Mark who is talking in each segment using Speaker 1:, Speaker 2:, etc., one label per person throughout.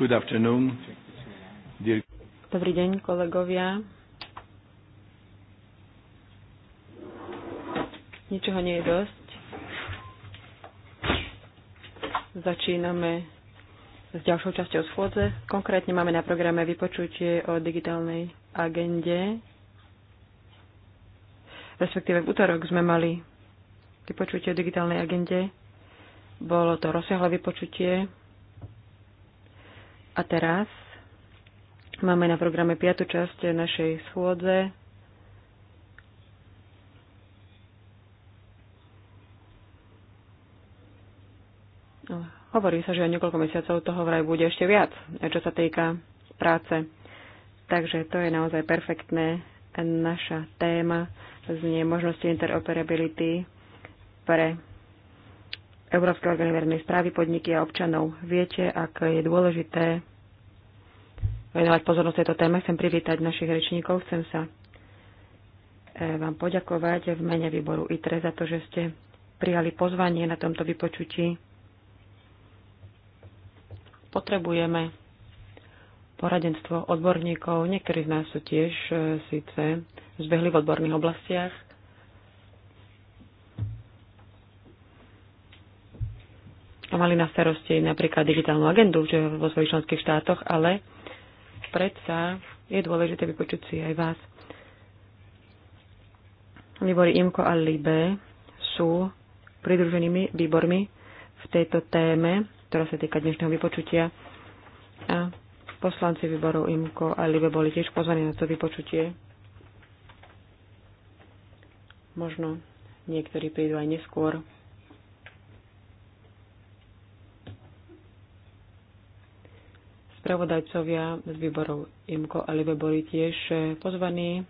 Speaker 1: Good afternoon.
Speaker 2: Dear... Dobrý deň, kolegovia. Ničoho nie je dosť. Začíname s ďalšou časťou schôdze. Konkrétne máme na programe vypočutie o digitálnej agende. Respektíve v útorok sme mali vypočutie o digitálnej agende. Bolo to rozsiahle vypočutie a teraz máme na programe piatu časť našej schôdze. No, hovorí sa, že o niekoľko mesiacov toho vraj bude ešte viac, čo sa týka práce. Takže to je naozaj perfektné. Naša téma znie možnosti interoperability pre Európske orgány verejnej správy, podniky a občanov. Viete, ak je dôležité venovať pozornosť tejto téme. Chcem privítať našich rečníkov. Chcem sa e, vám poďakovať v mene výboru ITRE za to, že ste prijali pozvanie na tomto vypočutí. Potrebujeme poradenstvo odborníkov. Niektorí z nás sú tiež e, síce zbehli v odborných oblastiach, mali na starosti napríklad digitálnu agendu že vo svojich členských štátoch, ale predsa je dôležité vypočuť si aj vás. Výbory IMKO a LIBE sú pridruženými výbormi v tejto téme, ktorá sa týka dnešného vypočutia. A poslanci výborov IMCO a LIBE boli tiež pozvaní na to vypočutie. Možno niektorí prídu aj neskôr. Spravodajcovia z výborov IMKO a LIBE boli tiež eh, pozvaní.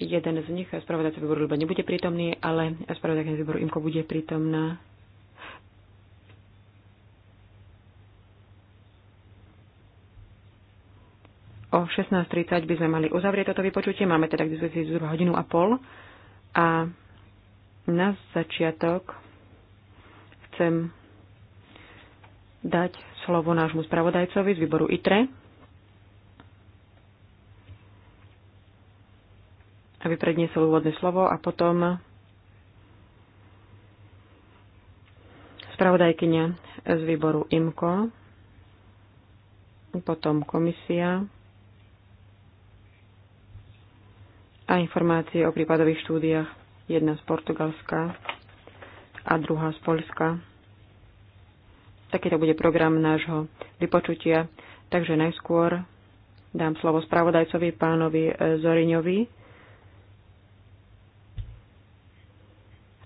Speaker 2: Jeden z nich, eh, spravodajca výboru LIBE, nebude prítomný, ale spravodajka z výboru IMKO bude prítomná. O 16.30 by sme mali uzavrieť toto vypočutie. Máme teda k dispozícii zhruba hodinu a pol. A na začiatok chcem dať slovo nášmu spravodajcovi z výboru ITRE, aby predniesol úvodné slovo a potom spravodajkyňa z výboru IMKO, potom komisia a informácie o prípadových štúdiách, jedna z Portugalska a druhá z Polska. Takýto bude program nášho vypočutia. Takže najskôr dám slovo spravodajcovi pánovi e, Zoriňovi.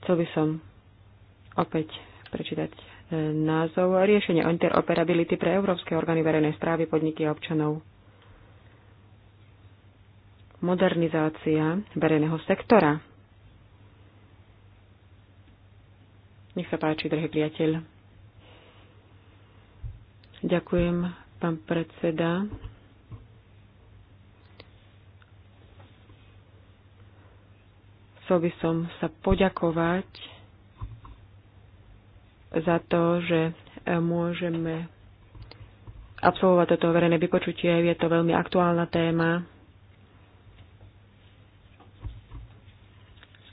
Speaker 2: Chcel by som opäť prečítať e, názov Riešenie o interoperability pre európske orgány verejnej správy, podniky a občanov. Modernizácia verejného sektora. Nech sa páči, drahý priateľ. Ďakujem, pán predseda. Chcel by som sa poďakovať za to, že môžeme absolvovať toto verejné vypočutie. Je to veľmi aktuálna téma.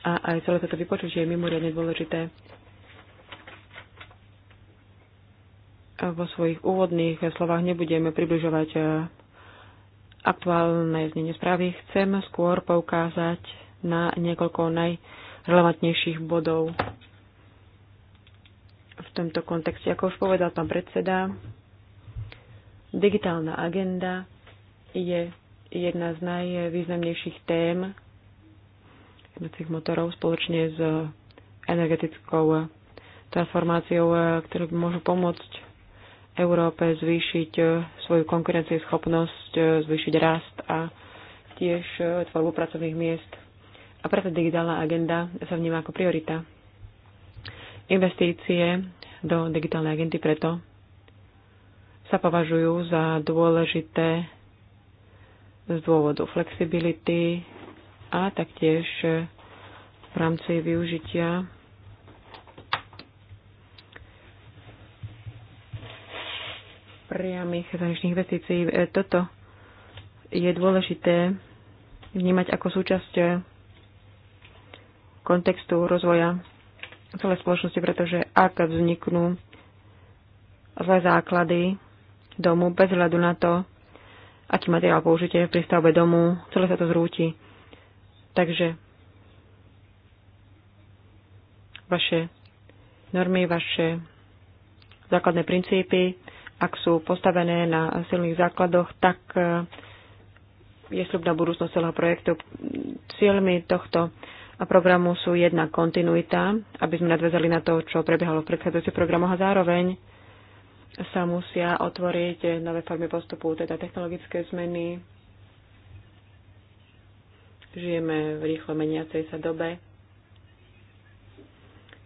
Speaker 2: A aj celé toto vypočutie je mimoriadne dôležité. vo svojich úvodných slovách nebudeme približovať eh, aktuálne znenie správy. Chcem skôr poukázať na niekoľko najrelevantnejších bodov v tomto kontexte. Ako už povedal pán predseda, digitálna agenda je jedna z najvýznamnejších tém hnacích motorov spoločne s energetickou transformáciou, eh, ktoré môžu pomôcť Európe zvýšiť e, svoju konkurencieschopnosť, e, zvýšiť rast a tiež e, tvorbu pracovných miest. A preto digitálna agenda sa vníma ako priorita. Investície do digitálnej agendy preto sa považujú za dôležité z dôvodu flexibility a taktiež v rámci využitia priamých zahraničných investícií. E, toto je dôležité vnímať ako súčasť kontextu rozvoja celej spoločnosti, pretože ak vzniknú zlé základy domu bez hľadu na to, aký materiál použite pri stavbe domu, celé sa to zrúti. Takže vaše normy, vaše základné princípy ak sú postavené na silných základoch, tak e, je na budúcnosť celého projektu. Cieľmi tohto programu sú jedna kontinuita, aby sme nadvezali na to, čo prebiehalo v predchádzajúcich programoch a zároveň sa musia otvoriť nové formy postupu, teda technologické zmeny. Žijeme v rýchlo meniacej sa dobe.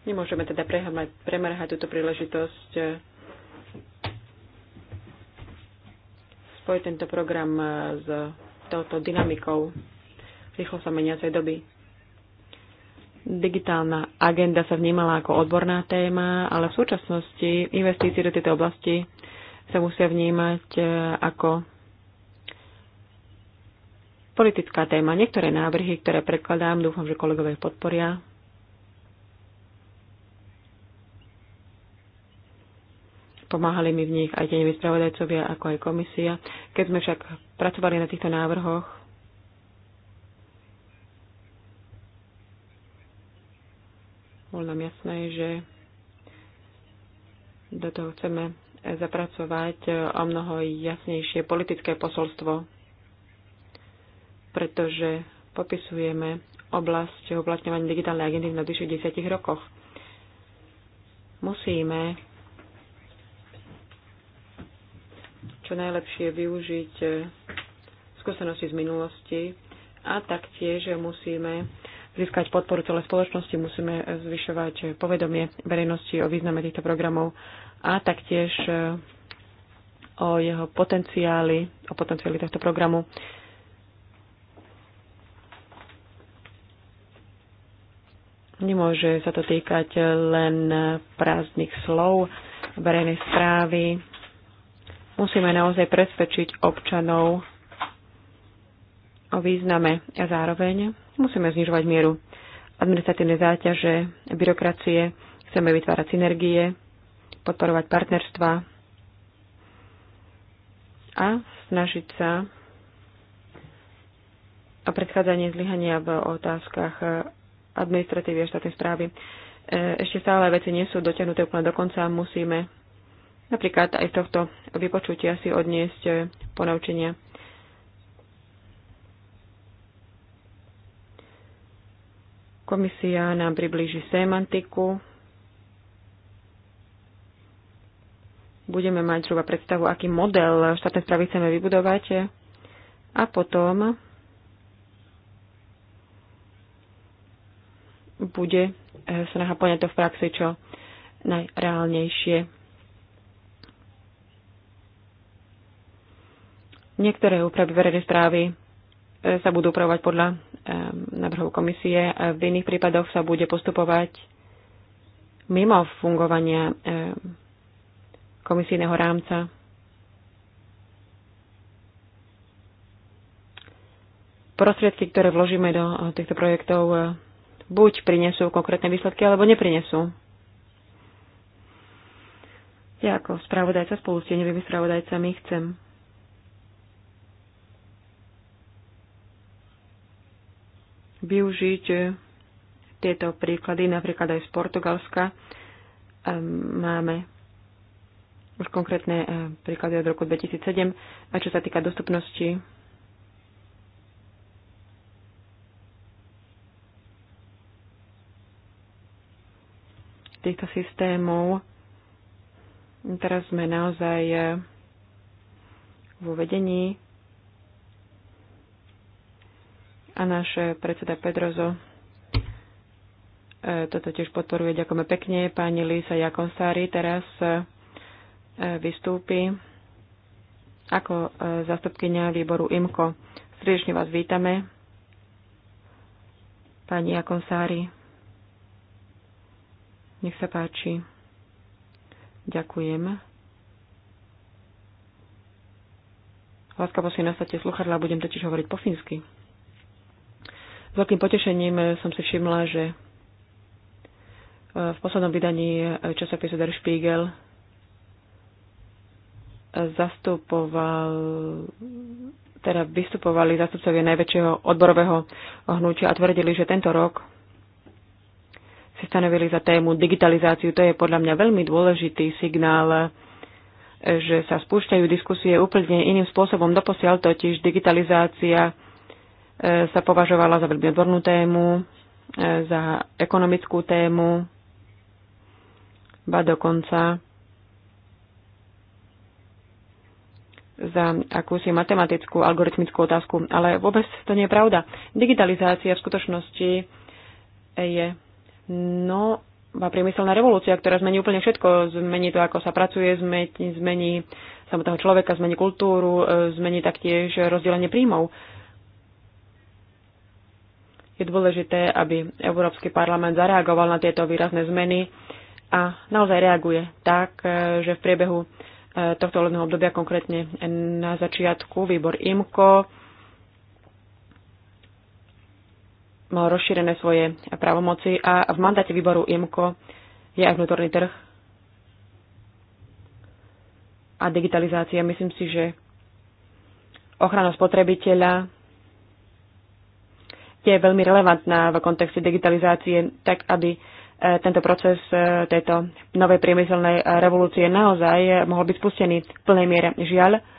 Speaker 2: Nemôžeme teda premerhať túto príležitosť spojiť tento program e, s touto dynamikou rýchlo sa meniacej doby. Digitálna agenda sa vnímala ako odborná téma, ale v súčasnosti investície do tejto oblasti sa musia vnímať e, ako politická téma. Niektoré návrhy, ktoré prekladám, dúfam, že kolegové podporia, pomáhali mi v nich aj tenevi spravodajcovia, ako aj komisia. Keď sme však pracovali na týchto návrhoch, bolo nám jasné, že do toho chceme zapracovať e, o mnoho jasnejšie politické posolstvo, pretože popisujeme oblasť uplatňovania digitálnej agendy v najbližších desiatich rokoch. Musíme čo najlepšie využiť e, skúsenosti z minulosti a taktiež musíme získať podporu celej spoločnosti, musíme zvyšovať povedomie verejnosti o význame týchto programov a taktiež e, o jeho potenciáli, o potenciáli tohto programu. Nemôže sa to týkať len prázdnych slov verejnej správy, Musíme naozaj presvedčiť občanov o význame a zároveň musíme znižovať mieru administratívne záťaže, byrokracie, chceme vytvárať synergie, podporovať partnerstva a snažiť sa o predchádzanie zlyhania v otázkach administratívy a štátnej správy. E, ešte stále veci nie sú dotiahnuté úplne do konca, musíme Napríklad aj z tohto vypočutia si odniesť e, ponaučenia. Komisia nám priblíži semantiku. Budeme mať zhruba predstavu, aký model štátnej správy chceme vybudovať. A potom bude e, snaha poňať to v praxi čo najreálnejšie. Niektoré úpravy verejnej správy e, sa budú upravovať podľa e, návrhov komisie, a v iných prípadoch sa bude postupovať mimo fungovania e, komisijného rámca. Prostriedky, ktoré vložíme do týchto projektov, buď prinesú konkrétne výsledky, alebo neprinesú. Ja ako spravodajca spolu s tieňovými spravodajcami chcem využiť tieto príklady, napríklad aj z Portugalska. Ehm, máme už konkrétne eh, príklady od roku 2007, a čo sa týka dostupnosti týchto systémov. Teraz sme naozaj eh, vo vedení a náš predseda Pedrozo e, toto tiež podporuje. Ďakujeme pekne. Pani Lisa Jakonsári teraz e, vystúpi ako e, zastupkynia výboru IMKO. Srdečne vás vítame. Pani Jakonsári, nech sa páči. Ďakujem. Láskavo si tie sluchadla, budem totiž hovoriť po fínsky. S veľkým potešením som si všimla, že e, v poslednom vydaní e, časopisu Der Spiegel e, zastupoval teda vystupovali zastupcovia najväčšieho odborového hnutia a tvrdili, že tento rok si stanovili za tému digitalizáciu. To je podľa mňa veľmi dôležitý signál, že sa spúšťajú diskusie úplne iným spôsobom. Doposiaľ totiž digitalizácia E, sa považovala za veľmi odbornú tému, e, za ekonomickú tému, ba dokonca za akúsi matematickú, algoritmickú otázku. Ale vôbec to nie je pravda. Digitalizácia v skutočnosti je nová priemyselná revolúcia, ktorá zmení úplne všetko. Zmení to, ako sa pracuje, zmení, zmení samotného človeka, zmení kultúru, e, zmení taktiež rozdelenie príjmov. Je dôležité, aby Európsky parlament zareagoval na tieto výrazné zmeny a naozaj reaguje tak, e, že v priebehu e, tohto ledného obdobia, konkrétne na začiatku výbor IMCO mal rozšírené svoje právomoci a v mandáte výboru IMCO je aj vnútorný trh a digitalizácia. Myslím si, že ochrana spotrebiteľa je veľmi relevantná v kontexte digitalizácie, tak aby e, tento proces e, tejto novej priemyselnej e, revolúcie naozaj mohol byť spustený v plnej miere. Žiaľ,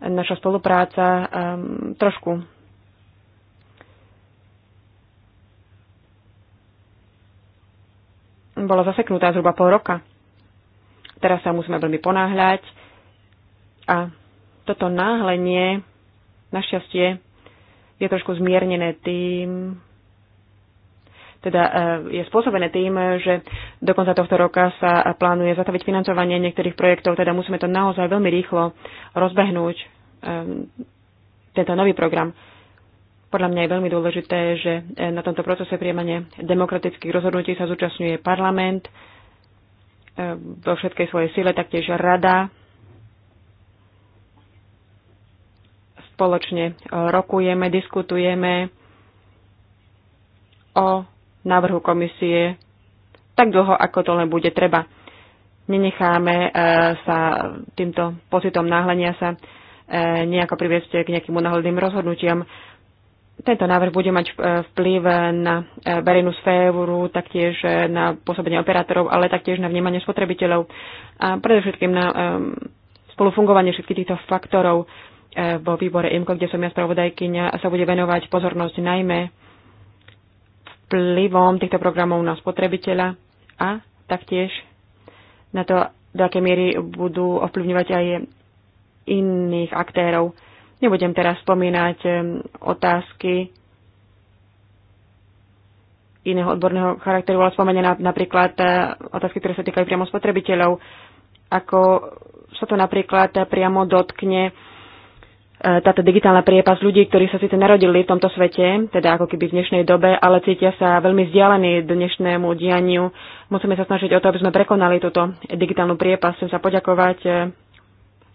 Speaker 2: naša spolupráca um, trošku bola zaseknutá zhruba pol roka. Teraz sa musíme veľmi ponáhľať a toto náhlenie našťastie je trošku zmiernené tým, teda e, je spôsobené tým, že do konca tohto roka sa plánuje zataviť financovanie niektorých projektov, teda musíme to naozaj veľmi rýchlo rozbehnúť, e, tento nový program. Podľa mňa je veľmi dôležité, že e, na tomto procese priemania demokratických rozhodnutí sa zúčastňuje parlament vo všetkej svojej sile, taktiež rada spoločne e, rokujeme, diskutujeme o návrhu komisie tak dlho, ako to len bude treba. Nenecháme e, sa týmto pocitom náhlenia sa e, nejako priviesť k nejakým unáhľadným rozhodnutiam. Tento návrh bude mať vplyv na verejnú sféru, taktiež na pôsobenie operátorov, ale taktiež na vnímanie spotrebiteľov a predovšetkým na spolufungovanie všetkých týchto faktorov. E, vo výbore IMCO, kde som ja spravodajkyňa, sa bude venovať pozornosť najmä vplyvom týchto programov na spotrebiteľa a taktiež na to, do akej miery budú ovplyvňovať aj iných aktérov. Nebudem teraz spomínať e, otázky iného odborného charakteru, ale spomeniem napríklad e, otázky, ktoré sa týkajú priamo spotrebiteľov, ako sa to napríklad priamo dotkne E, táto digitálna priepas ľudí, ktorí sa síce narodili v tomto svete, teda ako keby v dnešnej dobe, ale cítia sa veľmi vzdialení dnešnému dianiu. Musíme sa snažiť o to, aby sme prekonali túto digitálnu priepas. Chcem sa poďakovať e,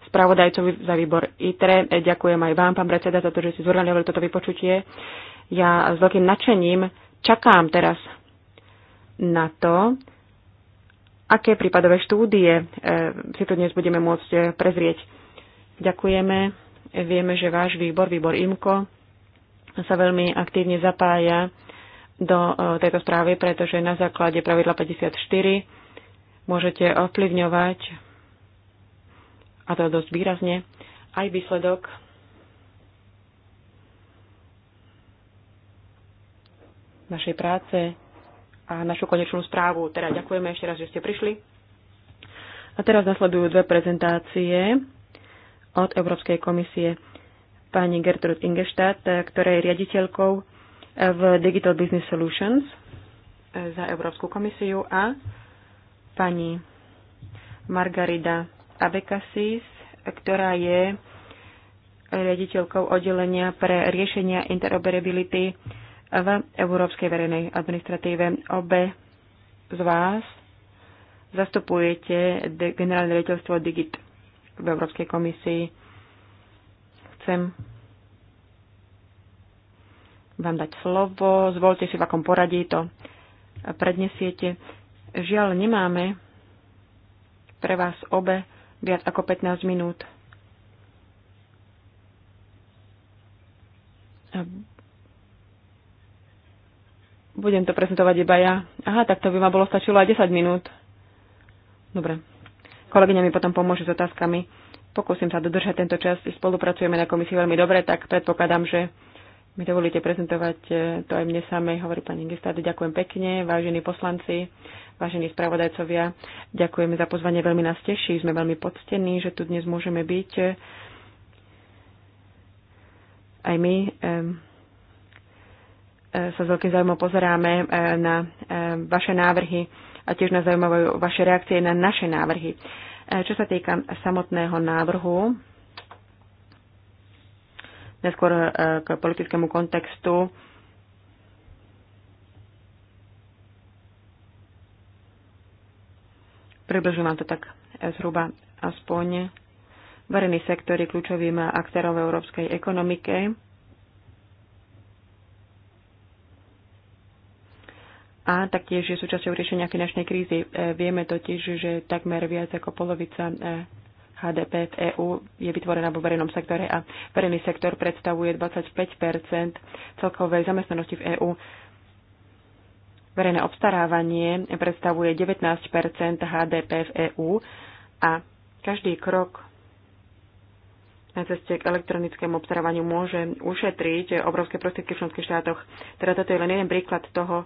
Speaker 2: spravodajcovi za výbor ITRE. E, ďakujem aj vám, pán predseda, za to, že ste zorganizovali toto vypočutie. Ja s veľkým nadšením čakám teraz na to, aké prípadové štúdie si tu dnes budeme môcť prezrieť. Ďakujeme. Vieme, že váš výbor, výbor IMKO, sa veľmi aktívne zapája do e, tejto správy, pretože na základe pravidla 54 môžete ovplyvňovať, a to dosť výrazne, aj výsledok našej práce a našu konečnú správu. Teda ďakujeme ešte raz, že ste prišli. A teraz nasledujú dve prezentácie od Európskej komisie pani Gertrud Ingestadt, ktorá je riaditeľkou v Digital Business Solutions za Európsku komisiu a pani Margarida Abekasis, ktorá je riaditeľkou oddelenia pre riešenia interoperability v Európskej verejnej administratíve. Obe z vás zastupujete generálne riaditeľstvo Digit v Európskej komisii. Chcem vám dať slovo, zvolte si, v akom poradí to prednesiete. Žiaľ, nemáme pre vás obe viac ako 15 minút. Budem to prezentovať iba ja. Aha, tak to by ma bolo stačilo aj 10 minút. Dobre, Kolegyňa mi potom pomôže s otázkami. Pokúsim sa dodržať tento čas. Spolupracujeme na komisii veľmi dobre, tak predpokladám, že mi dovolíte prezentovať e, to aj mne samej, hovorí pani Gestáde. Ďakujem pekne, vážení poslanci, vážení spravodajcovia. Ďakujeme za pozvanie, veľmi nás teší, sme veľmi poctení, že tu dnes môžeme byť. Aj my e, sa s veľkým zaujímavým pozeráme e, na vaše návrhy a tiež nás zaujímajú vaše reakcie na naše návrhy. E, čo sa týka samotného návrhu, neskôr e, k politickému kontextu, približujem vám to tak e, zhruba aspoň verejný sektor je kľúčovým aktérom v európskej ekonomike a taktiež je súčasťou riešenia finančnej krízy. E, vieme totiž, že takmer viac ako polovica e, HDP v EÚ je vytvorená vo verejnom sektore a verejný sektor predstavuje 25 celkovej zamestnanosti v EÚ. Verejné obstarávanie predstavuje 19 HDP v EÚ a každý krok na ceste k elektronickému obstarávaniu môže ušetriť obrovské prostriedky v členských štátoch. Teda toto je len jeden príklad toho,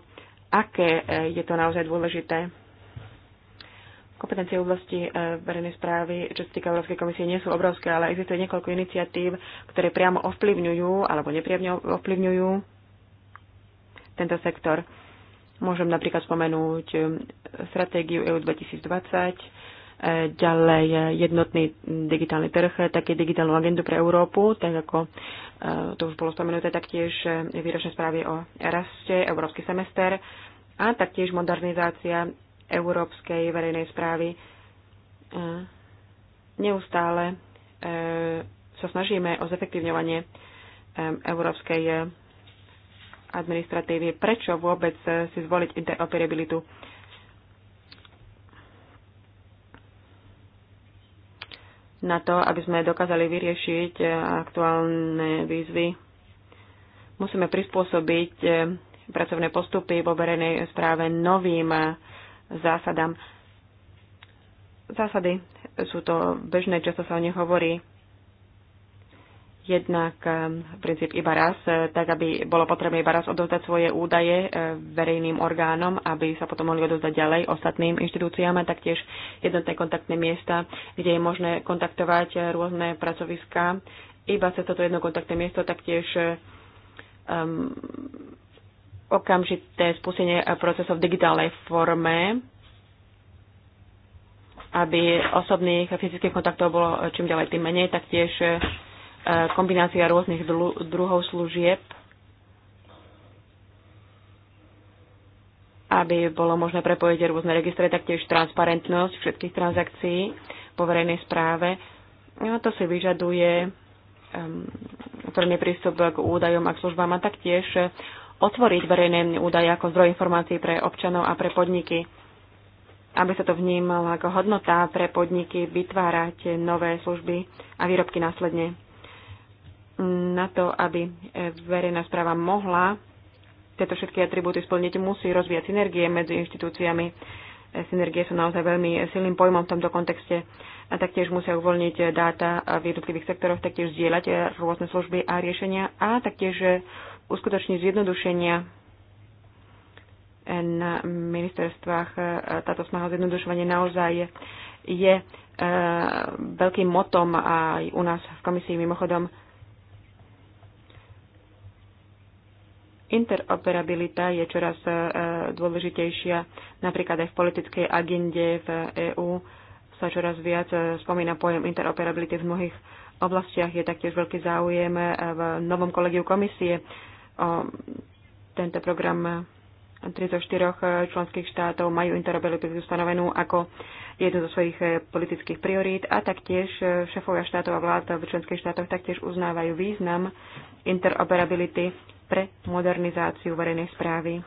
Speaker 2: aké e, je to naozaj dôležité. Kompetencie v oblasti e, verejnej správy, čo sa týka Európskej komisie, nie sú obrovské, ale existuje niekoľko iniciatív, ktoré priamo ovplyvňujú alebo nepriamo ovplyvňujú tento sektor. Môžem napríklad spomenúť e, stratégiu EU 2020, ďalej jednotný digitálny trh, také digitálnu agendu pre Európu, tak ako to už bolo spomenuté taktiež výročné správy o raste, Európsky semester, a taktiež modernizácia európskej verejnej správy. E, neustále e, sa snažíme o zefektívňovanie e, európskej administratívy. Prečo vôbec si zvoliť interoperabilitu? Na to, aby sme dokázali vyriešiť aktuálne výzvy, musíme prispôsobiť pracovné postupy vo verejnej správe novým zásadám. Zásady sú to bežné, často sa o nich hovorí. Jednak um, princíp iba raz, eh, tak aby bolo potrebné iba raz odovzdať svoje údaje eh, verejným orgánom, aby sa potom mohli odovzdať ďalej ostatným inštitúciám a taktiež jednotné kontaktné miesta, kde je možné kontaktovať eh, rôzne pracoviská. Iba cez toto jedno kontaktné miesto taktiež um, okamžité spustenie procesov v digitálnej forme, aby osobných a fyzických kontaktov bolo čím ďalej tým menej, taktiež e, kombinácia rôznych druhov služieb, aby bolo možné prepojiť rôzne registre, taktiež transparentnosť všetkých transakcií po verejnej správe. No, to si vyžaduje um, prvný prístup k údajom a k službám a taktiež otvoriť verejné údaje ako zdroj informácií pre občanov a pre podniky, aby sa to vnímalo ako hodnota pre podniky vytvárať nové služby a výrobky následne. Na to, aby verejná správa mohla tieto všetky atribúty splniť, musí rozvíjať synergie medzi inštitúciami. Synergie sú naozaj veľmi silným pojmom v tomto kontexte a taktiež musia uvoľniť dáta v jednotlivých sektoroch, taktiež zdieľať rôzne služby a riešenia a taktiež uskutoční zjednodušenia na ministerstvách táto snaha o zjednodušovanie naozaj je e, veľkým motom aj u nás v komisii mimochodom. Interoperabilita je čoraz e, dôležitejšia napríklad aj v politickej agende v EÚ sa čoraz viac e, spomína pojem interoperability v mnohých oblastiach. Je taktiež veľký záujem v novom kolegiu komisie o tento program 34 členských štátov majú interoperabilitu stanovenú ako jednu zo svojich politických priorít a taktiež šefovia štátov a vlád v členských štátoch taktiež uznávajú význam interoperability pre modernizáciu verejnej správy.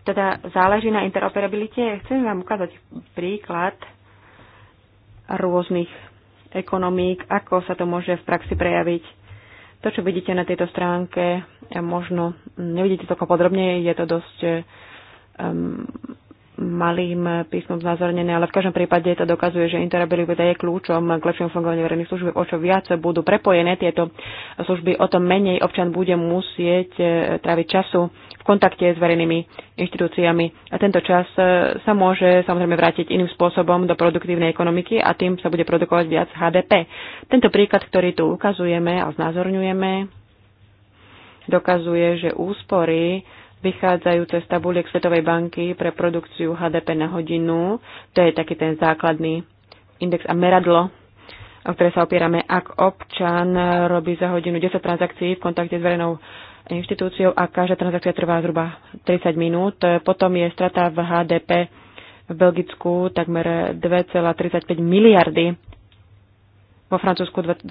Speaker 2: Teda záleží na interoperabilite. Chcem vám ukázať príklad rôznych ekonomík, ako sa to môže v praxi prejaviť. To, čo vidíte na tejto stránke, možno nevidíte to podrobne, je to dosť um, malým písmom znázornené, ale v každom prípade to dokazuje, že interoperabilita je kľúčom k lepšiemu fungovaniu verejných služieb. O čo viac budú prepojené tieto služby, o to menej občan bude musieť e, tráviť času v kontakte s verejnými inštitúciami. A tento čas e, sa môže samozrejme vrátiť iným spôsobom do produktívnej ekonomiky a tým sa bude produkovať viac HDP. Tento príklad, ktorý tu ukazujeme a znázorňujeme, dokazuje, že úspory vychádzajúce z tabuliek Svetovej banky pre produkciu HDP na hodinu. To je taký ten základný index a meradlo, o ktoré sa opierame. Ak občan robí za hodinu 10 transakcií v kontakte s verejnou inštitúciou a každá transakcia trvá zhruba 30 minút, potom je strata v HDP v Belgicku takmer 2,35 miliardy, vo Francúzsku 12,8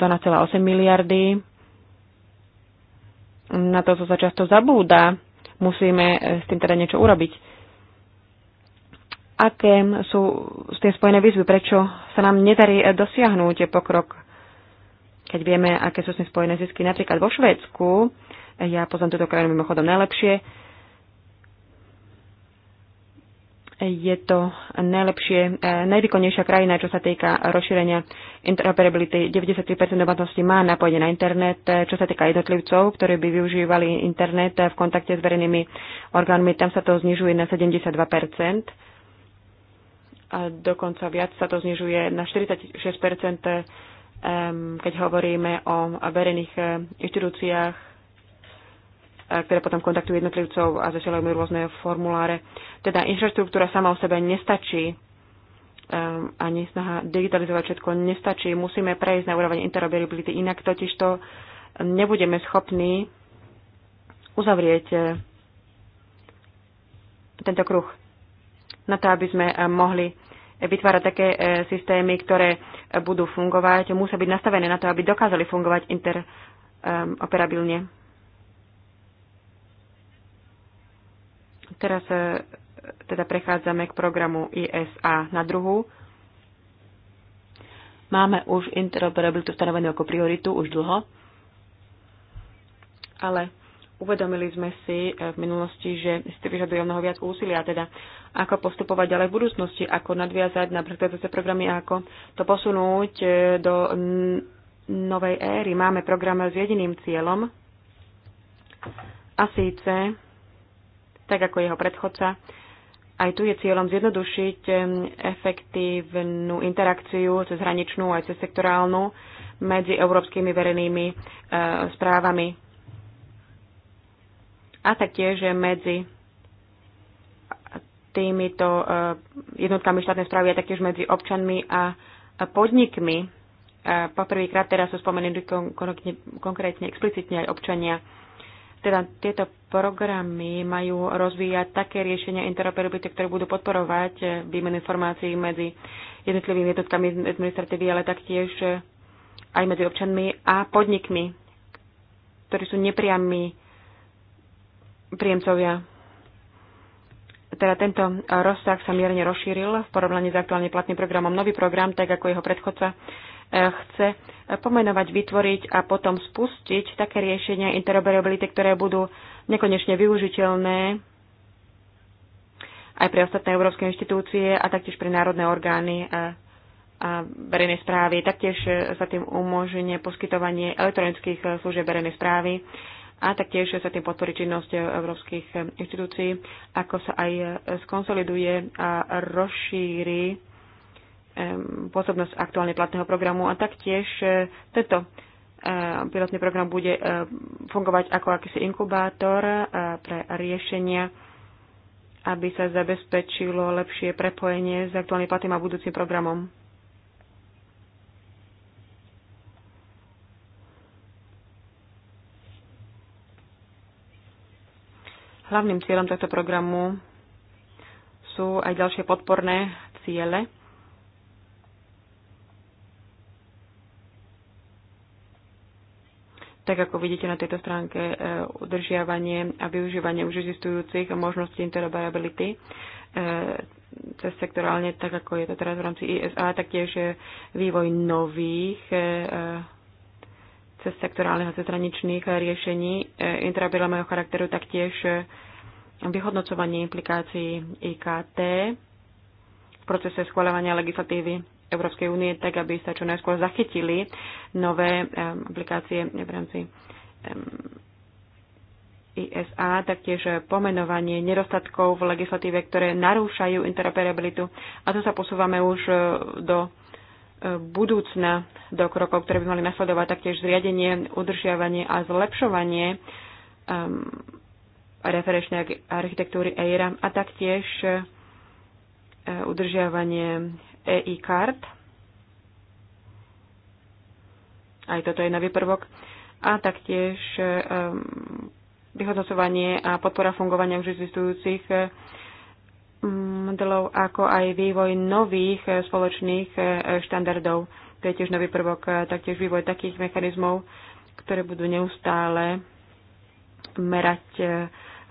Speaker 2: miliardy. Na to, co sa často zabúda, musíme s tým teda niečo urobiť. Aké sú s tým spojené výzvy? Prečo sa nám nedarí dosiahnuť pokrok, keď vieme, aké sú s tým spojené zisky? Napríklad vo Švédsku, ja poznám túto krajinu mimochodom najlepšie, je to najlepšie, e, najvýkonnejšia krajina, čo sa týka rozšírenia interoperability. 93% domácností má napojenie na internet. E, čo sa týka jednotlivcov, ktorí by využívali internet v kontakte s verejnými orgánmi, tam sa to znižuje na 72%. A dokonca viac sa to znižuje na 46%, e, keď hovoríme o verejných inštitúciách ktoré potom kontaktujú jednotlivcov a zasielajú mi rôzne formuláre. Teda infraštruktúra sama o sebe nestačí ehm, ani snaha digitalizovať všetko nestačí. Musíme prejsť na úroveň interoperability, inak totiž to nebudeme schopní uzavrieť e, tento kruh na to, aby sme e, mohli vytvárať také e, systémy, ktoré budú fungovať, musia byť nastavené na to, aby dokázali fungovať interoperabilne. Ehm, Teraz e, teda prechádzame k programu ISA na druhú. Máme už interoperabilitu stanovenú ako prioritu už dlho, ale uvedomili sme si e, v minulosti, že si vyžaduje mnoho viac úsilia, teda ako postupovať ďalej v budúcnosti, ako nadviazať na predchádzajúce programy a ako to posunúť e, do novej éry. Máme program s jediným cieľom a síce tak ako jeho predchodca. Aj tu je cieľom zjednodušiť efektívnu interakciu cez hraničnú aj cez sektorálnu medzi európskymi verejnými eh, správami a taktiež medzi týmito eh, jednotkami štátnej správy a taktiež medzi občanmi a podnikmi. Eh, poprvýkrát teraz sú spomenutí konkrétne, konkrétne explicitne aj občania teda tieto programy majú rozvíjať také riešenia interoperability, ktoré budú podporovať eh, výmenu informácií medzi jednotlivými jednotkami administratívy, ale taktiež eh, aj medzi občanmi a podnikmi, ktorí sú nepriami príjemcovia. Teda tento rozsah sa mierne rozšíril v porovnaní s aktuálne platným programom. Nový program, tak ako jeho predchodca, E, chce pomenovať, vytvoriť a potom spustiť také riešenia interoperability, ktoré budú nekonečne využiteľné aj pre ostatné európske inštitúcie a taktiež pre národné orgány a, verejnej správy. Taktiež sa tým umožňuje poskytovanie elektronických služieb verejnej správy a taktiež sa tým podporí činnosť európskych inštitúcií, ako sa aj skonsoliduje a rozšíri pôsobnosť aktuálne platného programu a taktiež e, tento e, pilotný program bude e, fungovať ako akýsi inkubátor pre riešenia, aby sa zabezpečilo lepšie prepojenie s aktuálnym platným a budúcim programom. Hlavným cieľom tohto programu sú aj ďalšie podporné ciele tak ako vidíte na tejto stránke, e, udržiavanie a využívanie už existujúcich možností interoperability e, cez sektorálne, tak ako je to teraz v rámci ISA, taktiež e, vývoj nových cez sektorálnych a cezhraničných riešení interoperabilného charakteru, taktiež vyhodnocovanie implikácií IKT v procese schváľovania legislatívy Európskej únie, tak aby sa čo najskôr zachytili nové aplikácie v rámci ISA, taktiež pomenovanie nedostatkov v legislatíve, ktoré narúšajú interoperabilitu. A tu sa posúvame už e, do e, budúcna, do krokov, ktoré by mali nasledovať, taktiež zriadenie, udržiavanie a zlepšovanie um, referenčnej architektúry EIRA a taktiež e, udržiavanie EI kart. Aj toto je nový prvok. A taktiež ehm, vyhodnocovanie a podpora fungovania už existujúcich ehm, modelov, ako aj vývoj nových e, spoločných e, štandardov. To je tiež nový prvok, e, taktiež vývoj takých mechanizmov, ktoré budú neustále merať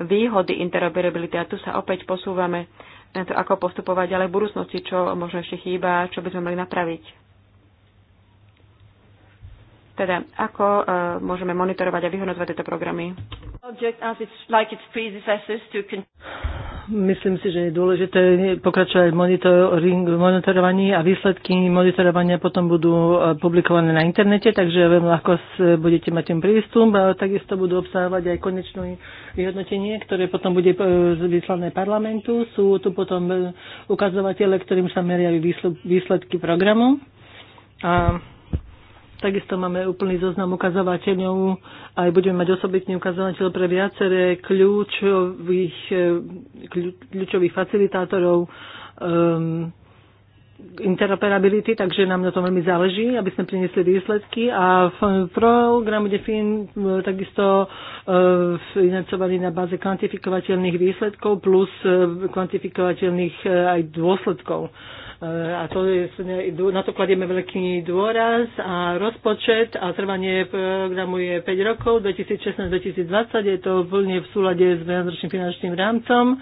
Speaker 2: výhody interoperability. A tu sa opäť posúvame to, ako postupovať ďalej v budúcnosti, čo možno ešte chýba, čo by sme mali napraviť. Teda, ako uh, môžeme monitorovať a vyhodnotovať tieto programy? Myslím si, že
Speaker 3: je dôležité pokračovať monitoring, monitorovaní a výsledky monitorovania potom budú eh, publikované na internete, takže veľmi ľahko eh, budete mať tým prístup a takisto budú obsahovať aj konečné vyhodnotenie, ktoré potom bude eh, vyslané parlamentu. Sú tu potom ukazovatele, ktorým sa meria výsledky programu. A Takisto máme úplný zoznam ukazovateľov, aj budeme mať osobitný ukazovateľ pre viaceré kľúčových, eh, kľúčových facilitátorov um, interoperability, takže nám na tom veľmi záleží, aby sme priniesli výsledky a v program Defin eh, takisto eh, financovaný na báze kvantifikovateľných výsledkov plus kvantifikovateľných aj dôsledkov a to je, na to kladieme veľký dôraz a rozpočet a trvanie programu je 5 rokov, 2016-2020 je to plne v súlade s viacročným finančným rámcom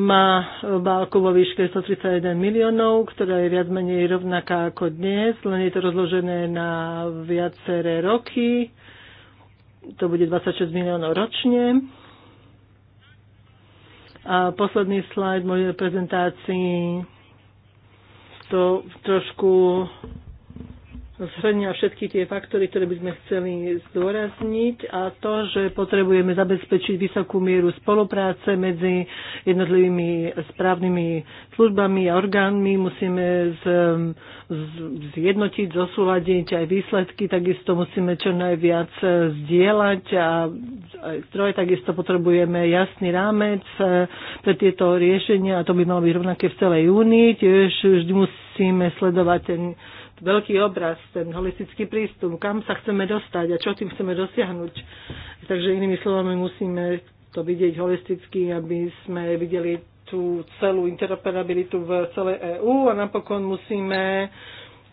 Speaker 3: má bálku vo výške 131 miliónov, ktorá je viac menej rovnaká ako dnes, len je to rozložené na viaceré roky. To bude 26 miliónov ročne. A posledný slajd mojej prezentácii to trošku zhrňa všetky tie faktory, ktoré by sme chceli zdôrazniť a to, že potrebujeme zabezpečiť vysokú mieru spolupráce medzi jednotlivými správnymi službami a orgánmi. Musíme z, z, zjednotiť, zosúľadiť aj výsledky, takisto musíme čo najviac zdieľať a zdroje takisto potrebujeme jasný rámec pre tieto riešenia a to by malo byť rovnaké v celej únii. Tiež vždy musíme sledovať ten veľký obraz, ten holistický prístup, kam sa chceme dostať a čo tým chceme dosiahnuť. Takže inými slovami musíme to vidieť holisticky, aby sme videli tú celú interoperabilitu v celej EÚ a napokon musíme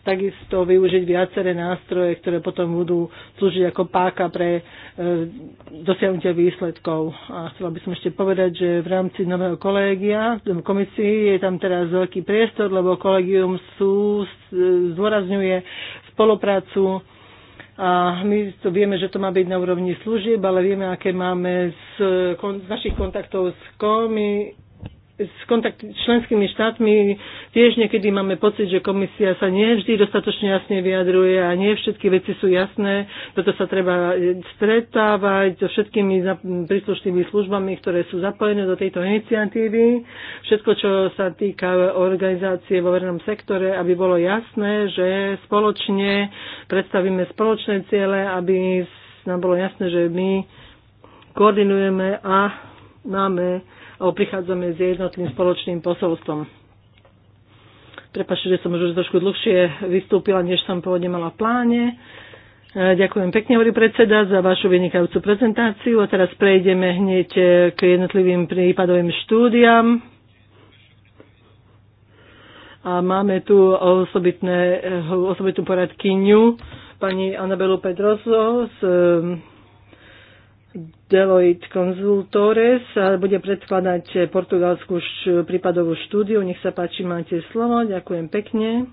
Speaker 3: takisto využiť viaceré nástroje, ktoré potom budú slúžiť ako páka pre e, dosiahnutie výsledkov. A chcela by som ešte povedať, že v rámci nového kolégia, komisii je tam teraz veľký priestor, lebo kolegium sú, e, zdôrazňuje spoluprácu a my to vieme, že to má byť na úrovni služieb, ale vieme, aké máme z, z našich kontaktov s komi, s kontakt členskými štátmi tiež niekedy máme pocit, že komisia sa nie vždy dostatočne jasne vyjadruje a nie všetky veci sú jasné, preto sa treba e, stretávať so všetkými príslušnými službami, ktoré sú zapojené do tejto iniciatívy. Všetko, čo sa týka organizácie vo verejnom sektore, aby bolo jasné, že spoločne predstavíme spoločné ciele, aby nám bolo jasné, že my koordinujeme a máme prichádzame s jednotným spoločným posolstvom. Prepašte, že som už trošku dlhšie vystúpila, než som pôvodne mala v pláne. E, ďakujem pekne, hovorí predseda, za vašu vynikajúcu prezentáciu a teraz prejdeme hneď e, k jednotlivým prípadovým štúdiam. A máme tu e, osobitnú poradkyňu pani Anabelu Pedroso z Deloitte Consultores bude predkladať portugalskú prípadovú štúdiu. Nech sa páči, máte slovo. Ďakujem pekne.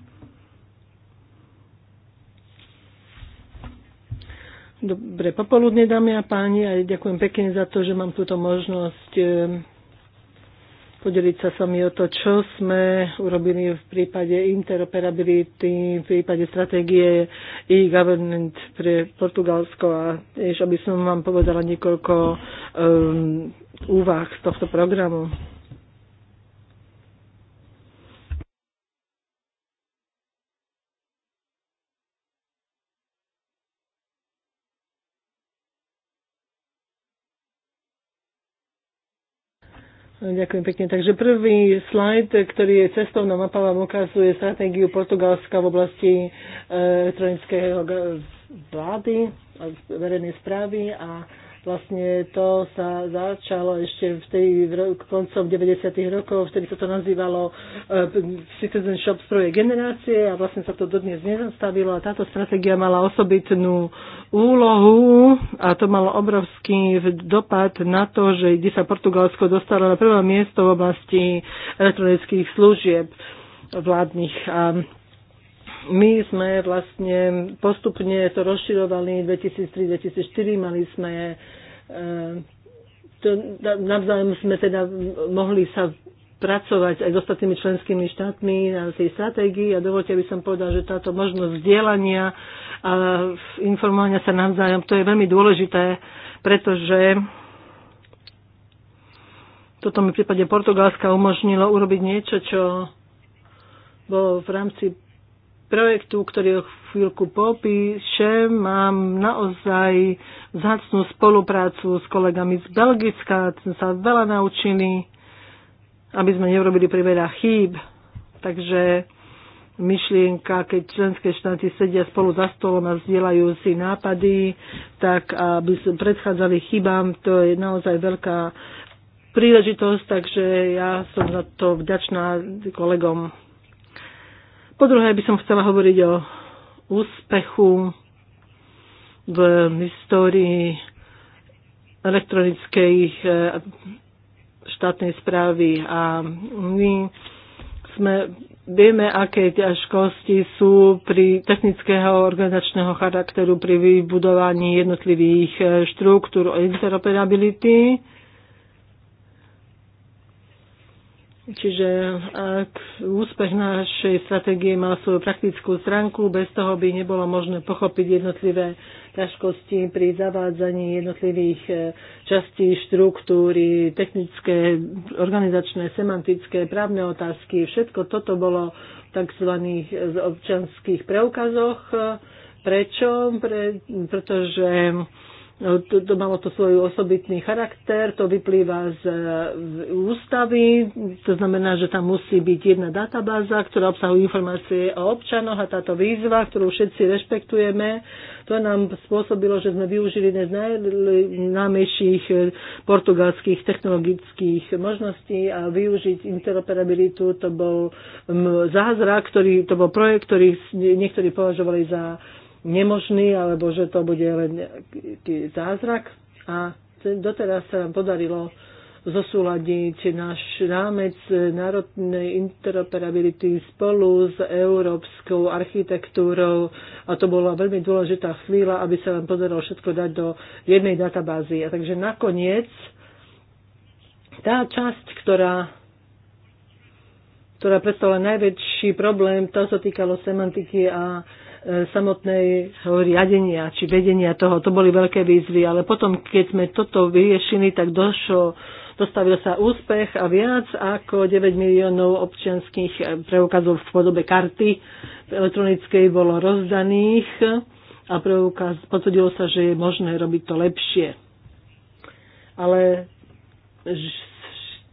Speaker 3: Dobre popoludne, dámy a páni, a ďakujem pekne za to, že mám túto možnosť eh, Podeliť sa som i o to, čo sme urobili v prípade interoperability, v prípade stratégie e-government pre Portugalsko a tiež, aby som vám povedala niekoľko um, úvah z tohto programu. Ďakujem pekne. Takže prvý slajd, ktorý je cestovná mapa, vám ukazuje stratégiu Portugalska v oblasti eh, elektronického vlády, verejnej správy a Vlastne to sa začalo ešte v tej koncom 90. rokov, vtedy sa to nazývalo eh, Citizen Citizenship stroje generácie a vlastne sa to dodnes nezastavilo a táto stratégia mala osobitnú úlohu a to malo obrovský dopad na to, že kde sa Portugalsko dostalo na prvé miesto v oblasti elektronických služieb vládnych. A my sme vlastne postupne to rozširovali 2003-2004, mali sme e, to, navzájom sme teda mohli sa pracovať aj s ostatnými členskými štátmi na tej stratégii a dovolte aby som povedal, že táto možnosť vzdielania a informovania sa navzájom, to je veľmi dôležité, pretože toto mi v prípade Portugalska umožnilo urobiť niečo, čo bolo v rámci projektu, ktorý o chvíľku popíšem, mám naozaj vzácnú spoluprácu s kolegami z Belgicka, sme sa veľa naučili, aby sme neurobili priveľa chýb. Takže myšlienka, keď členské štáty sedia spolu za stolom a vzdielajú si nápady, tak aby sme predchádzali chybám, to je naozaj veľká príležitosť, takže ja som za to vďačná kolegom. Po druhé by som chcela hovoriť o úspechu v histórii elektronickej eh, štátnej správy a my sme, vieme, aké ťažkosti sú pri technického organizačného charakteru pri vybudovaní jednotlivých eh, štruktúr interoperability Čiže ak úspech našej stratégie mal svoju praktickú stránku, bez toho by nebolo možné pochopiť jednotlivé ťažkosti pri zavádzaní jednotlivých e, častí štruktúry, technické, organizačné, semantické, právne otázky. Všetko toto bolo v tzv. E, občanských preukazoch. E, Prečo? Pre, pretože No, to, to malo to svoj osobitný charakter, to vyplýva z ústavy, to znamená, že tam musí byť jedna databáza, ktorá obsahuje informácie o občanoch a táto výzva, ktorú všetci rešpektujeme, to nám spôsobilo, že sme využili jedné z najnámejších e, portugalských technologických možností a využiť interoperabilitu, to bol zázrak, ktorý, to bol projekt, ktorý niektorí považovali za nemožný, alebo že to bude len nejaký zázrak. A doteraz sa nám podarilo zosúľadiť náš rámec národnej interoperability spolu s európskou architektúrou a to bola veľmi dôležitá chvíľa, aby sa nám podarilo všetko dať do jednej databázy. A takže nakoniec tá časť, ktorá ktorá predstavila najväčší problém, to sa týkalo semantiky a E, samotného riadenia či vedenia toho. To boli veľké výzvy, ale potom, keď sme toto vyriešili, tak došlo dostavil sa úspech a viac ako 9 miliónov občianských e, preukazov v podobe karty elektronickej bolo rozdaných a preukaz, potvrdilo sa, že je možné robiť to lepšie. Ale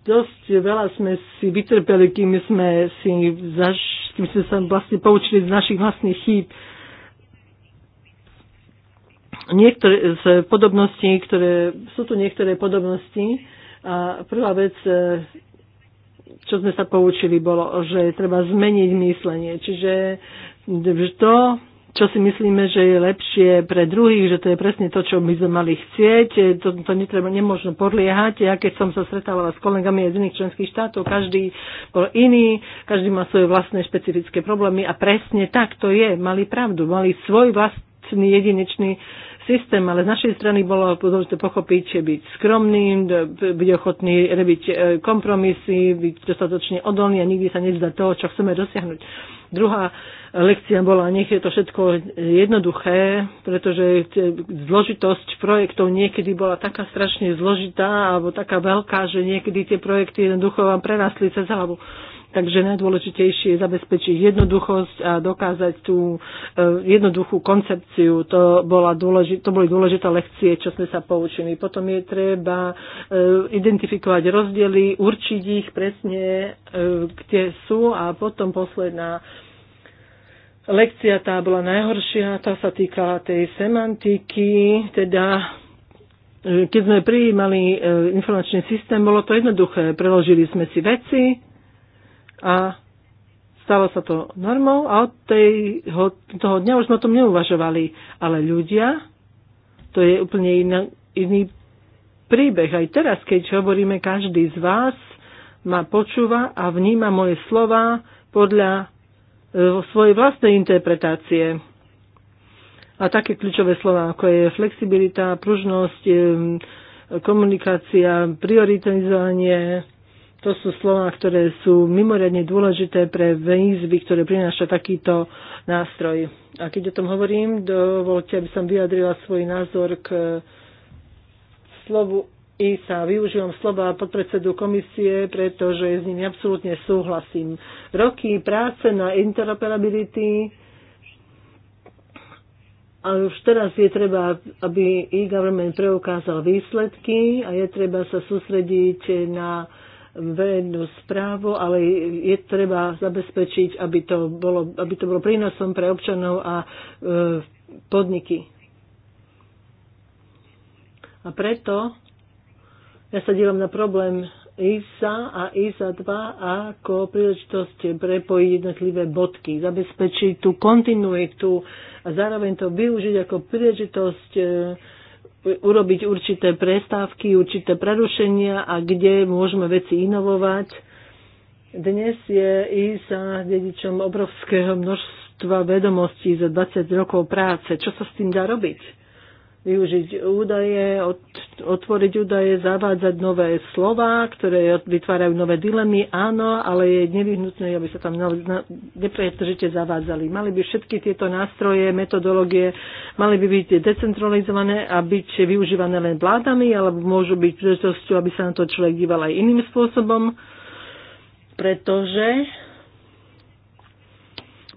Speaker 3: dosť veľa sme si vytrpeli, kým sme si zaš, všetkým sme sa vlastne poučili z našich vlastných chýb. Niektoré z podobností, ktoré, sú tu niektoré podobnosti a prvá vec, e, čo sme sa poučili, bolo, že treba zmeniť myslenie. Čiže to, čo si myslíme, že je lepšie pre druhých, že to je presne to, čo by sme mali chcieť. To, to netreba, nemôžno podliehať. Ja keď som sa stretávala s kolegami z iných členských štátov, každý bol iný, každý má svoje vlastné špecifické problémy a presne tak to je. Mali pravdu, mali svoj vlastný jedinečný systém, ale z našej strany bolo dôležité pochopiť, že byť skromný, byť ochotný robiť e, kompromisy, byť dostatočne odolný a nikdy sa nezdať toho, čo chceme dosiahnuť. Druhá lekcia bola, nech je to všetko jednoduché, pretože zložitosť projektov niekedy bola taká strašne zložitá alebo taká veľká, že niekedy tie projekty jednoducho vám prerastli cez hlavu. Takže najdôležitejšie je zabezpečiť jednoduchosť a dokázať tú e, jednoduchú koncepciu. To, bola dôležit, to boli dôležité lekcie, čo sme sa poučili. Potom je treba e, identifikovať rozdiely, určiť ich presne, e, kde sú a potom posledná lekcia tá bola najhoršia, tá sa týkala tej semantiky, teda keď sme prijímali informačný systém, bolo to jednoduché. Preložili sme si veci, a stalo sa to normou a od tejho, toho dňa už sme o tom neuvažovali. Ale ľudia, to je úplne iná, iný príbeh. Aj teraz, keď hovoríme, každý z vás ma počúva a vníma moje slova podľa e, svojej vlastnej interpretácie. A také kľúčové slova, ako je flexibilita, pružnosť, e, komunikácia, prioritizovanie, to sú slova, ktoré sú mimoriadne dôležité pre výzvy, ktoré prináša takýto nástroj. A keď o tom hovorím, dovolte, aby som vyjadrila svoj názor k slovu i sa využívam slova podpredsedu komisie, pretože s nimi absolútne súhlasím. Roky práce na interoperability a už teraz je treba, aby e-government preukázal výsledky a je treba sa sústrediť na verejnú správu, ale je treba zabezpečiť, aby to bolo, aby to bolo prínosom pre občanov a e, podniky. A preto ja sa dívam na problém ISA a ISA 2 ako príležitosť prepojiť jednotlivé bodky, zabezpečiť tú kontinuitu a zároveň to využiť ako príležitosť e, urobiť určité prestávky, určité prerušenia a kde môžeme veci inovovať. Dnes je ISA dedičom obrovského množstva vedomostí za 20 rokov práce. Čo sa s tým dá robiť? využiť údaje, otvoriť údaje, zavádzať nové slova, ktoré vytvárajú nové dilemy, áno, ale je nevyhnutné, aby sa tam nepretržite zavádzali. Mali by všetky tieto nástroje, metodológie, mali by byť decentralizované a byť využívané len vládami, alebo môžu byť príležitosťou, aby sa na to človek díval aj iným spôsobom, pretože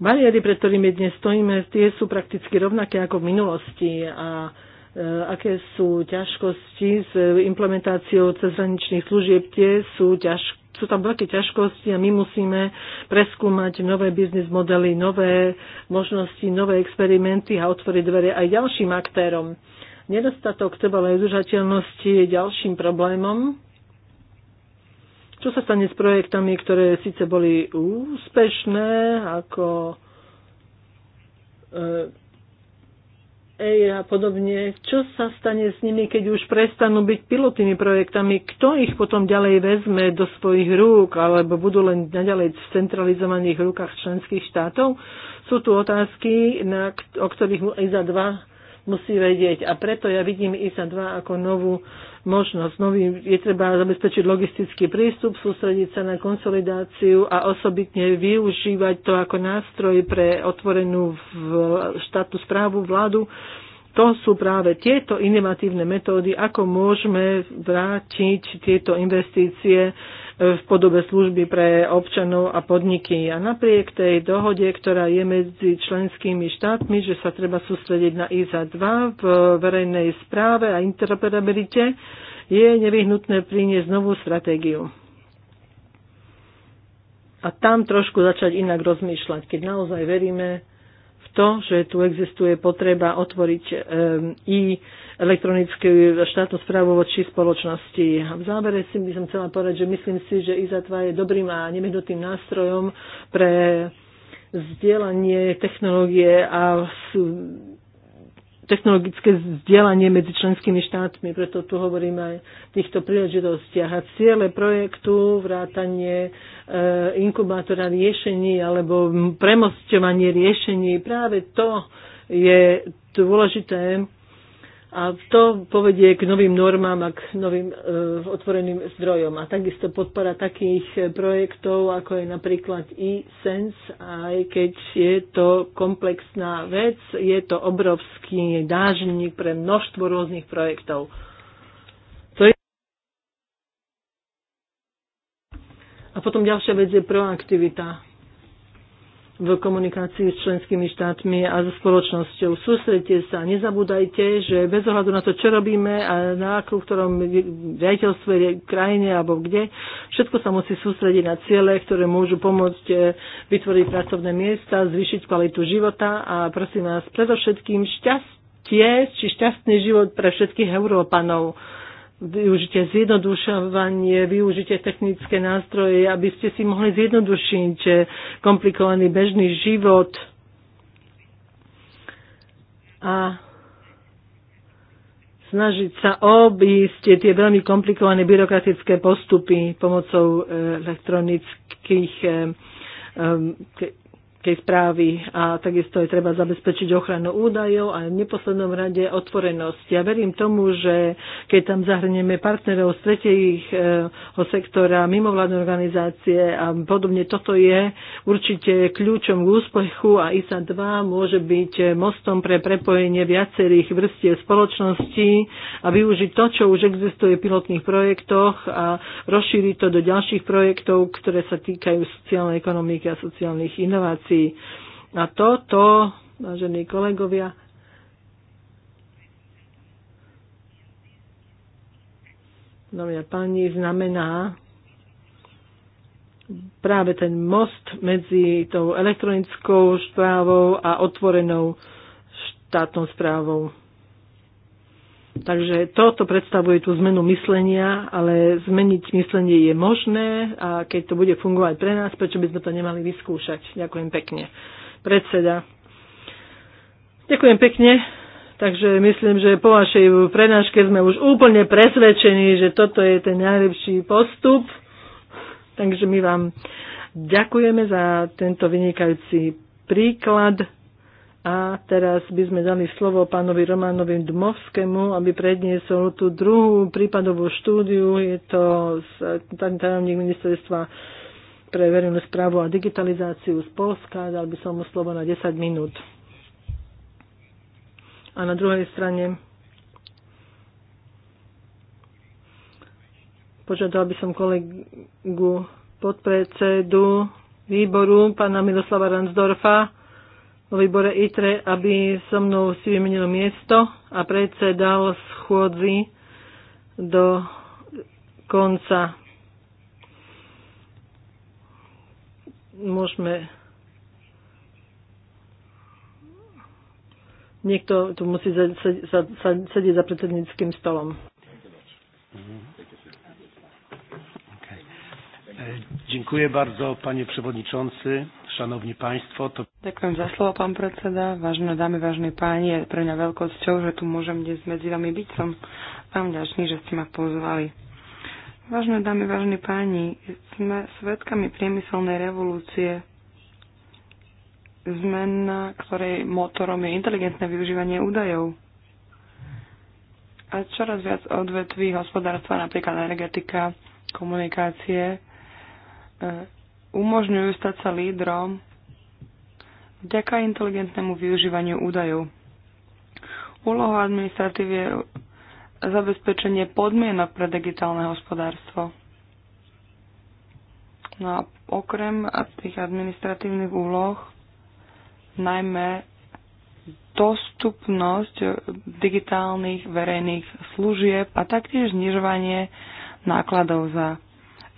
Speaker 3: bariéry, pred ktorými dnes stojíme, tie sú prakticky rovnaké ako v minulosti a E, aké sú ťažkosti s implementáciou cezhraničných služieb, tie sú ťažké sú tam veľké ťažkosti a my musíme preskúmať nové biznis modely, nové možnosti, nové experimenty a otvoriť dvere aj ďalším aktérom. Nedostatok trvalej udržateľnosti je ďalším problémom. Čo sa stane s projektami, ktoré síce boli úspešné, ako e, EIR a podobne, čo sa stane s nimi, keď už prestanú byť pilotnými projektami? Kto ich potom ďalej vezme do svojich rúk, alebo budú len naďalej v centralizovaných rukách členských štátov? Sú tu otázky, na, o ktorých za 2 musí vedieť. A preto ja vidím ISA 2 ako novú možnosť. Nový, je treba zabezpečiť logistický prístup, sústrediť sa na konsolidáciu a osobitne využívať to ako nástroj pre otvorenú štátnu správu vládu. To sú práve tieto inovatívne metódy, ako môžeme vrátiť tieto investície v podobe služby pre občanov a podniky. A napriek tej dohode, ktorá je medzi členskými štátmi, že sa treba sústrediť na ISA 2 v verejnej správe a interoperabilite, je nevyhnutné priniesť novú stratégiu. A tam trošku začať inak rozmýšľať, keď naozaj veríme v to, že tu existuje potreba otvoriť e, i elektronickú štátnu správu voči spoločnosti. A v závere si by som chcela povedať, že myslím si, že IZA2 je dobrým a nemehnutým nástrojom pre vzdielanie technológie a technologické vzdielanie medzi členskými štátmi, preto tu hovoríme aj o týchto príležitostiach. A ciele projektu, vrátanie e, inkubátora riešení alebo premostovanie riešení, práve to je dôležité a to povedie k novým normám a k novým e, otvoreným zdrojom. A takisto podpora takých projektov, ako je napríklad e-sense, aj keď je to komplexná vec, je to obrovský dážnik pre množstvo rôznych projektov. To je... A potom ďalšia vec je proaktivita v komunikácii s členskými štátmi a so spoločnosťou. Sústredte sa, nezabúdajte, že bez ohľadu na to, čo robíme a na akú, v ktorom riaditeľstve, krajine alebo kde, všetko sa musí sústrediť na ciele, ktoré môžu pomôcť e, vytvoriť pracovné miesta, zvýšiť kvalitu života a prosím vás, predovšetkým šťastie, či šťastný život pre všetkých Európanov využite zjednodušovanie, využite technické nástroje, aby ste si mohli zjednodušiť komplikovaný bežný život. A snažiť sa obísť tie veľmi komplikované byrokratické postupy pomocou eh, elektronických eh, tej správy a takisto je treba zabezpečiť ochranu údajov a v neposlednom rade otvorenosť. Ja verím tomu, že keď tam zahrnieme partnerov z tretieho sektora, mimovládne organizácie a podobne, toto je určite kľúčom k úspechu a ISA 2 môže byť mostom pre prepojenie viacerých vrstiev spoločnosti a využiť to, čo už existuje v pilotných projektoch a rozšíriť to do ďalších projektov, ktoré sa týkajú sociálnej ekonomiky a sociálnych inovácií veci. A toto, vážení kolegovia, dámy a páni, znamená práve ten most medzi tou elektronickou správou a otvorenou štátnou správou. Takže toto predstavuje tú zmenu myslenia, ale zmeniť myslenie je možné a keď to bude fungovať pre nás, prečo by sme to nemali vyskúšať? Ďakujem pekne. Predseda. Ďakujem pekne. Takže myslím, že po vašej prednáške sme už úplne presvedčení, že toto je ten najlepší postup. Takže my vám ďakujeme za tento vynikajúci príklad. A teraz by sme dali slovo pánovi Románovi Dmovskému, aby predniesol tú druhú prípadovú štúdiu. Je to tajomník ministerstva pre verejnú správu a digitalizáciu z Polska. Dal by som mu slovo na 10 minút. A na druhej strane požiadal by som kolegu podpredsedu výboru, pána Miroslava Ransdorfa, vo výbore ITRE, aby so mnou si vymenil miesto a predsedal schôdzi do konca. Môžeme Niekto tu musí sedieť za predsedníckým stolom.
Speaker 1: Dziękuję bardzo, panie przewodniczący. Šanovní państwo, to... Ďakujem za slovo, pán predseda. Vážené dámy, vážení páni, je pre mňa veľkosťou, že tu môžem dnes medzi vami byť. Som vám ďačný, že ste ma pozvali. Vážené dámy, vážení páni, sme svedkami priemyselnej revolúcie. Zmena, ktorej motorom je inteligentné využívanie údajov. A čoraz viac odvetví hospodárstva, napríklad energetika, komunikácie, e, umožňujú stať sa lídrom vďaka inteligentnému využívaniu údajov. Úloha administratívy je zabezpečenie podmienok pre digitálne hospodárstvo. No a okrem tých administratívnych úloh, najmä dostupnosť digitálnych verejných služieb a taktiež znižovanie nákladov za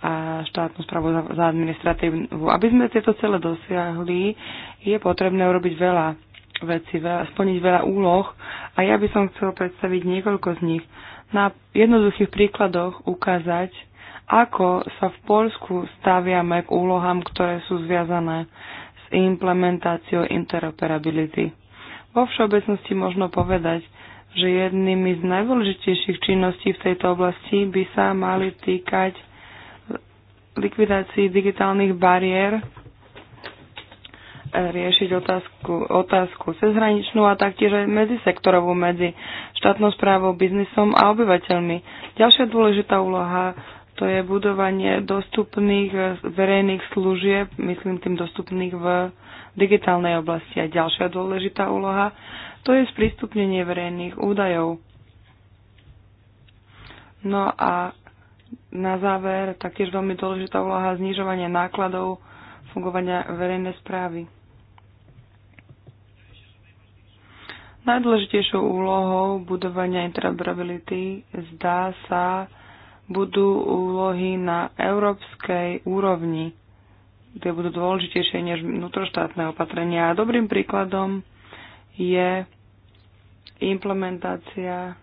Speaker 1: a štátnu správu za, za administratívu. Aby sme tieto cele dosiahli, je potrebné urobiť veľa vecí, veľa, splniť veľa úloh a ja by som chcel predstaviť niekoľko z nich. Na jednoduchých príkladoch ukázať, ako sa v Polsku staviame k úlohám, ktoré sú zviazané s implementáciou interoperability. Vo všeobecnosti možno povedať, že jednými z najdôležitejších činností v tejto oblasti by sa mali týkať likvidácii digitálnych bariér e, riešiť otázku, otázku cezhraničnú a taktiež aj medzisektorovú medzi štátnou správou, biznisom a obyvateľmi. Ďalšia dôležitá úloha to je budovanie dostupných e, verejných služieb, myslím tým dostupných v digitálnej oblasti. A ďalšia dôležitá úloha to je sprístupnenie verejných údajov. No a na záver, taktiež veľmi dôležitá úloha znižovania nákladov fungovania verejnej správy. Najdôležitejšou úlohou budovania interoperability zdá sa budú úlohy na európskej úrovni, kde budú dôležitejšie než vnútroštátne opatrenia. A dobrým príkladom je implementácia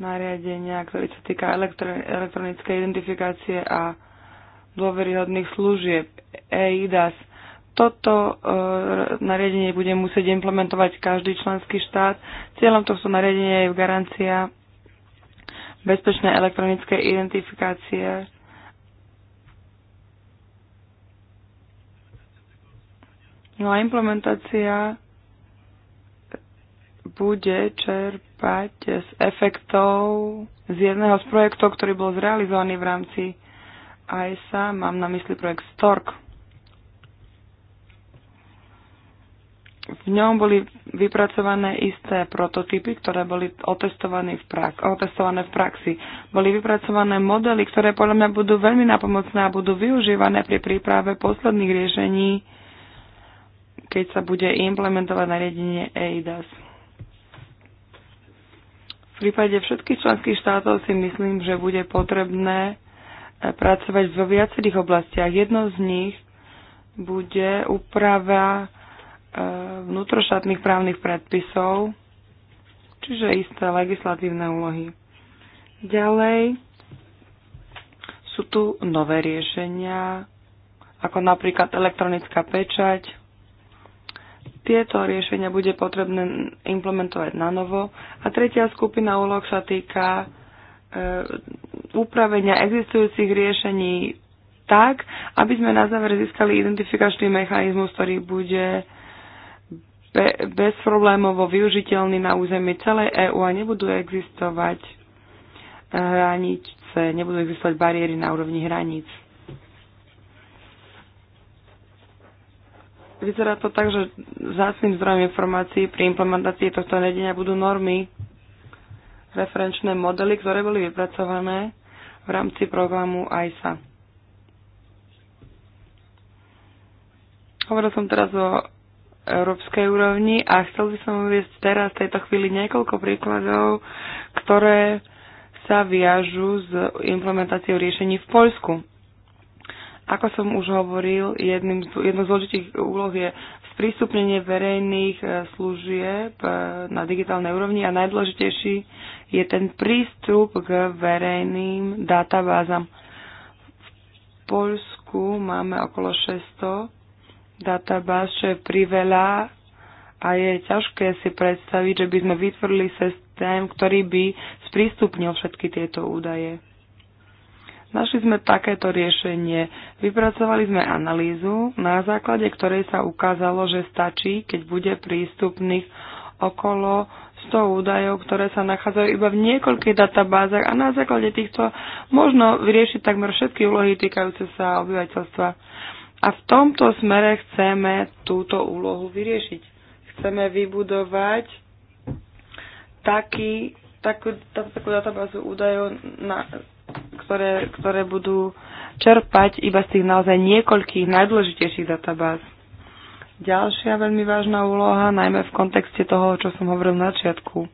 Speaker 1: nariadenia, ktoré sa týka elektronickej identifikácie a dôveryhodných služieb EIDAS. Toto e, nariadenie bude musieť implementovať každý členský štát. Cieľom tohto nariadenia je garancia bezpečnej elektronickej identifikácie No a implementácia bude čerpať z efektov z jedného z projektov, ktorý bol zrealizovaný v rámci ISA. Mám na mysli projekt STORK. V ňom boli vypracované isté prototypy, ktoré boli otestované v, prax, otestované v praxi. Boli vypracované modely, ktoré podľa mňa budú veľmi napomocné a budú využívané pri príprave posledných riešení, keď sa bude implementovať nariadenie EIDAS prípade všetkých členských štátov si myslím, že bude potrebné e, pracovať vo viacerých oblastiach. Jedno z nich bude úprava e, vnútroštátnych právnych predpisov, čiže isté legislatívne úlohy. Ďalej sú tu nové riešenia, ako napríklad elektronická pečať, tieto riešenia bude potrebné implementovať na novo. A tretia skupina úloh sa týka e, upravenia existujúcich riešení tak, aby sme na záver získali identifikačný mechanizmus, ktorý bude be- bezproblémovo využiteľný na území celej EÚ a nebudú existovať e, hranice, nebudú existovať bariéry na úrovni hraníc. vyzerá to tak, že zácným zdrojom informácií pri implementácii tohto nedenia budú normy, referenčné modely, ktoré boli vypracované v rámci programu ISA. Hovoril som teraz o európskej úrovni a chcel by som uvieť teraz v tejto chvíli niekoľko príkladov, ktoré sa viažu s implementáciou riešení v Poľsku. Ako som už hovoril, jedným z, jednou z dôležitých úloh je sprístupnenie verejných e, služieb e, na digitálnej úrovni a najdôležitejší je ten prístup k verejným databázam. V Polsku máme okolo 600 databáz, čo je priveľa a je ťažké si predstaviť, že by sme vytvorili systém, ktorý by sprístupnil všetky tieto údaje. Našli sme takéto riešenie. Vypracovali sme analýzu, na základe ktorej sa ukázalo, že stačí, keď bude prístupných okolo 100 údajov, ktoré sa nachádzajú iba v niekoľkých databázach a na základe týchto možno vyriešiť takmer všetky úlohy týkajúce sa obyvateľstva. A v tomto smere chceme túto úlohu vyriešiť. Chceme vybudovať taký, takú, takú databázu údajov na, ktoré, ktoré budú čerpať iba z tých naozaj niekoľkých najdôležitejších databáz. Ďalšia veľmi vážna úloha, najmä v kontexte toho, čo som hovoril na začiatku,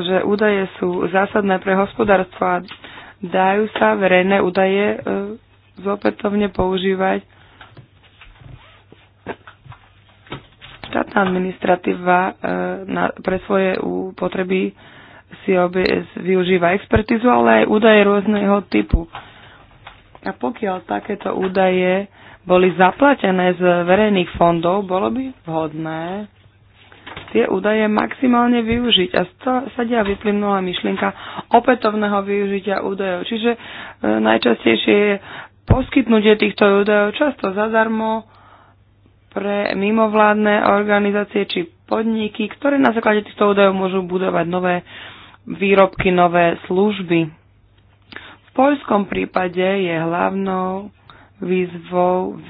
Speaker 1: že údaje sú zásadné pre hospodárstvo a dajú sa verejné údaje e, zopätovne používať. Štátna administratíva e, na, pre svoje potreby si obie, využíva expertizu, ale aj údaje rôzneho typu. A pokiaľ takéto údaje boli zaplatené z verejných fondov, bolo by vhodné tie údaje maximálne využiť. A z toho sa dia vyplynula myšlienka opätovného využitia údajov. Čiže e, najčastejšie je poskytnutie týchto údajov často zadarmo pre mimovládne organizácie či podniky, ktoré na základe týchto údajov môžu budovať nové výrobky, nové služby. V poľskom prípade je hlavnou výzvou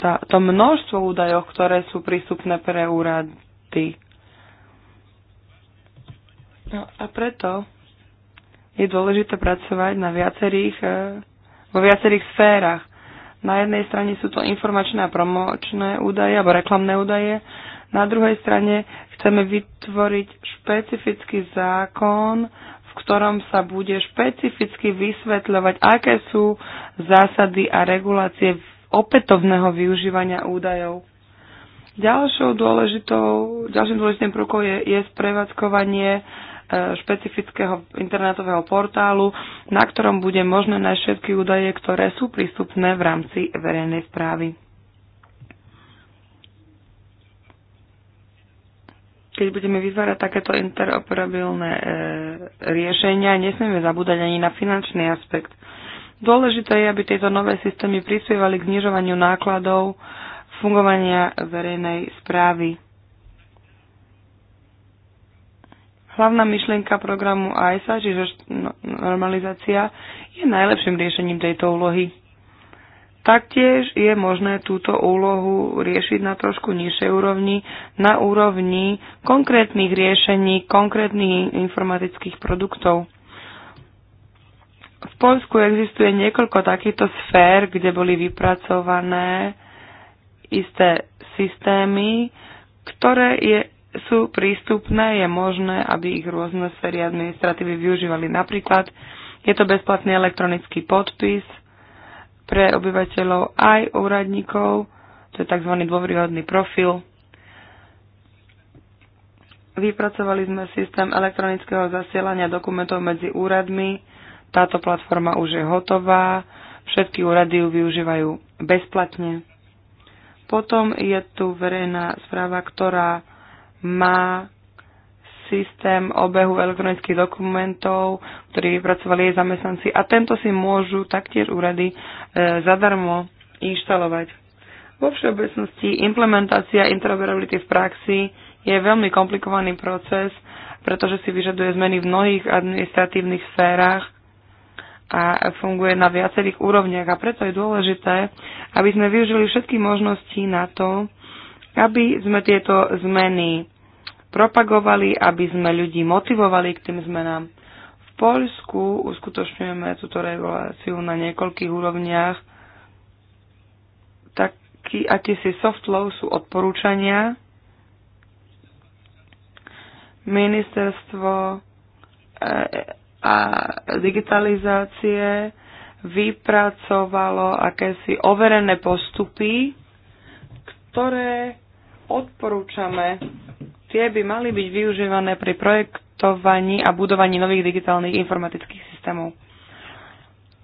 Speaker 1: tá, to množstvo údajov, ktoré sú prístupné pre úrady. No a preto je dôležité pracovať na viacerých, e, vo viacerých sférach. Na jednej strane sú to informačné a promočné údaje alebo reklamné údaje, na druhej strane chceme vytvoriť špecifický zákon, v ktorom sa bude špecificky vysvetľovať, aké sú zásady a regulácie opätovného využívania údajov. Ďalšou dôležitou, ďalším dôležitým prvkom je, je sprevádzkovanie e, špecifického internetového portálu, na ktorom bude možné nájsť všetky údaje, ktoré sú prístupné v rámci verejnej správy. keď budeme vytvárať takéto interoperabilné e, riešenia, nesmieme zabúdať ani na finančný aspekt. Dôležité je, aby tieto nové systémy prispievali k znižovaniu nákladov fungovania verejnej správy. Hlavná myšlienka programu ISA, čiže no- normalizácia, je najlepším riešením tejto úlohy. Taktiež je možné túto úlohu riešiť na trošku nižšej úrovni, na úrovni konkrétnych riešení, konkrétnych informatických produktov. V Polsku existuje niekoľko takýchto sfér, kde boli vypracované isté systémy, ktoré je, sú prístupné, je možné, aby ich rôzne sféry administratívy využívali. Napríklad je to bezplatný elektronický podpis – pre obyvateľov aj úradníkov, to je tzv. dôveryhodný profil. Vypracovali sme systém elektronického zasielania dokumentov medzi úradmi. Táto platforma už je hotová. Všetky úrady ju využívajú bezplatne. Potom je tu verejná správa, ktorá má systém obehu elektronických dokumentov, ktorý vypracovali jej zamestnanci a tento si môžu taktiež úrady e, zadarmo inštalovať. Vo všeobecnosti implementácia interoperability v praxi je veľmi komplikovaný proces, pretože si vyžaduje zmeny v mnohých administratívnych sférach a funguje na viacerých úrovniach a preto je dôležité, aby sme využili všetky možnosti na to, aby sme tieto zmeny propagovali, aby sme ľudí motivovali k tým zmenám. V Poľsku uskutočňujeme túto reguláciu na niekoľkých úrovniach. Taký, si soft law sú odporúčania. Ministerstvo eh, a digitalizácie vypracovalo akési overené postupy, ktoré odporúčame Tie by mali byť využívané pri projektovaní a budovaní nových digitálnych informatických systémov.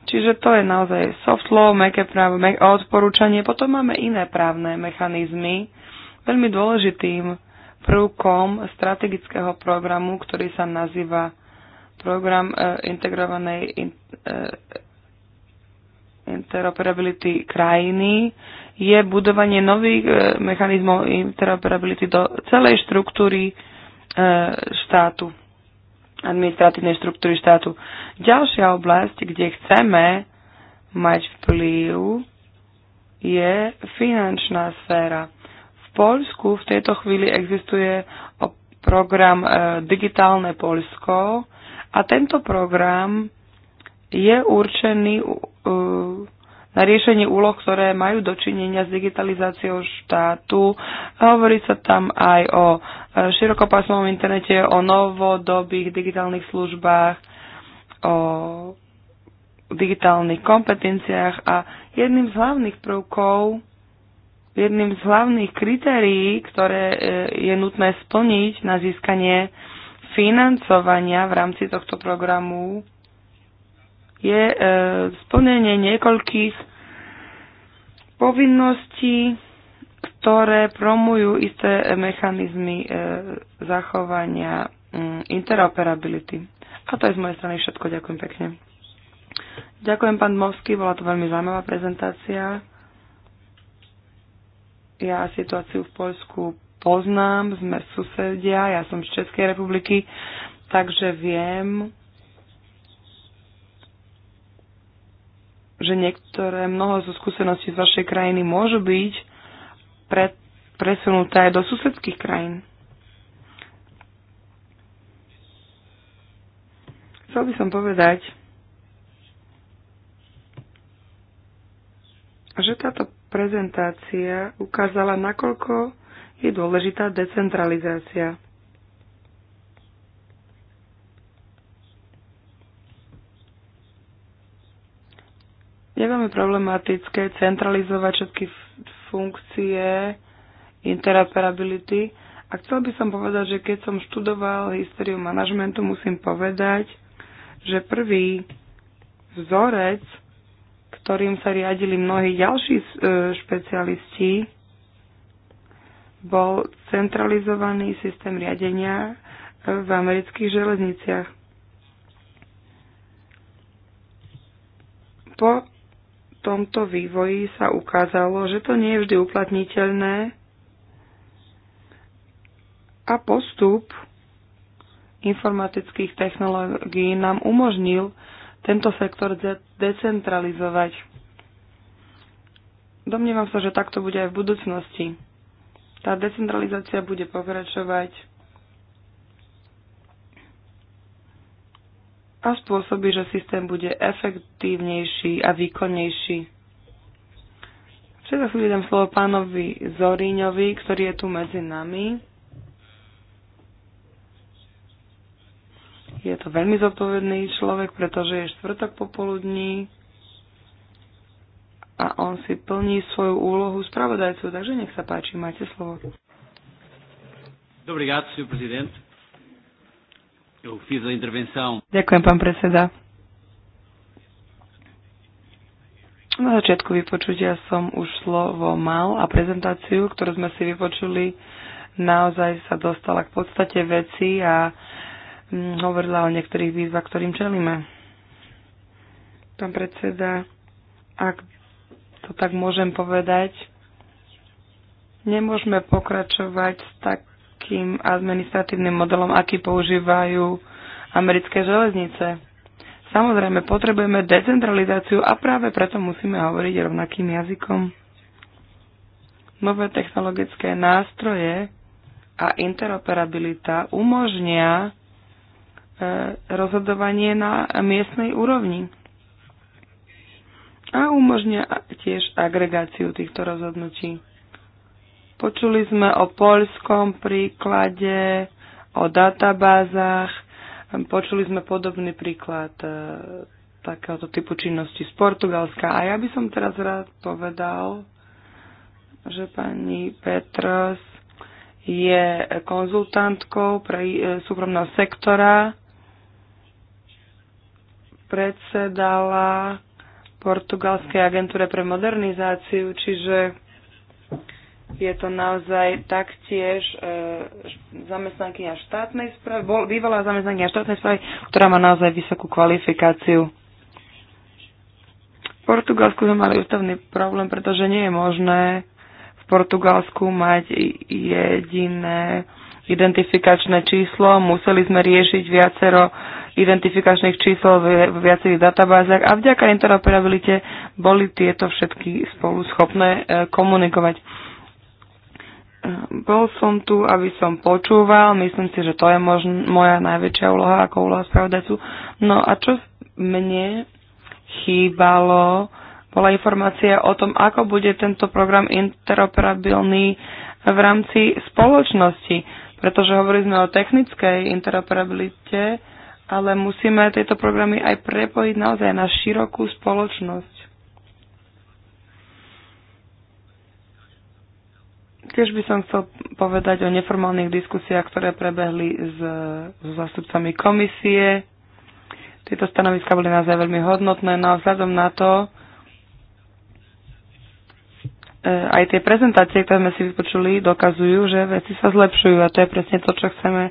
Speaker 1: Čiže to je naozaj soft law, meké právo, mek- odporúčanie. Potom máme iné právne mechanizmy. Veľmi dôležitým prvkom strategického programu, ktorý sa nazýva program uh, integrovanej in, uh, interoperability krajiny, je budovanie nových e, mechanizmov interoperability do celej štruktúry e, štátu, administratívnej štruktúry štátu. Ďalšia oblasť, kde chceme mať vplyv, je finančná sféra. V Poľsku v tejto chvíli existuje program e, Digitálne Polsko a tento program je určený uh, na riešenie úloh, ktoré majú dočinenia s digitalizáciou štátu. Hovorí sa tam aj o e, širokopásmovom internete, o novodobých digitálnych službách, o digitálnych kompetenciách a jedným z hlavných prvkov, jedným z hlavných kritérií, ktoré e, je nutné splniť na získanie financovania v rámci tohto programu je e, splnenie niekoľkých povinností, ktoré promujú isté mechanizmy e, zachovania m, mm, interoperability. A to je z mojej strany všetko. Ďakujem pekne. Ďakujem, pán Movsky, Bola to veľmi zaujímavá prezentácia. Ja situáciu v Poľsku poznám, sme susedia, ja som z Českej republiky, takže viem, že niektoré mnoho zo skúseností z vašej krajiny môžu byť pre, presunuté aj do susedských krajín. Chcel by som povedať, že táto prezentácia ukázala, nakoľko je dôležitá decentralizácia. Je veľmi problematické centralizovať všetky funkcie interoperability. A chcel by som povedať, že keď som študoval históriu manažmentu, musím povedať, že prvý vzorec, ktorým sa riadili mnohí ďalší e, špecialisti, bol centralizovaný systém riadenia e, v amerických železniciach. Po tomto vývoji sa ukázalo, že to nie je vždy uplatniteľné a postup informatických technológií nám umožnil tento sektor de- decentralizovať. Domnievam sa, že takto bude aj v budúcnosti. Tá decentralizácia bude pokračovať a spôsobí, že systém bude efektívnejší a výkonnejší. V tejto chvíli dám slovo pánovi Zoríňovi, ktorý je tu medzi nami. Je to veľmi zodpovedný človek, pretože je štvrtok popoludní a on si plní svoju úlohu spravodajcu, takže nech sa páči, máte slovo. Obrigado, senhor presidente.
Speaker 2: Ďakujem,
Speaker 1: pán predseda. Na začiatku vypočutia som už slovo mal a prezentáciu, ktorú sme si vypočuli, naozaj sa dostala k podstate veci a mm, hovorila o niektorých výzvach, ktorým čelíme. Pán predseda, ak to tak môžem povedať, nemôžeme pokračovať s tak takým administratívnym modelom, aký používajú americké železnice. Samozrejme, potrebujeme decentralizáciu a práve preto musíme hovoriť rovnakým jazykom. Nové technologické nástroje a interoperabilita umožnia e, rozhodovanie na miestnej úrovni a umožňa tiež agregáciu týchto rozhodnutí. Počuli sme o poľskom príklade, o databázach, počuli sme podobný príklad e, takéhoto typu činnosti z Portugalska. A ja by som teraz rád povedal, že pani Petros je konzultantkou pre e, súkromného sektora, predsedala Portugalskej agentúre pre modernizáciu, čiže je to naozaj taktiež e, zamestnankyňa štátnej správy, bol, bývalá zamestnankyňa štátnej správy, ktorá má naozaj vysokú kvalifikáciu. V Portugalsku sme mali ústavný problém, pretože nie je možné v Portugalsku mať jediné identifikačné číslo. Museli sme riešiť viacero identifikačných čísel v viacerých databázach a vďaka interoperabilite boli tieto všetky spolu schopné e, komunikovať. Bol som tu, aby som počúval. Myslím si, že to je možn- moja najväčšia úloha ako úloha spravodajcu. No a čo mne chýbalo, bola informácia o tom, ako bude tento program interoperabilný v rámci spoločnosti. Pretože hovorili sme o technickej interoperabilite, ale musíme tieto programy aj prepojiť naozaj na širokú spoločnosť. Taktiež by som chcel povedať o neformálnych diskusiách, ktoré prebehli s, s zástupcami komisie. Tieto stanoviska boli naozaj veľmi hodnotné. No a vzhľadom na to, e, aj tie prezentácie, ktoré sme si vypočuli, dokazujú, že veci sa zlepšujú a to je presne to, čo chceme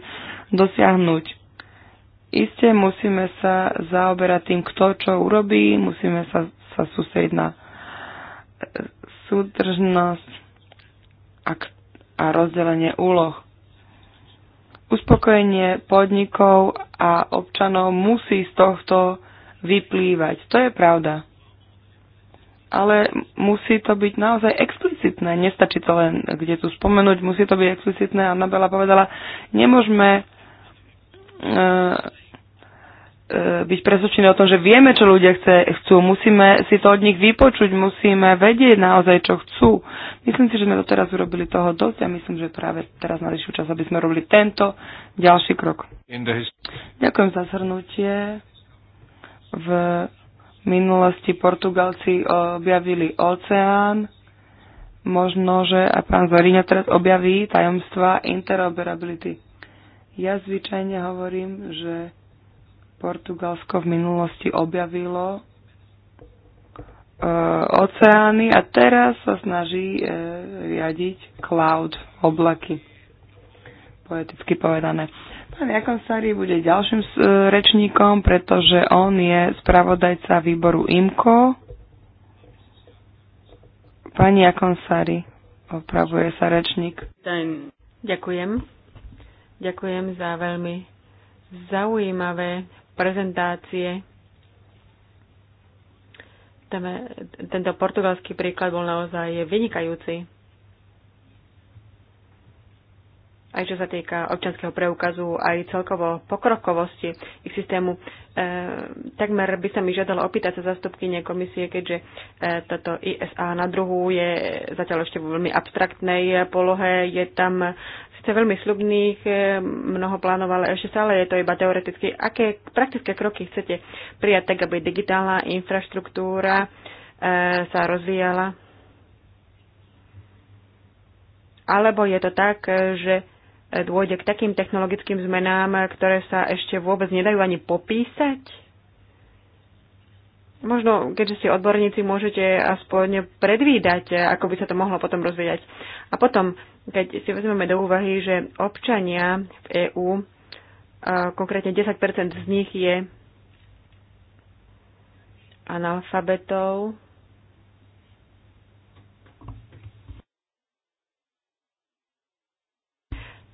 Speaker 1: dosiahnuť. Isté musíme sa zaoberať tým, kto čo urobí, musíme sa, sa sústrediť na e, súdržnosť a rozdelenie úloh. Uspokojenie podnikov a občanov musí z tohto vyplývať. To je pravda. Ale musí to byť naozaj explicitné. Nestačí to len kde tu spomenúť, musí to byť explicitné. Anabela povedala, nemôžeme e, E, byť presvedčení o tom, že vieme, čo ľudia chce, chcú, musíme si to od nich vypočuť, musíme vedieť naozaj, čo chcú. Myslím si, že sme doteraz urobili toho dosť a myslím, že práve teraz nadišiel čas, aby sme robili tento ďalší krok. Ďakujem za zhrnutie. V minulosti Portugalci objavili oceán. Možno, že aj pán Zoriňa teraz objaví tajomstva interoperability. Ja zvyčajne hovorím, že Portugalsko v minulosti objavilo e, oceány a teraz sa snaží e, riadiť cloud, oblaky, poeticky povedané. Pán Sari bude ďalším e, rečníkom, pretože on je spravodajca výboru IMCO. Pani Sari, opravuje sa rečník.
Speaker 2: Ten. Ďakujem. Ďakujem za veľmi zaujímavé prezentácie. Tento portugalský príklad bol naozaj vynikajúci. aj čo sa týka občanského preukazu, aj celkovo pokrokovosti ich systému. E, takmer by sa mi žiadalo opýtať sa zastupkyne komisie, keďže e, toto ISA na druhu je zatiaľ ešte vo veľmi abstraktnej polohe, je tam ste veľmi slubných, eh, mnoho plánovali ale ešte stále je to iba teoreticky. Aké praktické kroky chcete prijať tak, aby digitálna infraštruktúra eh, sa rozvíjala? Alebo je to tak, eh, že dôjde k takým technologickým zmenám, ktoré sa ešte vôbec nedajú ani popísať? Možno, keďže ste odborníci, môžete aspoň predvídať, ako by sa to mohlo potom rozvíjať. A potom, keď si vezmeme do úvahy, že občania v EÚ, konkrétne 10 z nich je analfabetov,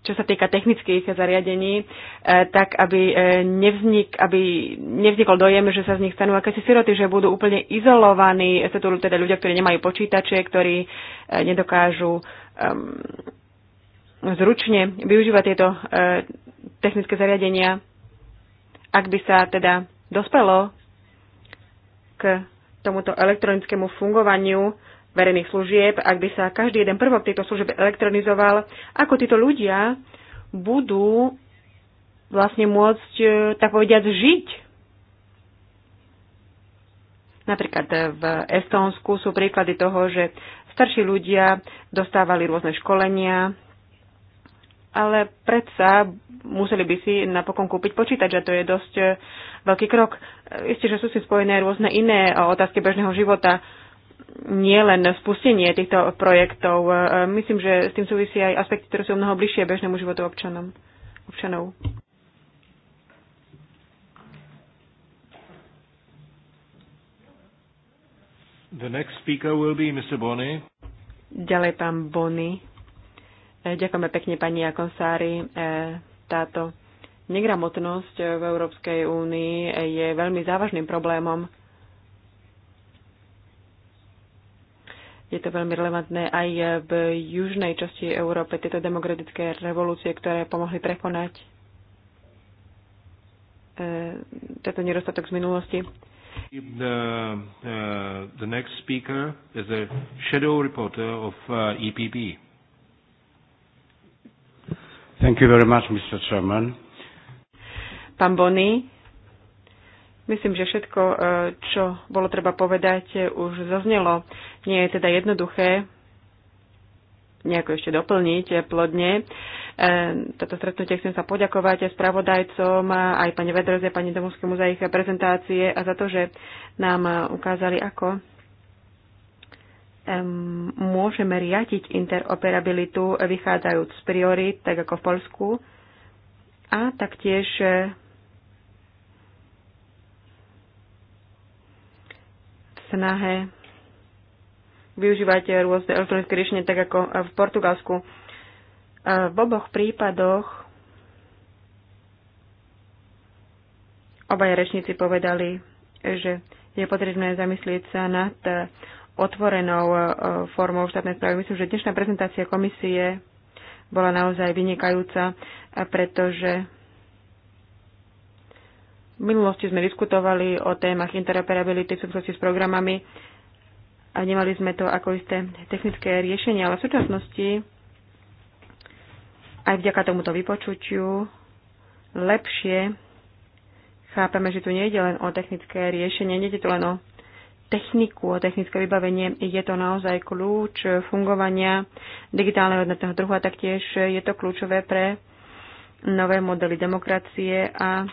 Speaker 2: čo sa týka technických zariadení, e, tak aby, e, nevznik, aby nevznikol dojem, že sa z nich stanú akési siroty, že budú úplne izolovaní. Sú tu teda ľudia, ktorí nemajú počítače, ktorí e, nedokážu zručne využívať tieto technické zariadenia. Ak by sa teda dospelo k tomuto elektronickému fungovaniu, verejných služieb, ak by sa každý jeden prvok tejto služieb elektronizoval, ako títo ľudia budú vlastne môcť, e, tak povediať, žiť. Napríklad e, v Estónsku sú príklady toho, že starší ľudia dostávali rôzne školenia, ale predsa museli by si napokon kúpiť počítač a to je dosť e, veľký krok. Isté, že sú si spojené rôzne iné otázky bežného života, nie len spustenie týchto projektov. E, myslím, že s tým súvisí aj aspekty, ktoré sú mnoho bližšie bežnému životu občanom, občanov.
Speaker 3: The next speaker will be Mr. Bonny.
Speaker 2: Ďalej pán Bonny. E, ďakujeme pekne pani Akonsári. E, táto negramotnosť v Európskej únii je veľmi závažným problémom Je to veľmi relevantné aj v južnej časti Európe, tieto demokratické revolúcie, ktoré pomohli prekonať e, tento nedostatok z minulosti.
Speaker 3: The, uh, the next
Speaker 2: speaker is a shadow reporter of uh, e, EPP. Thank you very much, Mr. Chairman. Pán Bonny, Myslím, že všetko, e, čo bolo treba povedať, e, už zaznelo. Nie je teda jednoduché nejako ešte doplniť e, plodne. Toto stretnutie chcem sa poďakovať aj spravodajcom, aj pani Vedroze, pani Domovskému za ich prezentácie a za to, že nám ukázali, ako môžeme riadiť interoperabilitu vychádzajúc z priorit, tak ako v Polsku, a taktiež snahe využívať rôzne elektronické riešenie, tak ako v Portugalsku. V oboch prípadoch obaja rečníci povedali, že je potrebné zamyslieť sa nad otvorenou e, formou štátnej správy. Myslím, že dnešná prezentácia komisie bola naozaj vynikajúca, pretože v minulosti sme diskutovali o témach interoperability v súvislosti s programami a nemali sme to ako isté technické riešenie, ale v súčasnosti aj vďaka tomuto vypočuťu lepšie chápeme, že tu je len o technické riešenie, nejde to len o techniku, o technické vybavenie. Je to naozaj kľúč fungovania digitálneho jednotného druhu a taktiež je to kľúčové pre nové modely demokracie a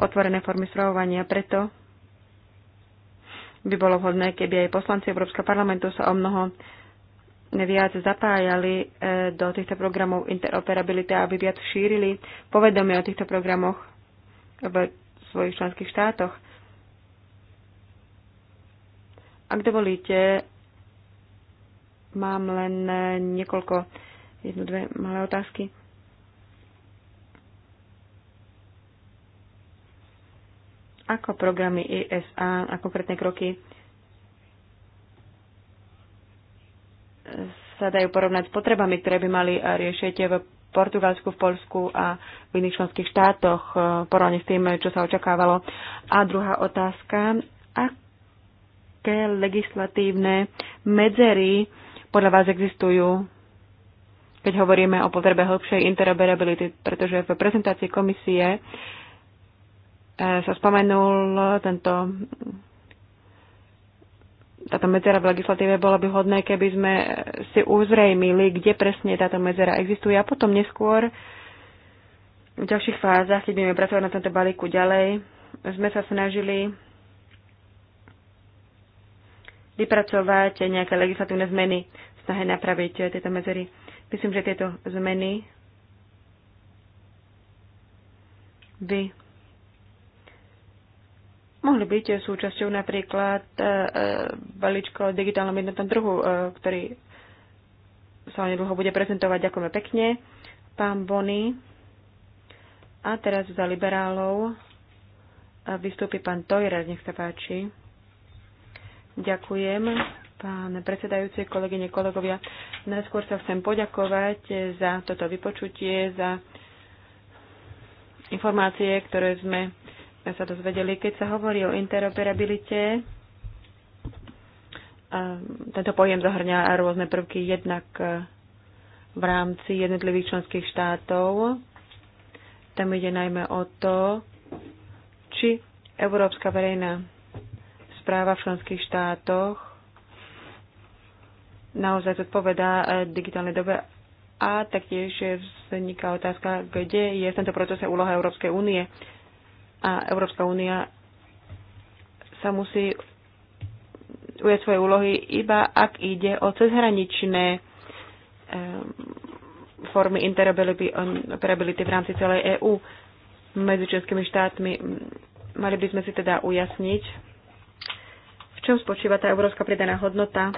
Speaker 2: otvorené formy stravovania. Preto by bolo vhodné, keby aj poslanci Európskeho parlamentu sa o mnoho viac zapájali e, do týchto programov interoperability, aby viac šírili povedomie o týchto programoch v svojich členských štátoch. Ak dovolíte, mám len e, niekoľko, jednu, dve malé otázky. ako programy ESA a konkrétne kroky sa dajú porovnať s potrebami, ktoré by mali riešiť v Portugalsku, v Polsku a v iných členských štátoch eh, porovne s tým, eh, čo sa očakávalo. A druhá otázka, aké legislatívne medzery podľa vás existujú, keď hovoríme o potrebe hĺbšej interoperability, pretože v prezentácii komisie uh, Eh, sa spomenul eh, tento táto medzera v legislatíve bolo by hodné, keby sme eh, si uzrejmili, kde presne táto medzera existuje a potom neskôr v ďalších fázach, keď budeme pracovať na tomto balíku ďalej, sme sa snažili vypracovať nejaké legislatívne zmeny v snahe napraviť tieto medzery. Myslím, že tieto zmeny by mohli byť súčasťou napríklad e, e, balíčko o digitálnom jednotnom trhu, e, ktorý sa nedlho bude prezentovať. Ďakujeme pekne. Pán Bony. A teraz za liberálov vystúpi pán Tojrer, nech sa páči. Ďakujem, pán predsedajúci, kolegyne, kolegovia. Najskôr sa chcem poďakovať za toto vypočutie, za informácie, ktoré sme sa dozvedeli. Keď sa hovorí o interoperabilite, tento pojem zahrňa rôzne prvky jednak e, v rámci jednotlivých členských štátov. Tam ide najmä o to, či európska verejná správa v členských štátoch naozaj zodpovedá e, digitálnej dobe a taktiež vzniká otázka, kde je v tento procese úloha Európskej únie a Európska únia sa musí ujať svoje úlohy iba ak ide o cezhraničné ehm, formy interoperability v rámci celej EÚ medzi českými štátmi. Mali by sme si teda ujasniť, v čom spočíva tá európska pridaná hodnota.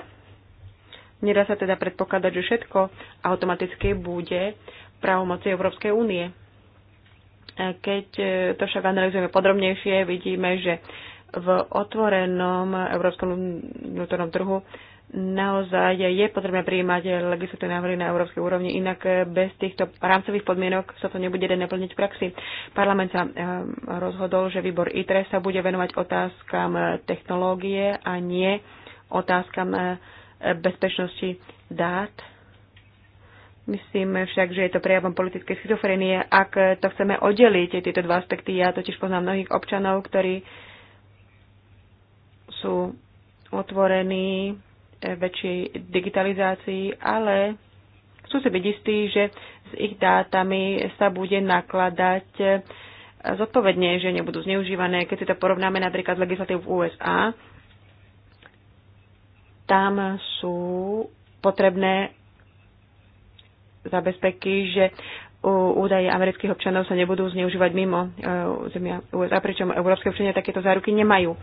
Speaker 2: Nedá sa teda predpokladať, že všetko automaticky bude právomoci Európskej únie. Keď e, to však analizujeme podrobnejšie, vidíme, že v otvorenom európskom vnútornom trhu naozaj je potrebné prijímať legislatívne návrhy na európskej úrovni, inak e, bez týchto rámcových podmienok sa to nebude naplniť v praxi. Parlament sa e, rozhodol, že výbor ITRE sa bude venovať otázkam technológie a nie otázkam bezpečnosti dát Myslím však, že je to prejavom politickej schizofrenie, ak to chceme oddeliť, tieto dva aspekty. Ja totiž poznám mnohých občanov, ktorí sú otvorení väčšej digitalizácii, ale chcú si byť istí, že s ich dátami sa bude nakladať zodpovedne, že nebudú zneužívané. Keď si to porovnáme napríklad s legislatívou v USA, tam sú potrebné zabezpeky, že e, údaje amerických občanov sa nebudú zneužívať mimo e, zemia USA, pričom európske občania takéto záruky nemajú.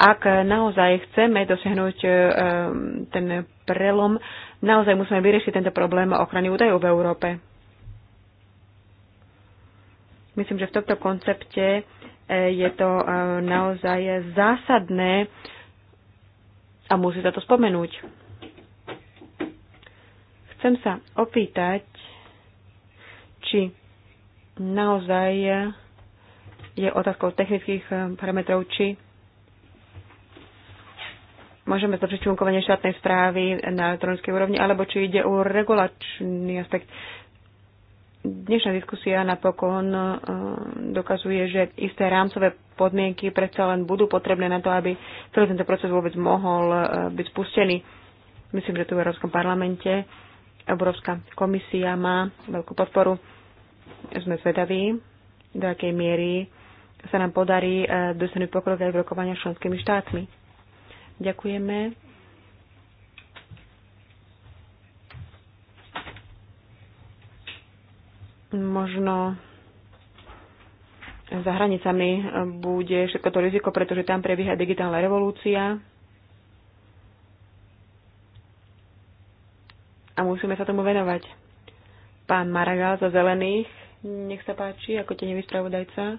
Speaker 2: Ak naozaj chceme dosiahnuť e, ten prelom, naozaj musíme vyriešiť tento problém ochrany údajov v Európe. Myslím, že v tomto koncepte je to naozaj zásadné a musí sa to spomenúť. Chcem sa opýtať, či naozaj je otázkou technických eh, parametrov, či môžeme zlepšiť fungovanie štátnej správy na elektronickej úrovni, alebo či ide o regulačný aspekt. Dnešná diskusia napokon eh, dokazuje, že isté rámcové podmienky predsa len budú potrebné na to, aby celý tento proces vôbec mohol eh, byť spustený. Myslím, že tu v Európskom parlamente Európska komisia má veľkú podporu. Sme zvedaví, do akej miery sa nám podarí e, dosiahnuť pokrok aj v rokovania s členskými štátmi. Ďakujeme. Možno za hranicami e, bude všetko to riziko, pretože tam prebieha digitálna revolúcia. a musíme sa tomu venovať. Pán Maragal za zelených, nech sa páči, ako te nevyspravodajca?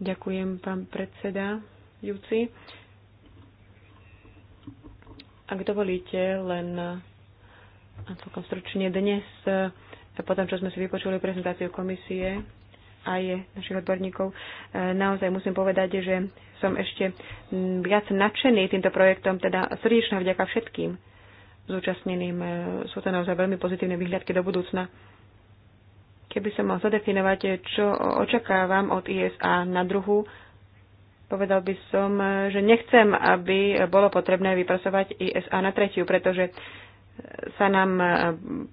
Speaker 2: Ďakujem, pán predseda Júci. Ak dovolíte, len celkom stručne dnes, eh, potom čo sme si vypočuli prezentáciu komisie, aj našich odborníkov. Eh, naozaj musím povedať, že som ešte hm, viac nadšený týmto projektom, teda srdečná vďaka všetkým zúčastneným. E, sú to naozaj veľmi pozitívne výhľadky do budúcna. Keby som mal zadefinovať, e, čo očakávam od ISA na druhu, povedal by som, e, že nechcem, aby bolo potrebné vypracovať ISA na tretiu, pretože sa nám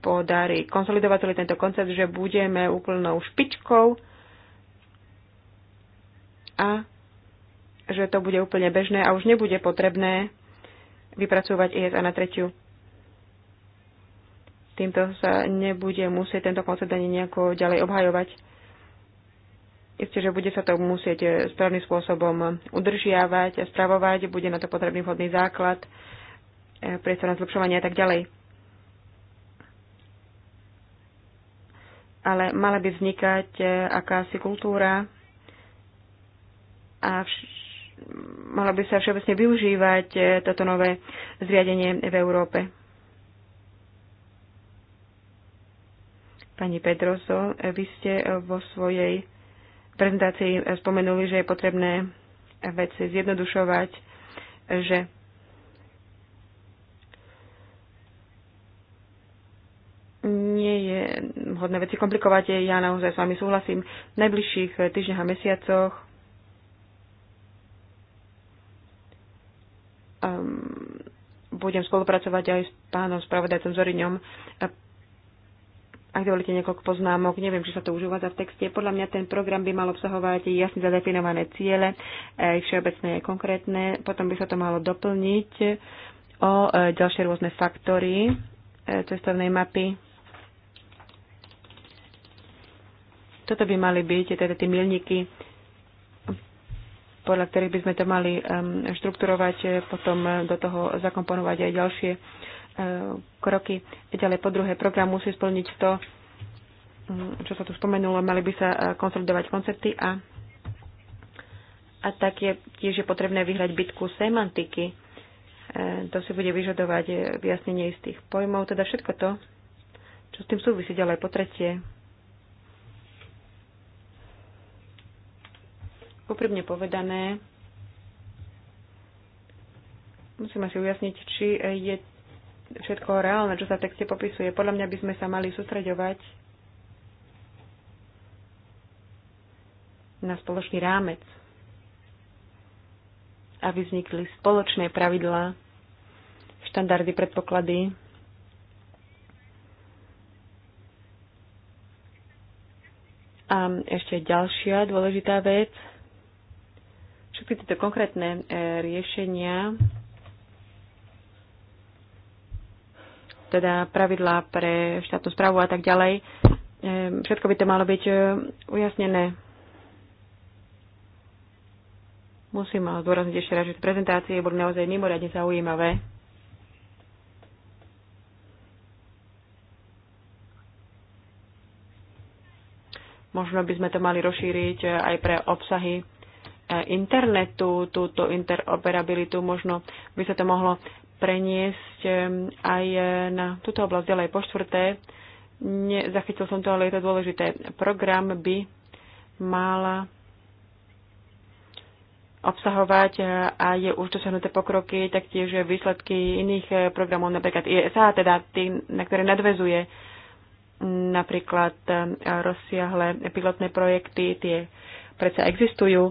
Speaker 2: podarí konsolidovať celý tento koncept, že budeme úplnou špičkou a že to bude úplne bežné a už nebude potrebné vypracovať ISA na tretiu. Týmto sa nebude musieť tento koncept ani nejako ďalej obhajovať. Isté, že bude sa to musieť správnym spôsobom udržiavať a spravovať, bude na to potrebný vhodný základ, e, priestor na zlepšovanie a tak ďalej. ale mala by vznikať e, akási kultúra a vš- mala by sa všeobecne využívať e, toto nové zriadenie v Európe. Pani Pedroso, vy ste eh, vo svojej prezentácii eh, spomenuli, že je potrebné veci zjednodušovať, že nie je hodné veci komplikovať. Ja naozaj s vami súhlasím. V najbližších eh, týždňach a mesiacoch um, budem spolupracovať aj s pánom spravodajcom Zoriňom ak dovolíte niekoľko poznámok, neviem, či sa to už uvádza v texte. Podľa mňa ten program by mal obsahovať jasne zadefinované ciele, aj e, všeobecné a konkrétne. Potom by sa to malo doplniť o e, ďalšie rôzne faktory e, cestovnej mapy. Toto by mali byť teda tie milníky, podľa ktorých by sme to mali štrukturovať, potom do toho zakomponovať aj ďalšie E, kroky. Ďalej po druhé, program musí splniť to, mm, čo sa tu spomenulo, mali by sa e, konsolidovať koncepty a, a tak je tiež je potrebné vyhrať bitku semantiky. E, to si bude vyžadovať vyjasnenie istých pojmov, teda všetko to, čo s tým súvisí ďalej po tretie. Poprvne povedané, musíme si ujasniť, či je všetko reálne, čo sa v texte popisuje. Podľa mňa by sme sa mali sústreďovať na spoločný rámec, aby vznikli spoločné pravidlá, štandardy, predpoklady, A ešte ďalšia dôležitá vec. Všetky tieto konkrétne e, riešenia teda pravidlá pre štátnu správu a tak ďalej. Ehm, všetko by to malo byť e, ujasnené. Musím zdôrazniť ešte raz, že prezentácie boli naozaj mimoriadne zaujímavé. Možno by sme to mali rozšíriť e, aj pre obsahy e, internetu, túto interoperabilitu. Možno by sa to mohlo preniesť aj e, na túto oblasť ďalej. Po štvrté, nezachytil som to, ale je to dôležité. Program by mala obsahovať a je už dosiahnuté pokroky, taktiež výsledky iných e, programov, napríklad ISA, teda tí, na ktoré nadvezuje napríklad e, rozsiahle pilotné projekty, tie predsa existujú.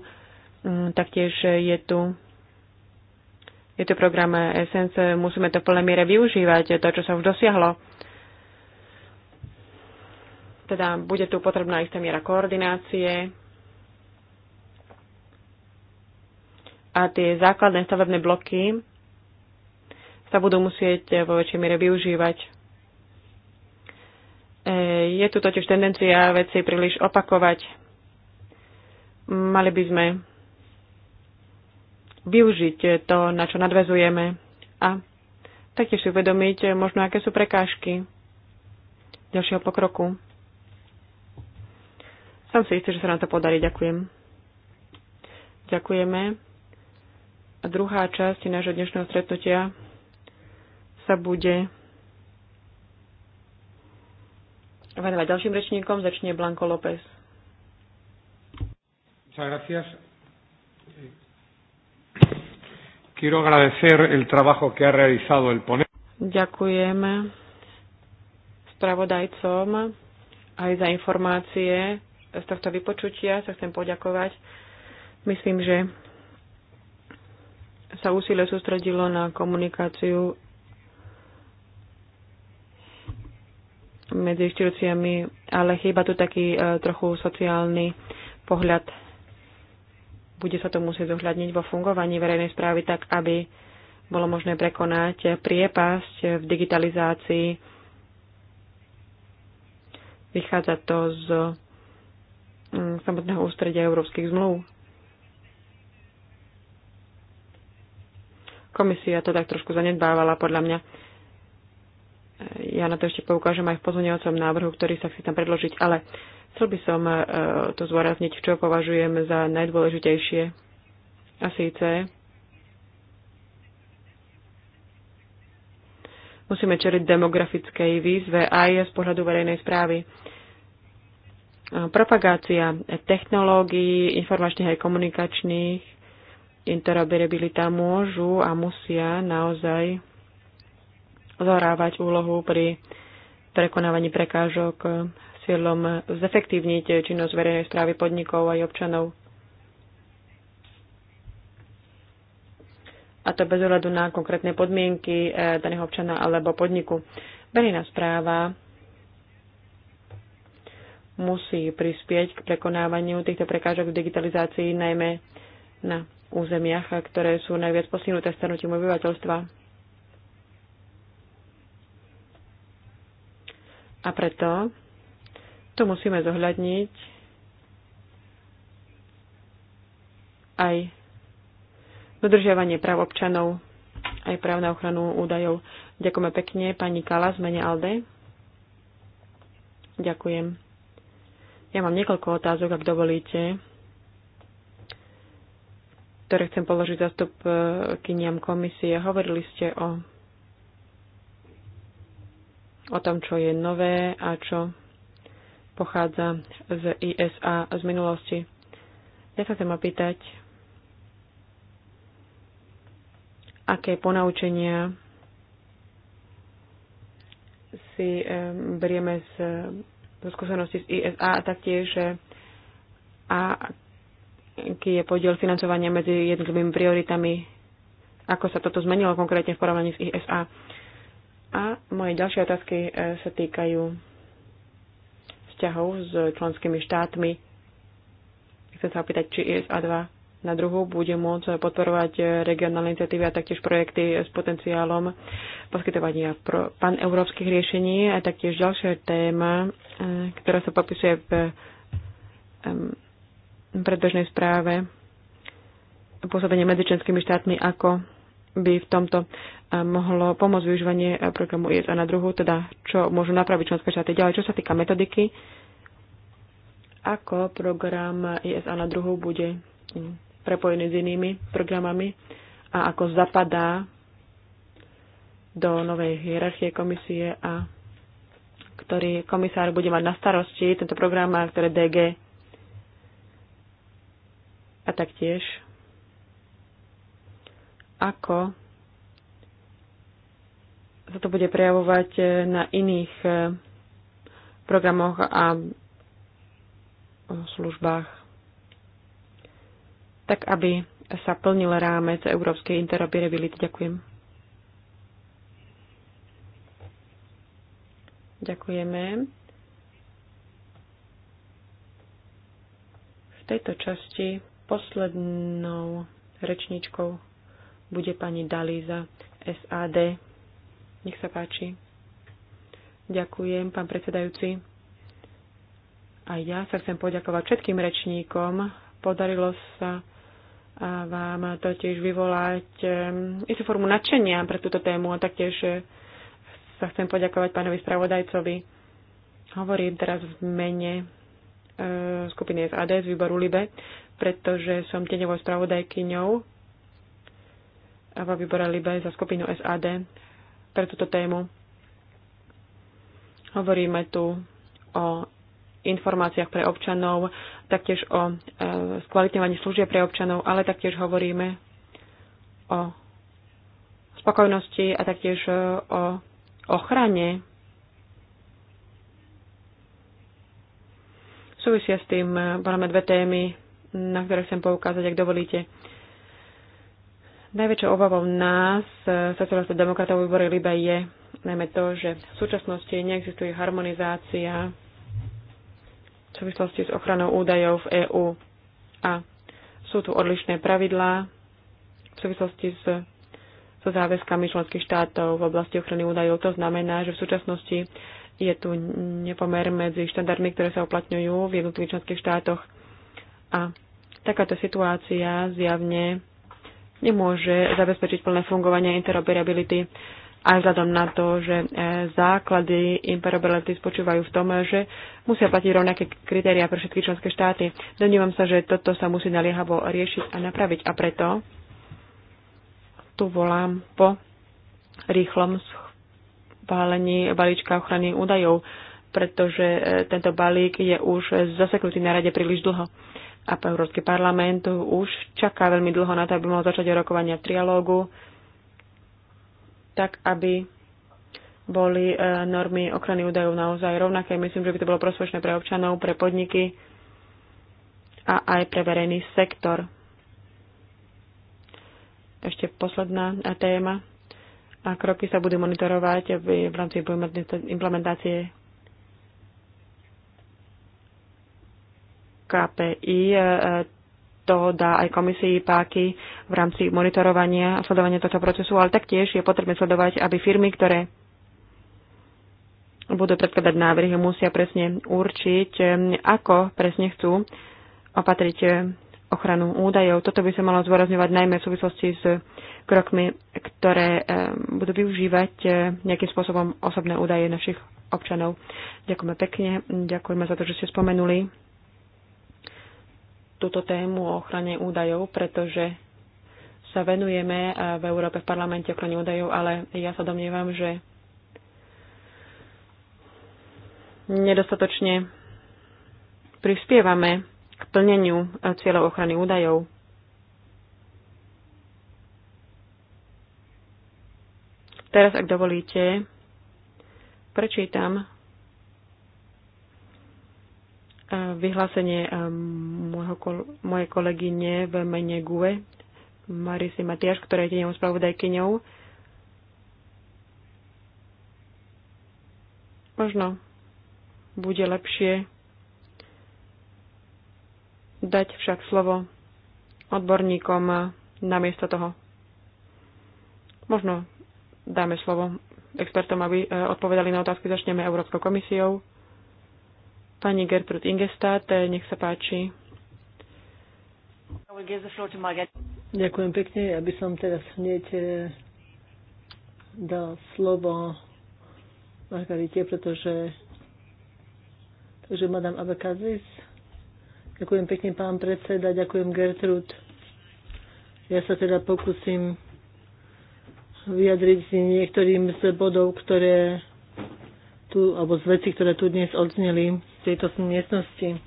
Speaker 2: Taktiež je tu je to program Essence, musíme to v plnej miere využívať, to, čo sa už dosiahlo. Teda bude tu potrebná istá miera koordinácie a tie základné stavebné bloky sa budú musieť vo väčšej miere využívať. E, je tu totiž tendencia veci príliš opakovať. Mali by sme využiť to, na čo nadvezujeme a taktiež si uvedomiť možno, aké sú prekážky ďalšieho pokroku. Som si istý, že sa nám to podarí. Ďakujem. Ďakujeme. A druhá časť nášho dnešného stretnutia sa bude venovať ďalším rečníkom. Začne Blanko López. Muchas gracias. Quiero agradecer el trabajo que ha realizado el ponente. Ďakujem spravodajcom aj za informácie z tohto vypočutia. Sa chcem poďakovať. Myslím, že sa úsilie sústredilo na komunikáciu medzi inštitúciami, ale chýba tu taký e, trochu sociálny pohľad bude sa to musieť zohľadniť vo fungovaní verejnej správy tak, aby bolo možné prekonať priepasť v digitalizácii. Vychádza to z mm, samotného ústredia európskych zmluv. Komisia to tak trošku zanedbávala, podľa mňa. Ja na to ešte poukážem aj v pozvoniacom návrhu, ktorý sa chcem predložiť, ale chcel by som e, to zvorazniť, čo považujem za najdôležitejšie. A síce musíme čeliť demografickej výzve aj z pohľadu verejnej správy. E, propagácia technológií, informačných aj komunikačných, interoperabilita môžu a musia naozaj zohrávať úlohu pri prekonávaní prekážok eh, s cieľom zefektívniť činnosť verejnej správy podnikov aj občanov. A to bez ohľadu na konkrétne podmienky eh, daného občana alebo podniku. Verejná správa musí prispieť k prekonávaniu týchto prekážok v digitalizácii, najmä na územiach, eh, ktoré sú najviac postihnuté starnutím obyvateľstva. A preto to musíme zohľadniť aj dodržiavanie práv občanov, aj práv na ochranu údajov. Ďakujeme pekne pani Kala z mene Alde. Ďakujem. Ja mám niekoľko otázok, ak dovolíte, ktoré chcem položiť kyniam komisie. Hovorili ste o o tom, čo je nové a čo pochádza z ISA z minulosti. Ja sa chcem opýtať, aké ponaučenia si berieme z, z skúsenosti z ISA a taktiež eh, a aký je podiel financovania medzi jednotlivými prioritami, ako sa toto zmenilo konkrétne v porovnaní s ISA. A moje ďalšie otázky e, sa týkajú vzťahov s členskými štátmi. Chcem sa opýtať, či ISA 2 na druhu bude môcť podporovať regionálne iniciatívy a taktiež projekty s potenciálom poskytovania paneurópskych riešení a taktiež ďalšia téma, e, ktorá sa popisuje v predbežnej správe pôsobenie medzi členskými štátmi ako by v tomto e, mohlo pomôcť využívanie e, programu IS a na druhú, teda čo môžu napraviť členské štáty. Ďalej, čo sa týka metodiky, ako program a na druhu bude prepojený s inými programami a ako zapadá do novej hierarchie komisie a ktorý komisár bude mať na starosti tento program ktoré DG a taktiež ako sa to bude prejavovať e, na iných e, programoch a službách, tak aby sa plnil rámec európskej interoperability. Ďakujem. Ďakujeme. V tejto časti poslednou rečníčkou bude pani Dalíza SAD. Nech sa páči. Ďakujem, pán predsedajúci. A ja sa chcem poďakovať všetkým rečníkom. Podarilo sa vám totiž vyvolať istú formu nadšenia pre túto tému a taktiež e, sa chcem poďakovať pánovi spravodajcovi. Hovorím teraz v mene e, skupiny SAD z výboru LIBE, pretože som tenevou spravodajkyňou vo výbore Libe za skupinu SAD pre túto tému. Hovoríme tu o informáciách pre občanov, taktiež o e, skvalitňovaní služieb pre občanov, ale taktiež hovoríme o spokojnosti a taktiež e, o ochrane. Súvisia s tým, e, máme dve témy, na ktoré chcem poukázať, ak dovolíte. Najväčšou obavou nás, e, socialistov demokratov výbore LIBE je najmä to, že v súčasnosti neexistuje harmonizácia v súvislosti s ochranou údajov v EÚ a sú tu odlišné pravidlá v súvislosti s so záväzkami členských štátov v oblasti ochrany údajov. To znamená, že v súčasnosti je tu nepomer medzi štandardmi, ktoré sa uplatňujú v jednotlivých členských štátoch. A takáto situácia zjavne nemôže zabezpečiť plné fungovanie interoperability aj vzhľadom na to, že e, základy interoperability spočívajú v tom, že musia platiť rovnaké kritériá pre všetky členské štáty. Domnívam sa, že toto sa musí naliehavo riešiť a napraviť a preto tu volám po rýchlom schválení balíčka ochrany údajov, pretože e, tento balík je už zaseknutý na rade príliš dlho a Európsky parlament už čaká veľmi dlho na to, aby mohol začať rokovania v trialógu, tak aby boli e, normy ochrany údajov naozaj rovnaké. Myslím, že by to bolo prospešné pre občanov, pre podniky a aj pre verejný sektor. Ešte posledná e, téma. A kroky sa budú monitorovať v rámci implementácie KPI e, e, to dá aj komisii páky v rámci monitorovania a sledovania tohto procesu, ale taktiež je potrebné sledovať, aby firmy, ktoré budú predkladať návrhy, musia presne určiť, e, ako presne chcú opatriť ochranu údajov. Toto by sa malo zdôrazňovať najmä v súvislosti s krokmi, ktoré budú využívať nejakým spôsobom osobné údaje našich občanov. Ďakujeme pekne, ďakujeme za to, že ste spomenuli túto tému o ochrane údajov, pretože sa venujeme eh, v Európe v parlamente ochrane údajov, ale ja sa domnievam, že nedostatočne prispievame k plneniu eh, cieľov ochrany údajov. Teraz, ak dovolíte, prečítam vyhlásenie môjho, mojej kolegyne v mene GUE, Marisy Matiaš, ktorá je tieňou spravodajkyňou. Možno bude lepšie dať však slovo odborníkom namiesto toho. Možno dáme slovo expertom, aby e, odpovedali na otázky. Začneme Európskou komisiou. Pani Gertrud Ingestát, nech sa páči.
Speaker 3: Ďakujem pekne, aby som teraz hneď e, dal slovo Margarite, pretože takže madame Abakazis. Ďakujem pekne, pán predseda, ďakujem Gertrud. Ja sa teda pokúsim vyjadriť niektorým z bodov, ktoré tu, alebo z veci, ktoré tu dnes odzneli tejto miestnosti.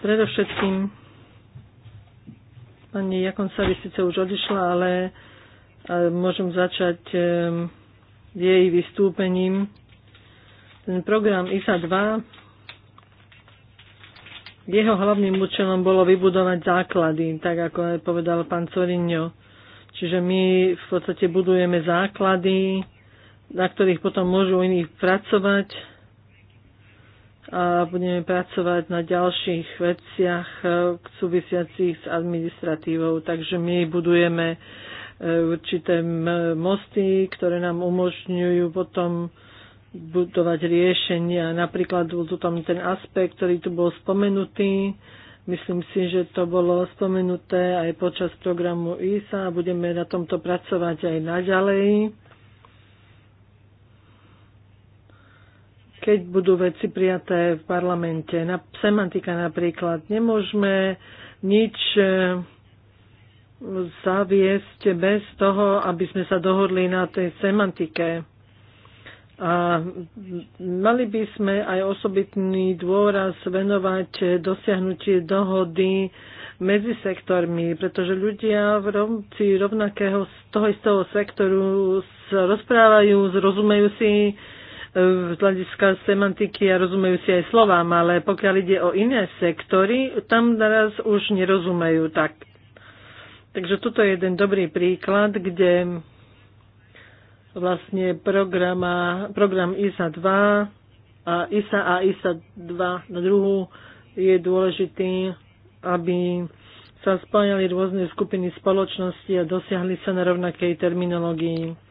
Speaker 3: Predovšetkým pani Jakonca síce už odišla, ale e, môžem začať e, jej vystúpením. Ten program ISA 2 jeho hlavným účelom bolo vybudovať základy, tak ako aj povedal pán Corinho. Čiže my v podstate budujeme základy na ktorých potom môžu iní pracovať a budeme pracovať na ďalších veciach e, súvisiacich s administratívou. Takže my budujeme e, určité mosty, ktoré nám umožňujú potom budovať riešenia. Napríklad bol tu tam ten aspekt, ktorý tu bol spomenutý. Myslím si, že to bolo spomenuté aj počas programu ISA a budeme na tomto pracovať aj naďalej. keď budú veci prijaté v parlamente. Na, semantika napríklad. Nemôžeme nič e, zaviesť bez toho, aby sme sa dohodli na tej semantike. A mali by sme aj osobitný dôraz venovať dosiahnutie dohody medzi sektormi, pretože ľudia v rovci rovnakého z toho istého sektoru rozprávajú, zrozumejú si z hľadiska semantiky a rozumejú si aj slovám, ale pokiaľ ide o iné sektory, tam naraz už nerozumejú tak. Takže toto je jeden dobrý príklad, kde vlastne programa, program ISA 2 a ISA a ISA 2 na druhu je dôležitý, aby sa spájali rôzne skupiny spoločnosti a dosiahli sa na rovnakej terminológii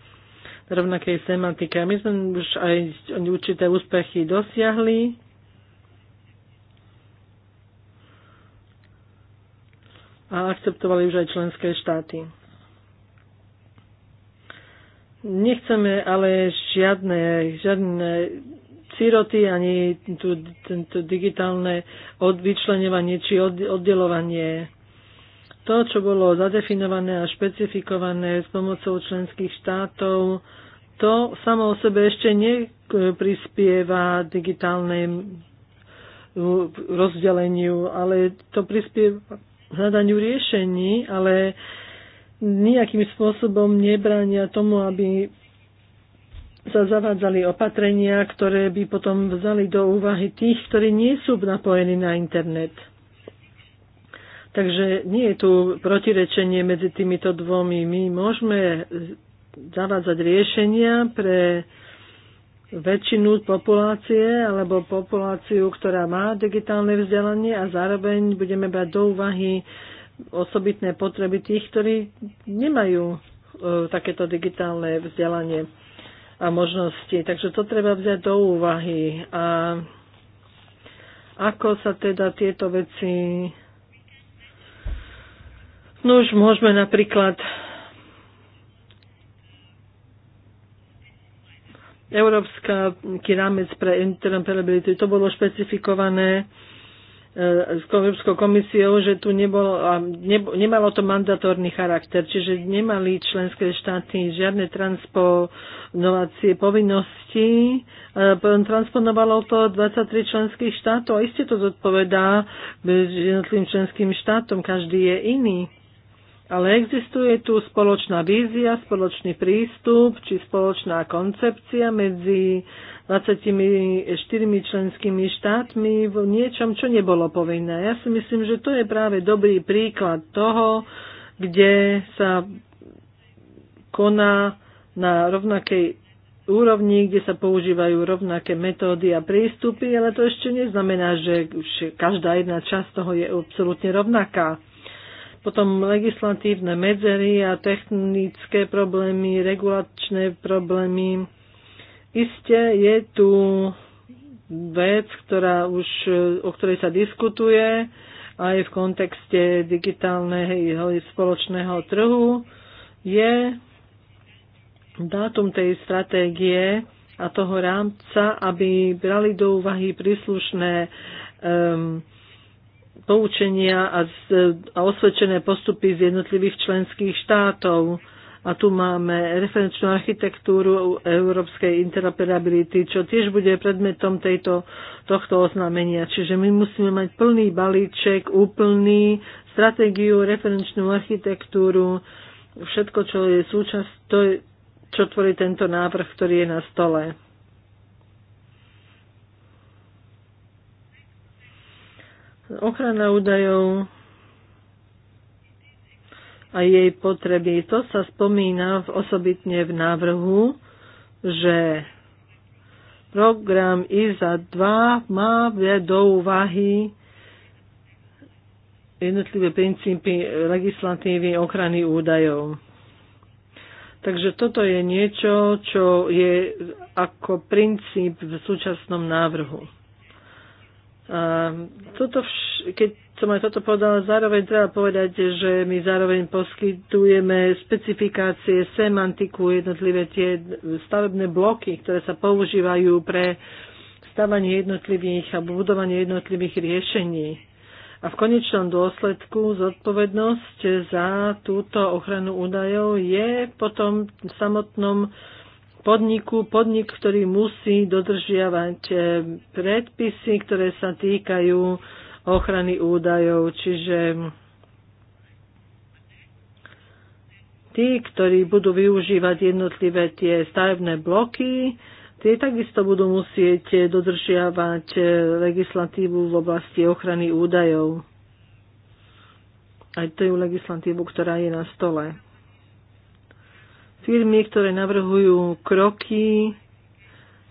Speaker 3: rovnakej sematike. A my sme už aj určité úspechy dosiahli. A akceptovali už aj členské štáty. Nechceme ale žiadne, žiadne siroty, ani tento digitálne odvyčlenovanie či oddelovanie to, čo bolo zadefinované a špecifikované s pomocou členských štátov, to samo o sebe ešte neprispieva digitálnej rozdeleniu, ale to prispieva hľadaniu riešení, ale nejakým spôsobom nebránia tomu, aby sa zavádzali opatrenia, ktoré by potom vzali do úvahy tých, ktorí nie sú napojení na internet. Takže nie je tu protirečenie medzi týmito dvomi. My môžeme zavádzať riešenia pre väčšinu populácie alebo populáciu, ktorá má digitálne vzdelanie a zároveň budeme brať do úvahy osobitné potreby tých, ktorí nemajú e, takéto digitálne vzdelanie a možnosti. Takže to treba vziať do úvahy. A ako sa teda tieto veci No už môžeme napríklad Európska rámec pre interoperability, to bolo špecifikované e, s Európskou komisiou, že tu nebolo, nebo, nemalo to mandatórny charakter, čiže nemali členské štáty žiadne transponovacie povinnosti. E, transponovalo to 23 členských štátov a iste to zodpovedá e, jednotlivým členským štátom, každý je iný. Ale existuje tu spoločná vízia, spoločný prístup či spoločná koncepcia medzi 24 členskými štátmi v niečom, čo nebolo povinné. Ja si myslím, že to je práve dobrý príklad toho, kde sa koná na rovnakej úrovni, kde sa používajú rovnaké metódy a prístupy, ale to ešte neznamená, že každá jedna časť toho je absolútne rovnaká potom legislatívne medzery a technické problémy, regulačné problémy. Isté je tu vec, ktorá už, o ktorej sa diskutuje aj v kontexte digitálneho spoločného trhu, je dátum tej stratégie a toho rámca, aby brali do úvahy príslušné um, poučenia a, z, a osvedčené postupy z jednotlivých členských štátov. A tu máme referenčnú architektúru európskej interoperability, čo tiež bude predmetom tejto, tohto oznámenia. Čiže my musíme mať plný balíček, úplný stratégiu, referenčnú architektúru, všetko, čo je súčasť, to je, čo tvorí tento návrh, ktorý je na stole. ochrana údajov a jej potreby. To sa spomína v, osobitne v návrhu, že program ISA 2 má do úvahy jednotlivé princípy legislatívy ochrany údajov. Takže toto je niečo, čo je ako princíp v súčasnom návrhu. Toto vš- keď som aj toto povedala, zároveň treba povedať, že my zároveň poskytujeme špecifikácie, semantiku, jednotlivé tie stavebné bloky, ktoré sa používajú pre stavanie jednotlivých a budovanie jednotlivých riešení. A v konečnom dôsledku zodpovednosť za túto ochranu údajov je potom v samotnom uh, podniku, podnik, ktorý musí dodržiavať eh, predpisy, ktoré sa týkajú ochrany údajov, čiže tí, ktorí budú využívať jednotlivé tie stavebné bloky, tie takisto budú musieť eh, dodržiavať eh, legislatívu v oblasti ochrany údajov. Aj tú legislatívu, ktorá je na stole firmy, ktoré navrhujú kroky,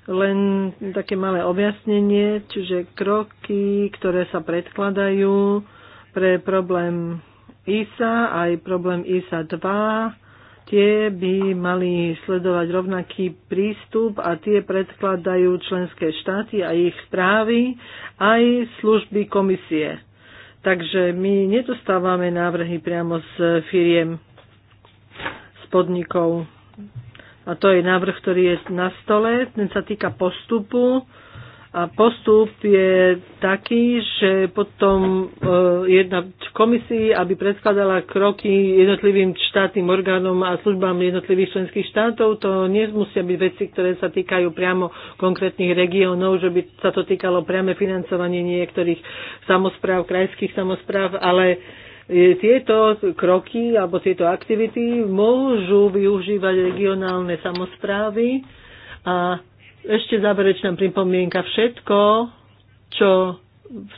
Speaker 3: len také malé objasnenie, čiže kroky, ktoré sa predkladajú pre problém ISA, aj problém ISA 2, tie by mali sledovať rovnaký prístup a tie predkladajú členské štáty a ich správy, aj služby komisie. Takže my nedostávame návrhy priamo z firiem podnikov. A to je návrh, ktorý je na stole. Ten sa týka postupu. A postup je taký, že potom e, jedna komisii, aby predkladala kroky jednotlivým štátnym orgánom a službám jednotlivých členských štátov, to nemusia byť veci, ktoré sa týkajú priamo konkrétnych regiónov, že by sa to týkalo priame financovanie niektorých samozpráv, krajských samozpráv, ale E, tieto kroky alebo tieto aktivity môžu využívať regionálne samozprávy a ešte záverečná pripomienka všetko, čo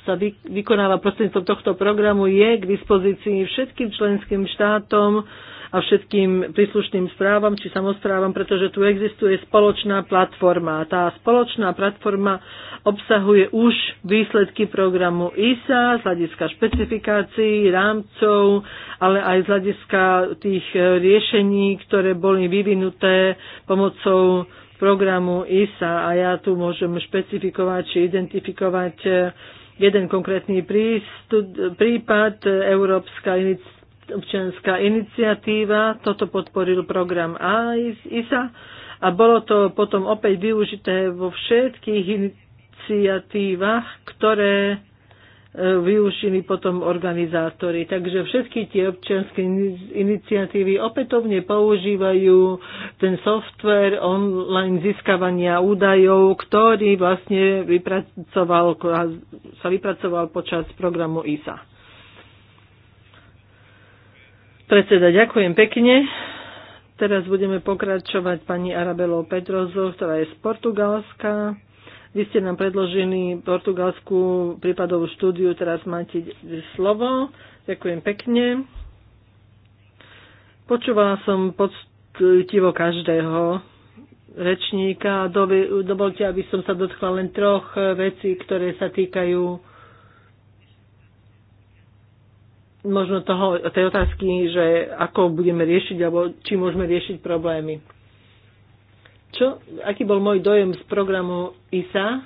Speaker 3: sa vy, vykonáva prostredníctvom tohto programu, je k dispozícii všetkým členským štátom, a všetkým príslušným správam či samozprávam, pretože tu existuje spoločná platforma. Tá spoločná platforma obsahuje už výsledky programu ISA z hľadiska špecifikácií, rámcov, ale aj z hľadiska tých e, riešení, ktoré boli vyvinuté pomocou programu ISA a ja tu môžem špecifikovať či identifikovať e, jeden konkrétny prípad, e, Európska občianská iniciatíva, toto podporil program ISA a bolo to potom opäť využité vo všetkých iniciatívach, ktoré e, využili potom organizátori. Takže všetky tie občianske iniciatívy opätovne používajú ten software online získavania údajov, ktorý vlastne vypracoval, sa vypracoval počas programu ISA. Predseda, ďakujem pekne. Teraz budeme pokračovať pani Arabelo Petrozo, ktorá je z Portugalska. Vy ste nám predložili portugalskú prípadovú štúdiu, teraz máte slovo. Ďakujem pekne. Počúvala som poctivo každého rečníka. Dovolte, aby som sa dotkla len troch vecí, ktoré sa týkajú možno toho, tej otázky, že ako budeme riešiť, alebo či môžeme riešiť problémy. Čo, aký bol môj dojem z programu ISA?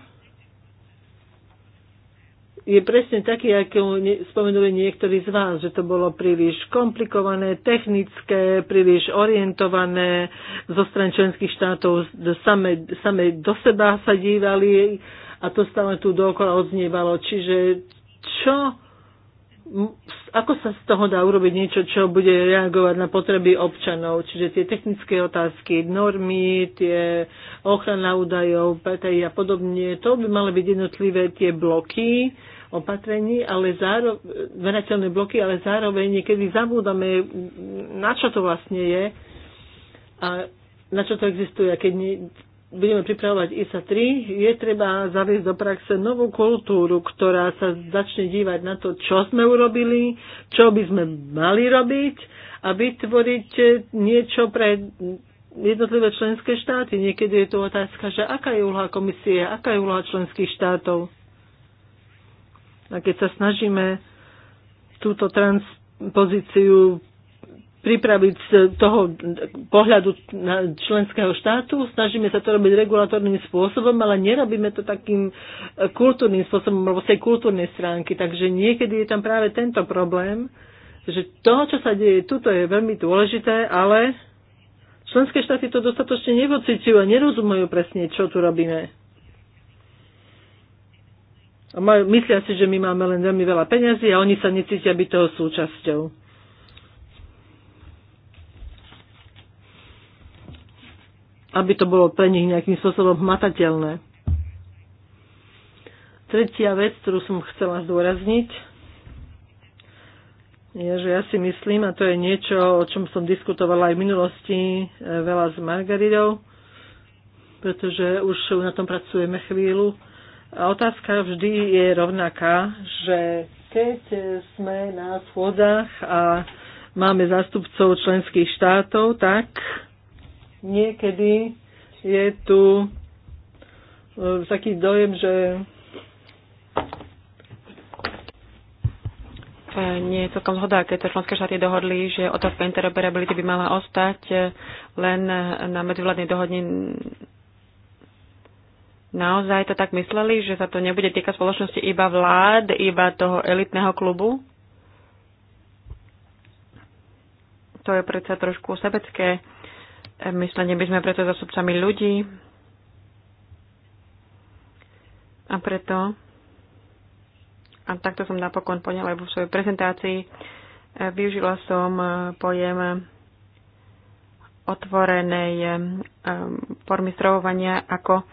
Speaker 3: Je presne taký, ako spomenuli niektorí z vás, že to bolo príliš komplikované, technické, príliš orientované zo strany členských štátov, same, same do seba sa dívali a to stále tu dokola odznievalo. Čiže čo ako sa z toho dá urobiť niečo, čo bude reagovať na potreby občanov? Čiže tie technické otázky, normy, tie ochrana údajov, PTI a podobne, to by mali byť jednotlivé tie bloky opatrení, ale zároveň, verateľné bloky, ale zároveň niekedy zabúdame, na čo to vlastne je a na čo to existuje. Keď nie, budeme pripravovať ISA 3, je treba zaviesť do praxe novú kultúru, ktorá sa začne dívať na to, čo sme urobili, čo by sme mali robiť a vytvoriť niečo pre jednotlivé členské štáty. Niekedy je tu otázka, že aká je úloha komisie, aká je úloha členských štátov. A keď sa snažíme túto transpozíciu pripraviť z toho pohľadu na členského štátu. Snažíme sa to robiť regulatorným spôsobom, ale nerobíme to takým e, kultúrnym spôsobom, alebo z tej kultúrnej stránky. Takže niekedy je tam práve tento problém, že to, čo sa deje tuto, je veľmi dôležité, ale členské štáty to dostatočne nepocitujú a nerozumajú presne, čo tu robíme. A majú, myslia si, že my máme len veľmi veľa peňazí a oni sa necítia byť toho súčasťou. aby to bolo pre nich nejakým spôsobom hmatateľné. Tretia vec, ktorú som chcela zdôrazniť, je, že ja si myslím, a to je niečo, o čom som diskutovala aj v minulosti e, veľa s Margaridou, pretože už na tom pracujeme chvíľu. A otázka vždy je rovnaká, že keď sme na schôdach a máme zástupcov členských štátov, tak niekedy je tu e,
Speaker 2: taký dojem, že e, nie je celkom zhoda, keď sa členské štáty dohodli, že otázka interoperability by mala ostať e, len na medzivládnej dohodne. Naozaj to tak mysleli, že sa to nebude týkať spoločnosti iba vlád, iba toho elitného klubu? To je predsa trošku sebecké. Myslenie by sme preto zasobcami ľudí a preto, a takto som napokon poňala aj vo svojej prezentácii, e, využila som e, pojem otvorenej e, formy stravovania ako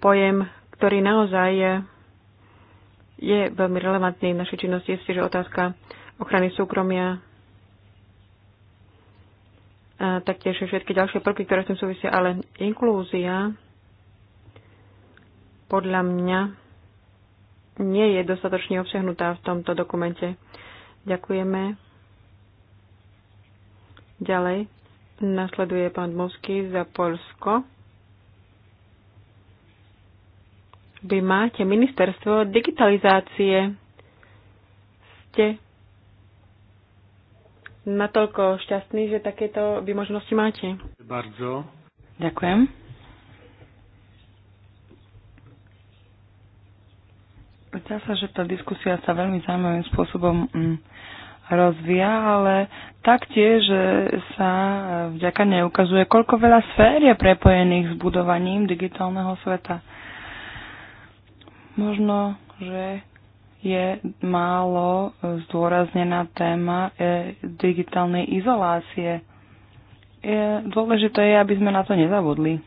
Speaker 2: pojem, ktorý naozaj je veľmi relevantný v našej činnosti, je tiež otázka ochrany súkromia taktiež všetky ďalšie prvky, ktoré s tým súvisia, ale inklúzia podľa mňa nie je dostatočne obsiahnutá v tomto dokumente. Ďakujeme. Ďalej nasleduje pán Musky za Polsko. Vy máte ministerstvo digitalizácie. Ste natoľko šťastný, že takéto vy možnosti
Speaker 1: máte. Bardzo. Ďakujem. Zdá sa, že tá diskusia sa veľmi zaujímavým spôsobom mm, rozvíja, ale taktiež sa vďaka nej ukazuje, koľko veľa sfér je prepojených s budovaním digitálneho sveta. Možno, že je málo zdôraznená téma e, digitálnej izolácie. Je, dôležité je, aby sme na to nezavodli.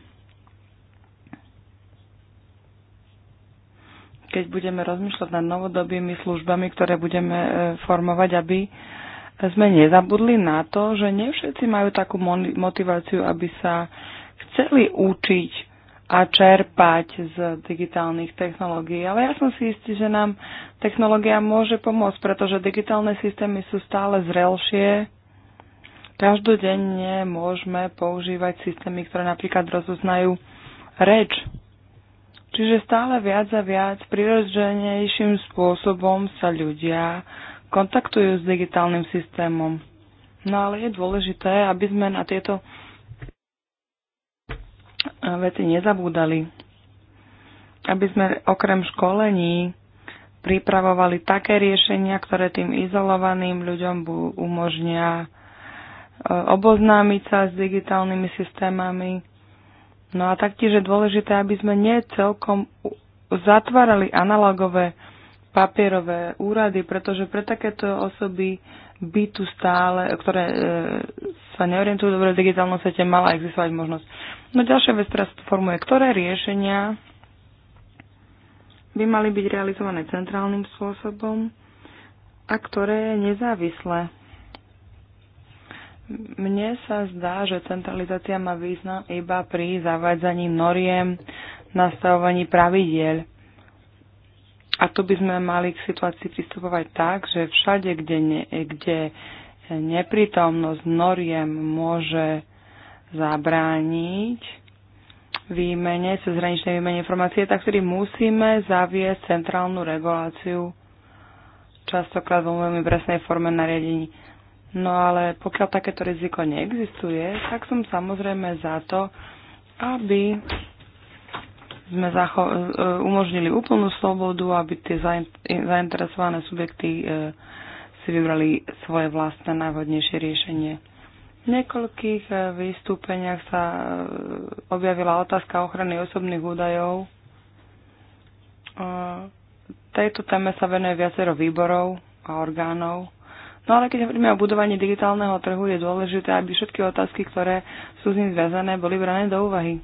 Speaker 1: Keď budeme rozmýšľať nad novodobými službami, ktoré budeme e, formovať, aby sme nezabudli na to, že nevšetci majú takú motiváciu, aby sa chceli učiť a čerpať z digitálnych technológií. Ale ja som si istý, že nám technológia môže pomôcť, pretože digitálne systémy sú stále zrelšie. Každodenne môžeme používať systémy, ktoré napríklad rozoznajú reč. Čiže stále viac a viac prirodzenejším spôsobom sa ľudia kontaktujú s digitálnym systémom. No ale je dôležité, aby sme na tieto veci nezabúdali. Aby sme okrem školení pripravovali také riešenia, ktoré tým izolovaným ľuďom umožnia e, oboznámiť sa s digitálnymi systémami. No a taktiež je dôležité, aby sme nie celkom zatvárali analogové papierové úrady, pretože pre takéto osoby by tu stále, ktoré e, sa neorientujú dobre v digitálnom svete, mala existovať možnosť No ďalšia vec, teraz formuje, ktoré riešenia by mali byť realizované centrálnym spôsobom a ktoré nezávislé. Mne sa zdá, že centralizácia má význam iba pri zavádzaní noriem, nastavovaní pravidiel. A tu by sme mali k situácii pristupovať tak, že všade, kde, ne, kde neprítomnosť noriem môže zabrániť výmene, cezhraničnej výmene informácie, tak tedy musíme zaviesť centrálnu reguláciu častokrát vo veľmi presnej forme nariadení. No ale pokiaľ takéto riziko neexistuje, tak som samozrejme za to, aby sme e, e, umožnili úplnú slobodu, aby tie zainteresované subjekty e, si vybrali svoje vlastné najvhodnejšie riešenie. V niekoľkých eh, vystúpeniach sa eh, objavila otázka ochrany osobných údajov. Eh, tejto téme sa venuje viacero výborov a orgánov. No ale keď hovoríme o budovaní digitálneho trhu, je dôležité, aby všetky otázky, ktoré sú s ním zviazané, boli brané do úvahy.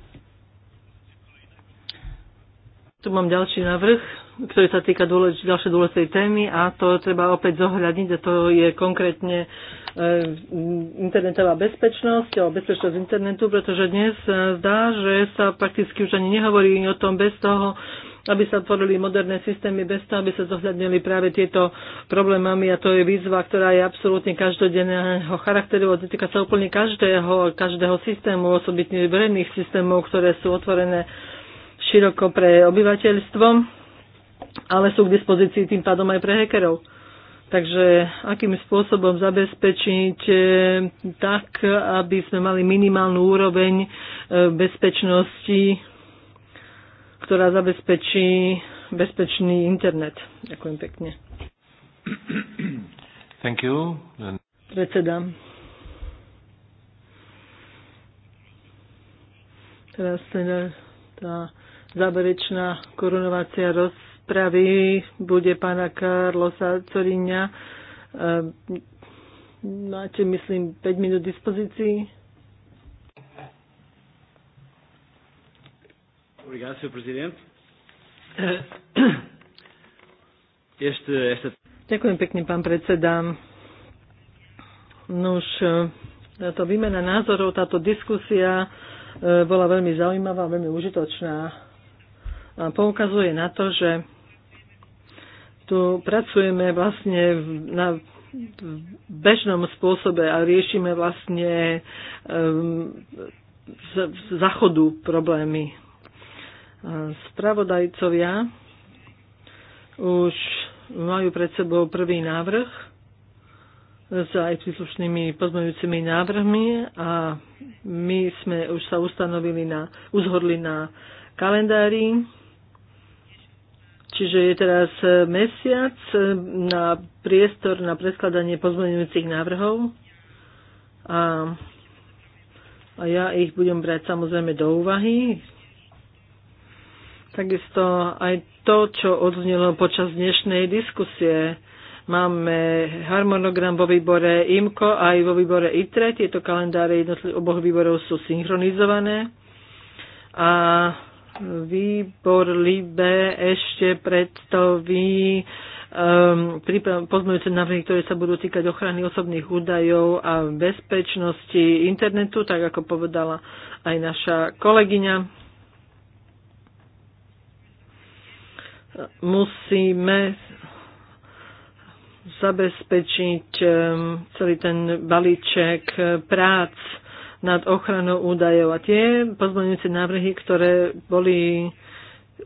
Speaker 3: Tu mám ďalší návrh, ktorý sa týka dôlež- ďalšej dôležitej témy a to treba opäť zohľadniť a to je konkrétne Eh, internetová bezpečnosť alebo bezpečnosť internetu, pretože dnes eh, zdá, že sa prakticky už ani nehovorí o tom bez toho, aby sa tvorili moderné systémy bez toho, aby sa zohľadnili práve tieto problémami a to je výzva, ktorá je absolútne každodenného charakteru, a týka sa úplne každého, každého systému, osobitne verejných systémov, ktoré sú otvorené široko pre obyvateľstvo, ale sú k dispozícii tým pádom aj pre hekerov. Takže akým spôsobom zabezpečiť eh, tak, aby sme mali minimálnu úroveň eh, bezpečnosti, ktorá zabezpečí bezpečný internet. Ďakujem pekne. Thank you. Predseda. Teraz teda tá záverečná korunovácia roz rozpravy bude pána Karlosa Coriňa. Ehm, máte, myslím, 5 minút dispozícii. Ďakujem pekne, pán predseda. Nuž, e, táto výmena názorov, táto diskusia e, bola veľmi zaujímavá, veľmi užitočná. poukazuje na to, že tu pracujeme vlastne na bežnom spôsobe a riešime vlastne um, z, z zachodu problémy. Spravodajcovia už majú pred sebou prvý návrh s aj príslušnými pozmeňujúcimi návrhmi a my sme už sa ustanovili na, uzhodli na kalendári Čiže je teraz e, mesiac e, na priestor na preskladanie pozmeňujúcich návrhov a, a ja ich budem brať samozrejme do úvahy. Takisto aj to, čo odznelo počas dnešnej diskusie. Máme harmonogram vo výbore IMCO aj vo výbore ITRE. Tieto kalendáre jednotlivých oboch výborov sú synchronizované. A výbor LIBE ešte predstaví um, pozmeňujúce návrhy, ktoré sa budú týkať ochrany osobných údajov a bezpečnosti internetu, tak ako povedala aj naša kolegyňa. Musíme zabezpečiť um, celý ten balíček prác nad ochranou údajov. A tie pozmeňujúce návrhy, ktoré boli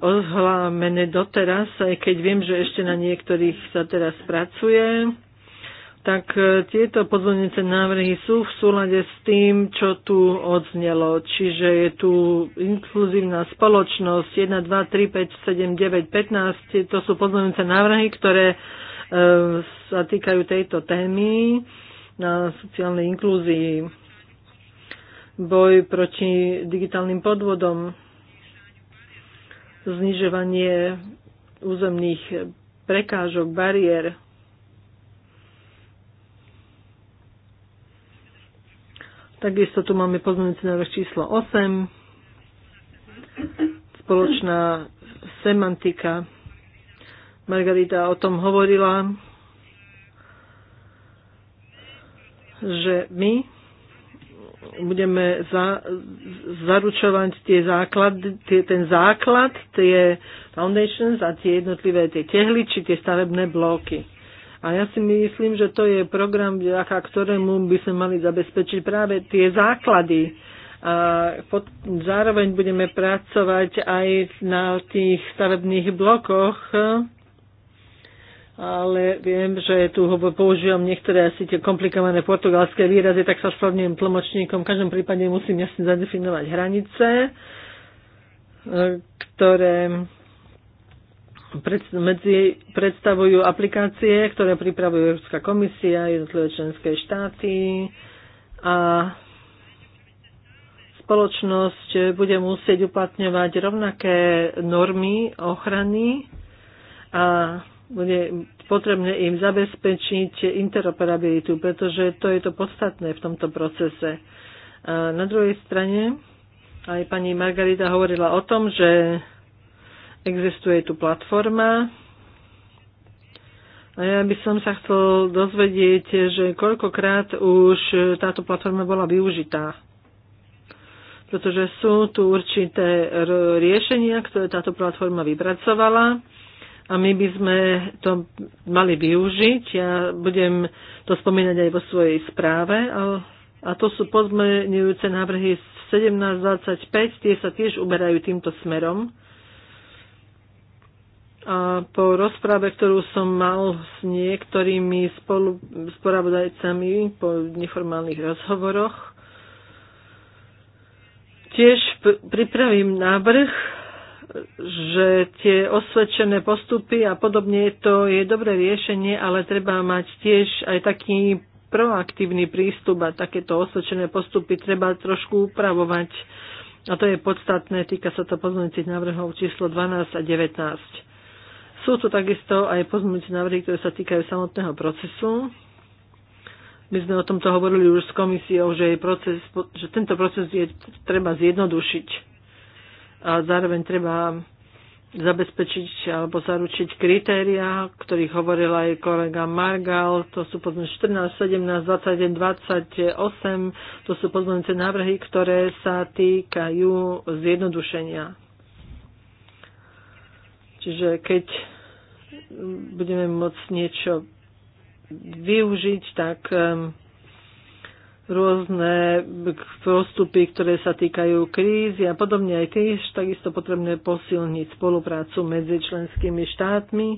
Speaker 3: ozhlámené doteraz, aj keď viem, že ešte na niektorých sa teraz pracuje, tak e, tieto pozvodnice návrhy sú v súlade s tým, čo tu odznelo. Čiže je tu inkluzívna spoločnosť 1, 2, 3, 5, 7, 9, 15. To sú pozvodnice návrhy, ktoré e, sa týkajú tejto témy na sociálnej inklúzii boj proti digitálnym podvodom, znižovanie územných prekážok, bariér. Takisto tu máme pozmeňujúci návrh číslo 8, spoločná semantika. Margarita o tom hovorila, že my budeme za, zaručovať tie základ, tie, ten základ, tie foundations a tie jednotlivé tie tehly či tie stavebné bloky. A ja si myslím, že to je program, vďaka ktorému by sme mali zabezpečiť práve tie základy. A pod, zároveň budeme pracovať aj na tých stavebných blokoch, ale viem, že tu používam niektoré asi tie komplikované portugalské výrazy, tak sa spravňujem tlmočníkom. V každom prípade musím jasne zadefinovať hranice, e, ktoré medzi predstavujú aplikácie, ktoré pripravuje Európska komisia, jednotlivé členské štáty a spoločnosť bude musieť uplatňovať rovnaké normy ochrany a bude potrebné im zabezpečiť interoperabilitu, pretože to je to podstatné v tomto procese. A na druhej strane aj pani Margarita hovorila o tom, že existuje tu platforma. A ja by som sa chcel dozvedieť, že koľkokrát už táto platforma bola využitá. Pretože sú tu určité riešenia, ktoré táto platforma vypracovala a my by sme to mali využiť. Ja budem to spomínať aj vo svojej správe. A to sú pozmenujúce návrhy 1725, tie sa tiež uberajú týmto smerom. A po rozprave, ktorú som mal s niektorými spolupravodajcami po neformálnych rozhovoroch, tiež pripravím návrh že tie osvedčené postupy a podobne to je dobré riešenie, ale treba mať tiež aj taký proaktívny prístup a takéto osvedčené postupy treba trošku upravovať. A to je podstatné, týka sa to pozmeňujúcich návrhov číslo 12 a 19. Sú tu takisto aj pozmeňujúci návrhy, ktoré sa týkajú samotného procesu. My sme o tomto hovorili už s komisiou, že, je proces, že tento proces je treba zjednodušiť a zároveň treba zabezpečiť alebo zaručiť kritéria, ktorých hovorila aj kolega Margal. To sú pozmeň 14, 17, 21, 28. To sú pozmeňujúce návrhy, ktoré sa týkajú zjednodušenia. Čiže keď budeme môcť niečo využiť, tak um, rôzne postupy, ktoré sa týkajú krízy a podobne aj tiež takisto potrebné posilniť spoluprácu medzi členskými štátmi,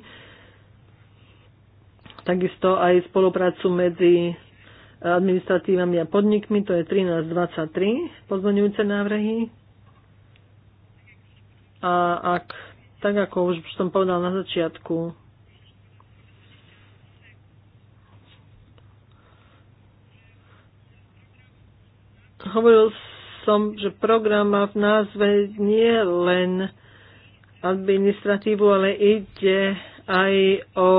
Speaker 3: takisto aj spoluprácu medzi administratívami a podnikmi, to je 1323 pozvoňujúce návrhy. A ak, tak ako už som povedal na začiatku, Hovoril som, že program má v názve nie len administratívu, ale ide aj o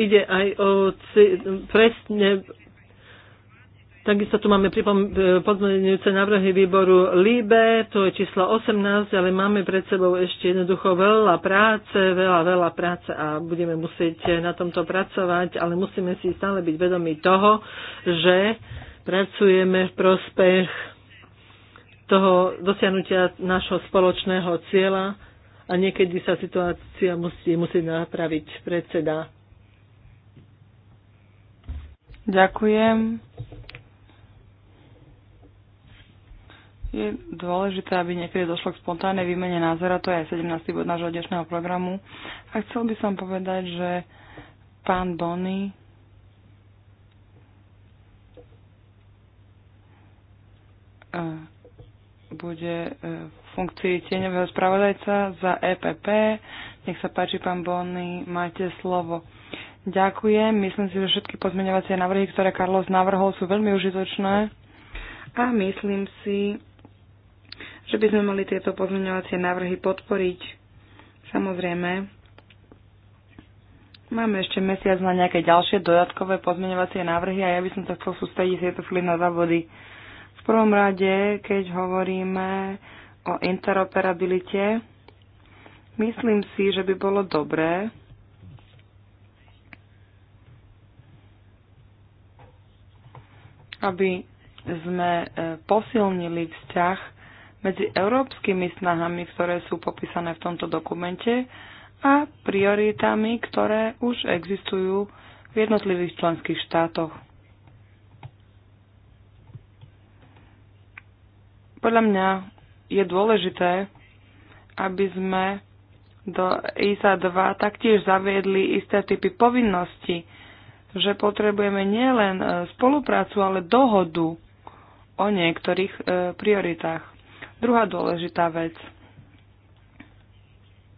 Speaker 3: ide aj o presne Takisto tu máme podmenujúce e, návrhy výboru LIBE, to je číslo 18, ale máme pred sebou ešte jednoducho veľa práce, veľa, veľa práce a budeme musieť na tomto pracovať, ale musíme si stále byť vedomí toho, že pracujeme v prospech toho dosiahnutia nášho spoločného cieľa a niekedy sa situácia musí, musí napraviť predseda.
Speaker 1: Ďakujem. Je dôležité, aby niekedy došlo k spontánnej výmene názora, to je aj 17. bod nášho dnešného programu. A chcel by som povedať, že pán Bonny e, bude e, v funkcii tieňového spravodajca za EPP. Nech sa páči, pán Bonny, máte slovo. Ďakujem. Myslím si, že všetky pozmeňovacie návrhy, ktoré Carlos navrhol, sú veľmi užitočné. A myslím si, že by sme mali tieto pozmeňovacie návrhy podporiť. Samozrejme, máme ešte mesiac na nejaké ďalšie dodatkové pozmeňovacie návrhy a ja by som sa chcel sústrediť v tejto chvíli na dva body. V prvom rade, keď hovoríme o interoperabilite, myslím si, že by bolo dobré, aby sme e, posilnili vzťah medzi európskymi snahami, ktoré sú popísané v tomto dokumente a prioritami, ktoré už existujú v jednotlivých členských štátoch. Podľa mňa je dôležité, aby sme do ISA 2 taktiež zaviedli isté typy povinnosti, že potrebujeme nielen e, spoluprácu, ale dohodu o niektorých e, prioritách. Druhá dôležitá vec.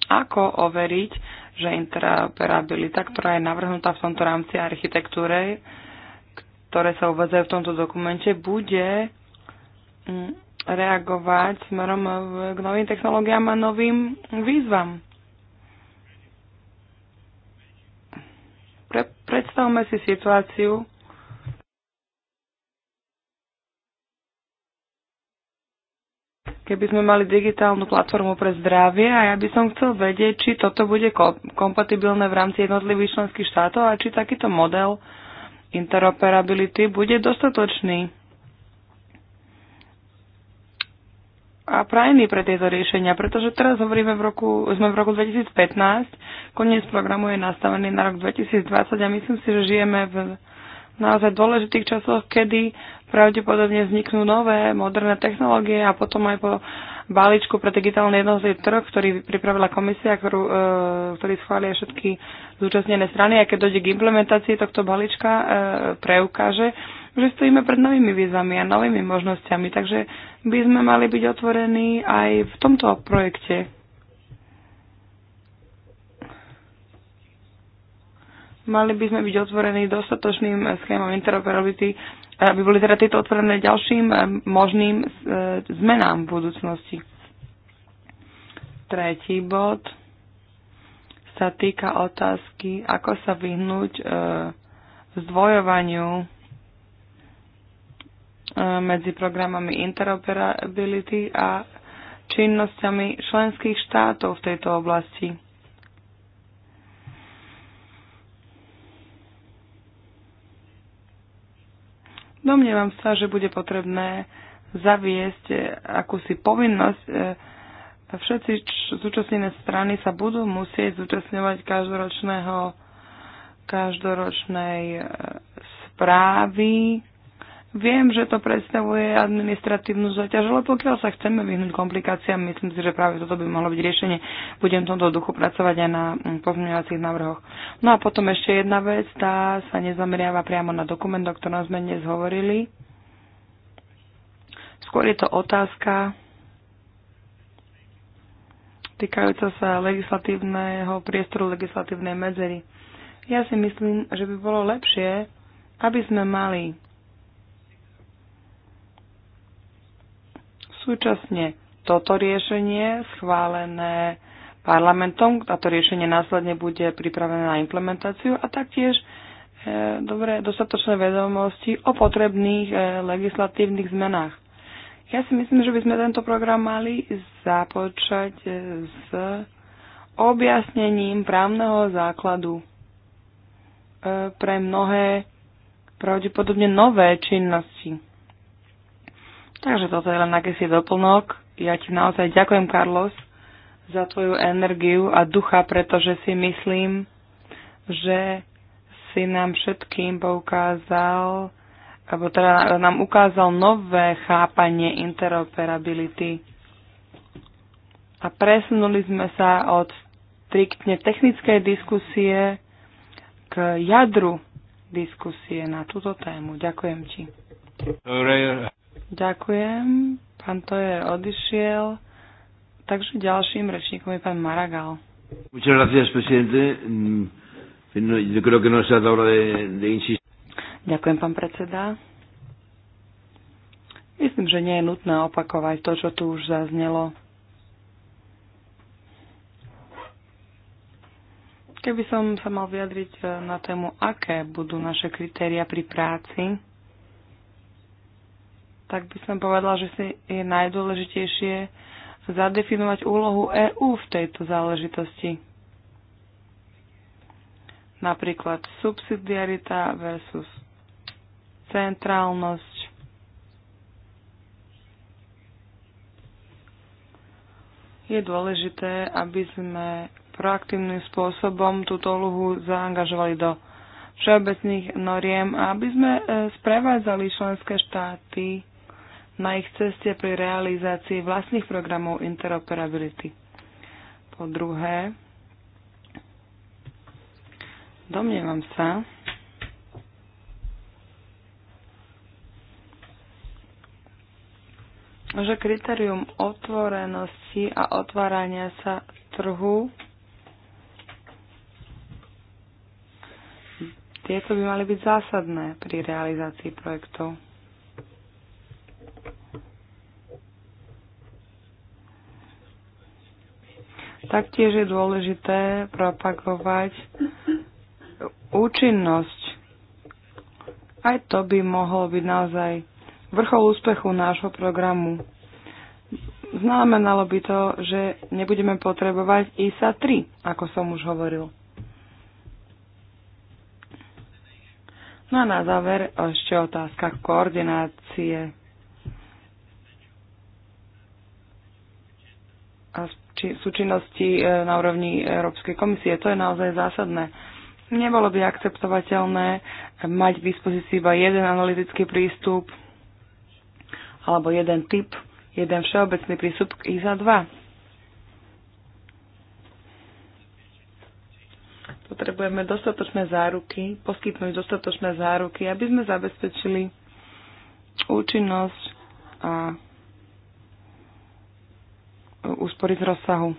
Speaker 1: Ako overiť, že interoperabilita, ktorá je navrhnutá v tomto rámci architektúre, ktoré sa uvádzajú v tomto dokumente, bude mm, reagovať smerom k novým technológiám a novým výzvam. Pre, predstavme si situáciu, keby sme mali digitálnu platformu pre zdravie a ja by som chcel vedieť, či toto bude kompatibilné v rámci jednotlivých členských štátov a či takýto model interoperability bude dostatočný a prajný pre tieto riešenia, pretože teraz hovoríme v roku, sme v roku 2015, koniec programu je nastavený na rok 2020 a myslím si, že žijeme v naozaj dôležitých časoch, kedy pravdepodobne vzniknú nové moderné technológie a potom aj po balíčku pre digitálny jednotlivý trh, ktorý pripravila komisia, ktorú, e, ktorý schvália všetky zúčastnené strany, a keď dojde k implementácii tohto balíčka, e, preukáže, že stojíme pred novými výzvami a novými možnosťami, takže by sme mali byť otvorení aj v tomto projekte. Mali by sme byť otvorení dostatočným schémom interoperability, aby boli teda tieto otvorené ďalším eh, možným eh, zmenám v budúcnosti. Tretí bod sa týka otázky, ako sa vyhnúť e, zdvojovaniu e, medzi programami interoperability a činnosťami členských štátov v tejto oblasti. Domnievam sa, že bude potrebné zaviesť eh, akúsi povinnosť. Eh, všetci zúčastnené strany sa budú musieť zúčastňovať každoročného, každoročnej eh, správy Viem, že to predstavuje administratívnu zaťaž, ale pokiaľ sa chceme vyhnúť komplikáciám, myslím si, že práve toto by mohlo byť riešenie. Budem v tomto duchu pracovať aj na mm, pozmeňovacích návrhoch. No a potom ešte jedna vec, tá sa nezameriava priamo na dokument, o ktorom sme dnes hovorili. Skôr je to otázka týkajúca sa legislatívneho priestoru, legislatívnej medzery. Ja si myslím, že by bolo lepšie, aby sme mali Súčasne toto riešenie schválené parlamentom, a to riešenie následne bude pripravené na implementáciu a taktiež e, dobre, dostatočné vedomosti o potrebných e, legislatívnych zmenách. Ja si myslím, že by sme tento program mali započať e, s objasnením právneho základu e, pre mnohé pravdepodobne nové činnosti. Takže toto je len akýsi doplnok. Ja ti naozaj ďakujem, Carlos, za tvoju energiu a ducha, pretože si myslím, že si nám všetkým poukázal, alebo teda nám ukázal nové chápanie interoperability. A presunuli sme sa od striktne technickej diskusie k jadru diskusie na túto tému. Ďakujem ti. Ďakujem. Pán Tojer odišiel. Takže ďalším rečníkom je pán Maragal.
Speaker 2: Mm, no, no
Speaker 1: Ďakujem, pán predseda. Myslím, že nie je nutné opakovať to, čo tu už zaznelo. Keby som sa mal vyjadriť eh, na tému, aké budú naše kritéria pri práci, tak by som povedala, že si je najdôležitejšie zadefinovať úlohu EÚ v tejto záležitosti. Napríklad subsidiarita versus centrálnosť. Je dôležité, aby sme proaktívnym spôsobom túto úlohu zaangažovali do všeobecných noriem a aby sme e, sprevádzali členské štáty na ich ceste pri realizácii vlastných programov interoperability. Po druhé, domnievam sa, že kritérium otvorenosti a otvárania sa trhu tieto by mali byť zásadné pri realizácii projektov. Taktiež je dôležité propagovať účinnosť. Aj to by mohlo byť naozaj vrchol úspechu nášho programu. Znamenalo by to, že nebudeme potrebovať ISA 3, ako som už hovoril. No a na záver ešte otázka koordinácie. A či, súčinnosti e, na úrovni Európskej komisie. To je naozaj zásadné. Nebolo by akceptovateľné mať v dispozícii iba jeden analytický prístup alebo jeden typ, jeden všeobecný prístup k ISA 2. Potrebujeme dostatočné záruky, poskytnúť dostatočné záruky, aby sme zabezpečili účinnosť a úspory z rozsahu.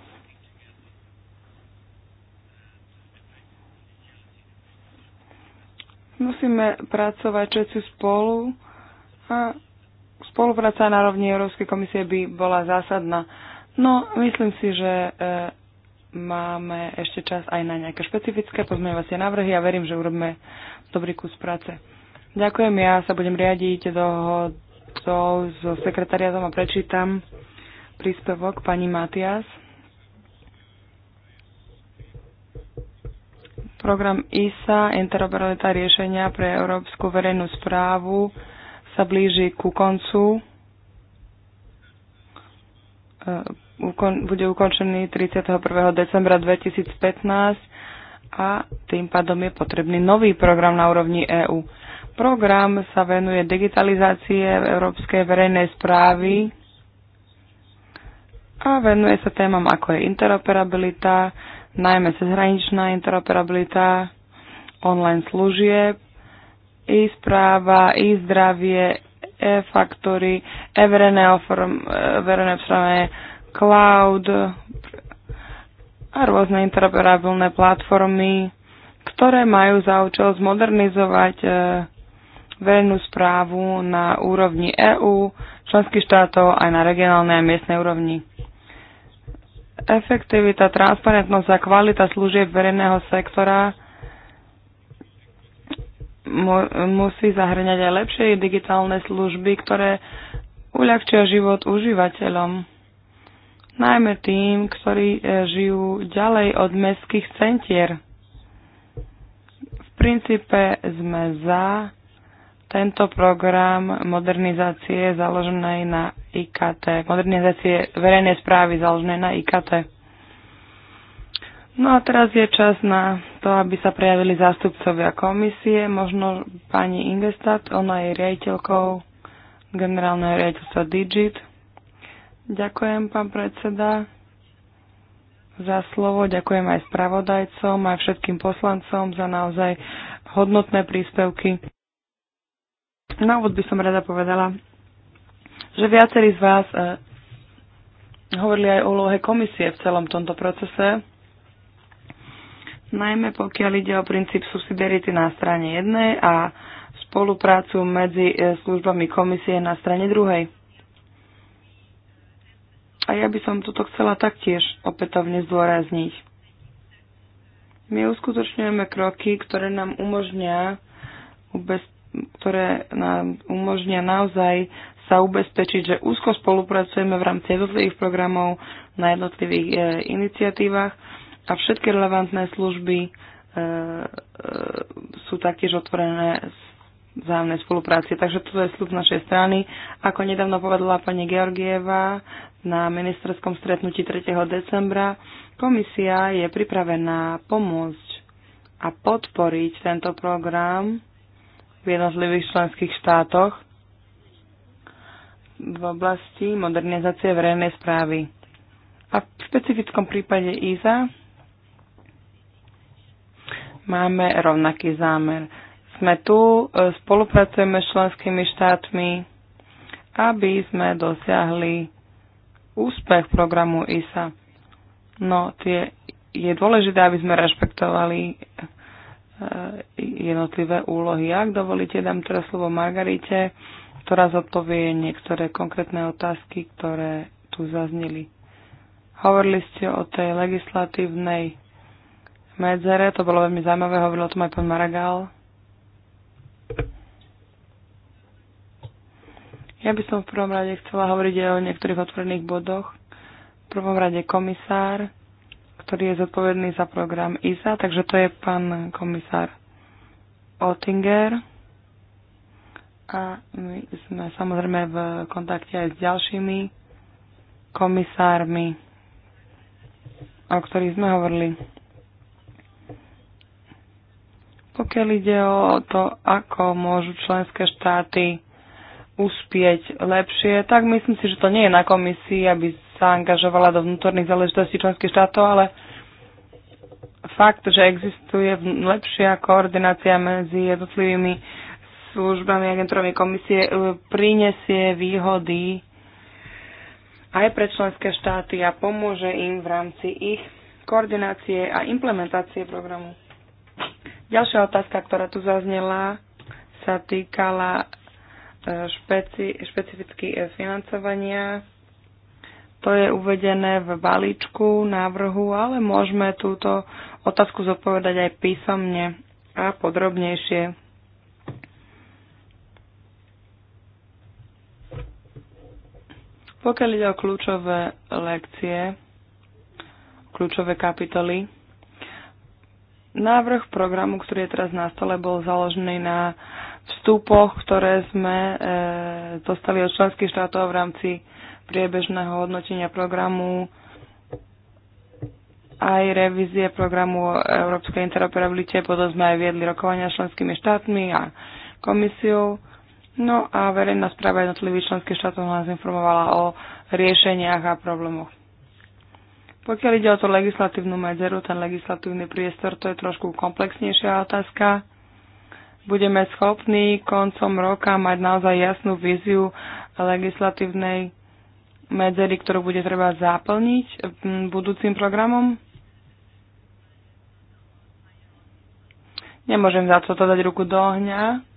Speaker 1: Musíme pracovať všetci spolu a spolupráca na rovni Európskej komisie by bola zásadná. No, myslím si, že e, máme ešte čas aj na nejaké špecifické pozmeňovacie návrhy a verím, že urobíme dobrý kus práce. Ďakujem, ja sa budem riadiť dohodou so sekretariatom a prečítam príspevok pani Matias. Program ISA, interoperabilita riešenia pre európsku verejnú správu, sa blíži ku koncu. E, bude ukončený 31. decembra 2015 a tým pádom je potrebný nový program na úrovni EÚ. Program sa venuje digitalizácie európskej verejnej správy a venuje sa témam ako je interoperabilita, najmä cezhraničná interoperabilita, online služieb, e-správa, e-zdravie, e-faktory, e-verejné e, obstarávanie, cloud a rôzne interoperabilné platformy, ktoré majú za účel zmodernizovať e, verejnú správu na úrovni EÚ, členských štátov aj na regionálnej a miestnej úrovni efektivita, transparentnosť a kvalita služieb verejného sektora musí zahrňať aj lepšie digitálne služby, ktoré uľahčia život užívateľom, najmä tým, ktorí e, žijú ďalej od mestských centier. V princípe sme za tento program modernizácie založenej na IKT, modernizácie verejnej správy založené na IKT. No a teraz je čas na to, aby sa prejavili zástupcovia komisie. Možno pani Ingestat, ona je riaditeľkou generálneho riaditeľstva Digit. Ďakujem, pán predseda, za slovo. Ďakujem aj spravodajcom, aj všetkým poslancom za naozaj hodnotné príspevky. Na úvod by som rada povedala, že viacerí z vás eh, hovorili aj o úlohe komisie v celom tomto procese, najmä pokiaľ ide o princíp subsidiarity na strane jednej a spoluprácu medzi eh, službami komisie na strane druhej. A ja by som toto chcela taktiež opätovne zdôrazniť. My uskutočňujeme kroky, ktoré nám umožnia, ktoré nám umožnia naozaj sa ubezpečiť, že úzko spolupracujeme v rámci jednotlivých programov na jednotlivých e, iniciatívach a všetky relevantné služby e, e, sú taktiež otvorené vzájomnej spolupráci. Takže toto je slub z našej strany. Ako nedávno povedala pani Georgieva na ministerskom stretnutí 3. decembra, komisia je pripravená pomôcť a podporiť tento program v jednotlivých členských štátoch v oblasti modernizácie verejnej správy. A v špecifickom prípade IZA máme rovnaký zámer. Sme tu, e, spolupracujeme s členskými štátmi, aby sme dosiahli úspech programu ISA. No, tie, je dôležité, aby sme rešpektovali e, jednotlivé úlohy. Ak dovolíte, dám teraz slovo Margarite ktorá zodpovie niektoré konkrétne otázky, ktoré tu zazneli. Hovorili ste o tej legislatívnej medzere, to bolo veľmi zaujímavé, hovoril o tom aj pán Maragál. Ja by som v prvom rade chcela hovoriť aj o niektorých otvorených bodoch. V prvom rade komisár, ktorý je zodpovedný za program ISA, takže to je pán komisár Oettinger a my sme samozrejme v kontakte aj s ďalšími komisármi, o ktorých sme hovorili. Pokiaľ ide o to, ako môžu členské štáty uspieť lepšie, tak myslím si, že to nie je na komisii, aby sa angažovala do vnútorných záležitostí členských štátov, ale fakt, že existuje lepšia koordinácia medzi jednotlivými službami agentúrovej komisie e, prinesie výhody aj pre členské štáty a pomôže im v rámci ich koordinácie a implementácie programu. Ďalšia otázka, ktorá tu zaznela, sa týkala e, špeci, špecificky e, financovania. To je uvedené v balíčku návrhu, ale môžeme túto otázku zodpovedať aj písomne a podrobnejšie. Pokiaľ ide o kľúčové lekcie, kľúčové kapitoly, návrh programu, ktorý je teraz na stole, bol založený na vstupoch, ktoré sme e, dostali od členských štátov v rámci priebežného hodnotenia programu aj revízie programu Európskej interoperabilite, potom sme aj viedli rokovania s členskými štátmi a komisiou. No a verejná správa jednotlivých členských štátov nás informovala o riešeniach a problémoch. Pokiaľ ide o tú legislatívnu medzeru, ten legislatívny priestor, to je trošku komplexnejšia otázka. Budeme schopní koncom roka mať naozaj jasnú víziu legislatívnej medzery, ktorú bude treba zaplniť budúcim programom? Nemôžem za to dať ruku do ohňa,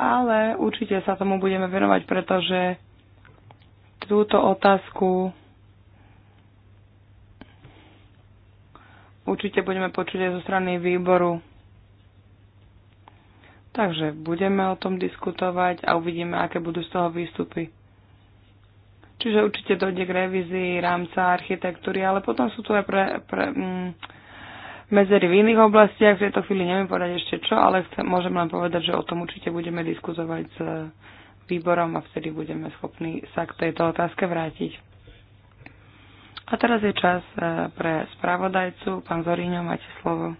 Speaker 1: ale určite sa tomu budeme venovať, pretože túto otázku určite budeme počuť aj zo strany výboru. Takže budeme o tom diskutovať a uvidíme, aké budú z toho výstupy. Čiže určite dojde k revízii rámca architektúry, ale potom sú tu aj pre, pre, mm, mezery v iných oblastiach. V tejto chvíli neviem povedať ešte čo, ale chcem, môžem len povedať, že o tom určite budeme diskutovať s eh, výborom a vtedy budeme schopní sa k tejto otázke vrátiť. A teraz je čas eh, pre spravodajcu. Pán Zoríňo, máte slovo.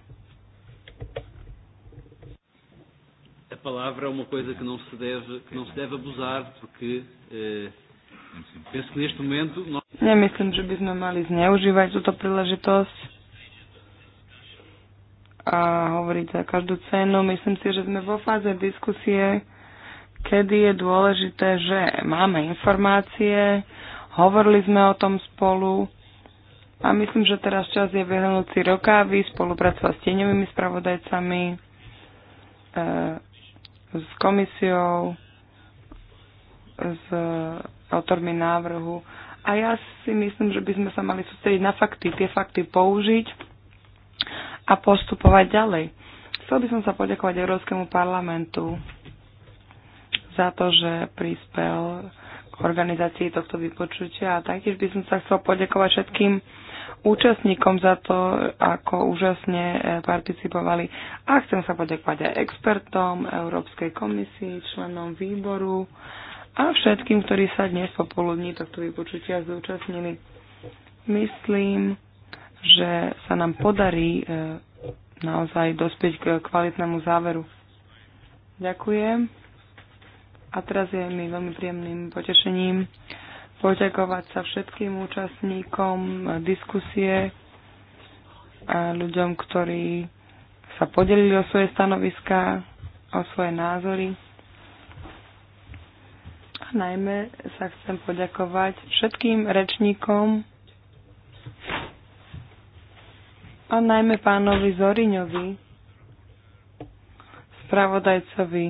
Speaker 1: A palavra é uma coisa que não se deve, que não se deve abusar, porque eh, penso que neste momento... Nós... Nemyslím, že by sme mali zneužívať túto príležitosť a hovoriť za každú cenu. Myslím si, že sme vo fáze diskusie, kedy je dôležité, že máme informácie, hovorili sme o tom spolu a myslím, že teraz čas je vyhrnúť si rokávy, spolupracovať s tieňovými spravodajcami, e, s komisiou, s autormi návrhu. A ja si myslím, že by sme sa mali sústrediť na fakty, tie fakty použiť a postupovať ďalej. Chcel by som sa poďakovať Európskemu parlamentu za to, že prispel k organizácii tohto vypočutia a taktiež by som sa chcel poďakovať všetkým účastníkom za to, ako úžasne e, participovali. A chcem sa poďakovať aj expertom, Európskej komisii, členom výboru a všetkým, ktorí sa dnes popoludní tohto vypočutia zúčastnili. Myslím, že sa nám podarí e, naozaj dospieť k kvalitnému záveru. Ďakujem. A teraz je mi veľmi príjemným potešením poďakovať sa všetkým účastníkom e, diskusie a ľuďom, ktorí sa podelili o svoje stanoviská, o svoje názory. A najmä sa chcem poďakovať všetkým rečníkom, a najmä pánovi Zoriňovi, spravodajcovi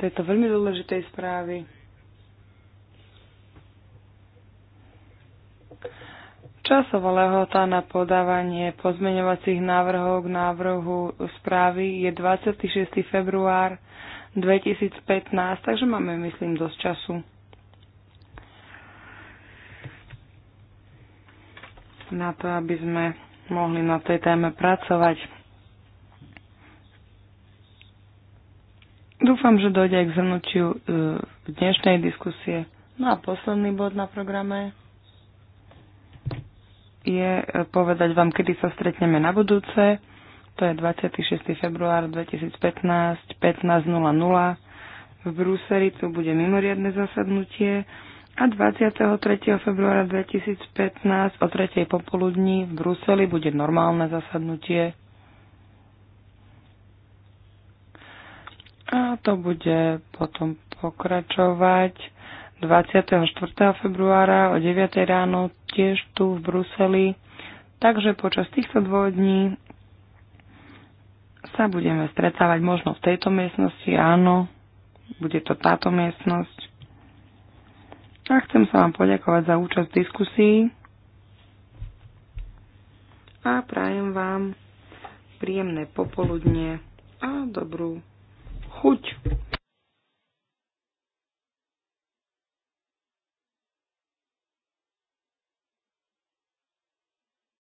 Speaker 1: tejto veľmi dôležitej správy. Časová lehota na podávanie pozmeňovacích návrhov k návrhu správy je 26. február 2015, takže máme, myslím, dosť času. na to, aby sme mohli na tej téme pracovať. Dúfam, že dojde aj k zhrnutiu e, dnešnej diskusie. No a posledný bod na programe je e, povedať vám, kedy sa stretneme na budúce. To je 26. február 2015, 15.00 v Bruseli. Tu bude mimoriadne zasadnutie a 23. februára 2015 o 3. popoludní v Bruseli bude normálne zasadnutie. A to bude potom pokračovať 24. februára o 9. ráno tiež tu v Bruseli. Takže počas týchto dvoch dní sa budeme stretávať možno v tejto miestnosti, áno, bude to táto miestnosť. A chcem sa vám poďakovať za účasť v diskusii a prajem vám príjemné popoludne a dobrú chuť.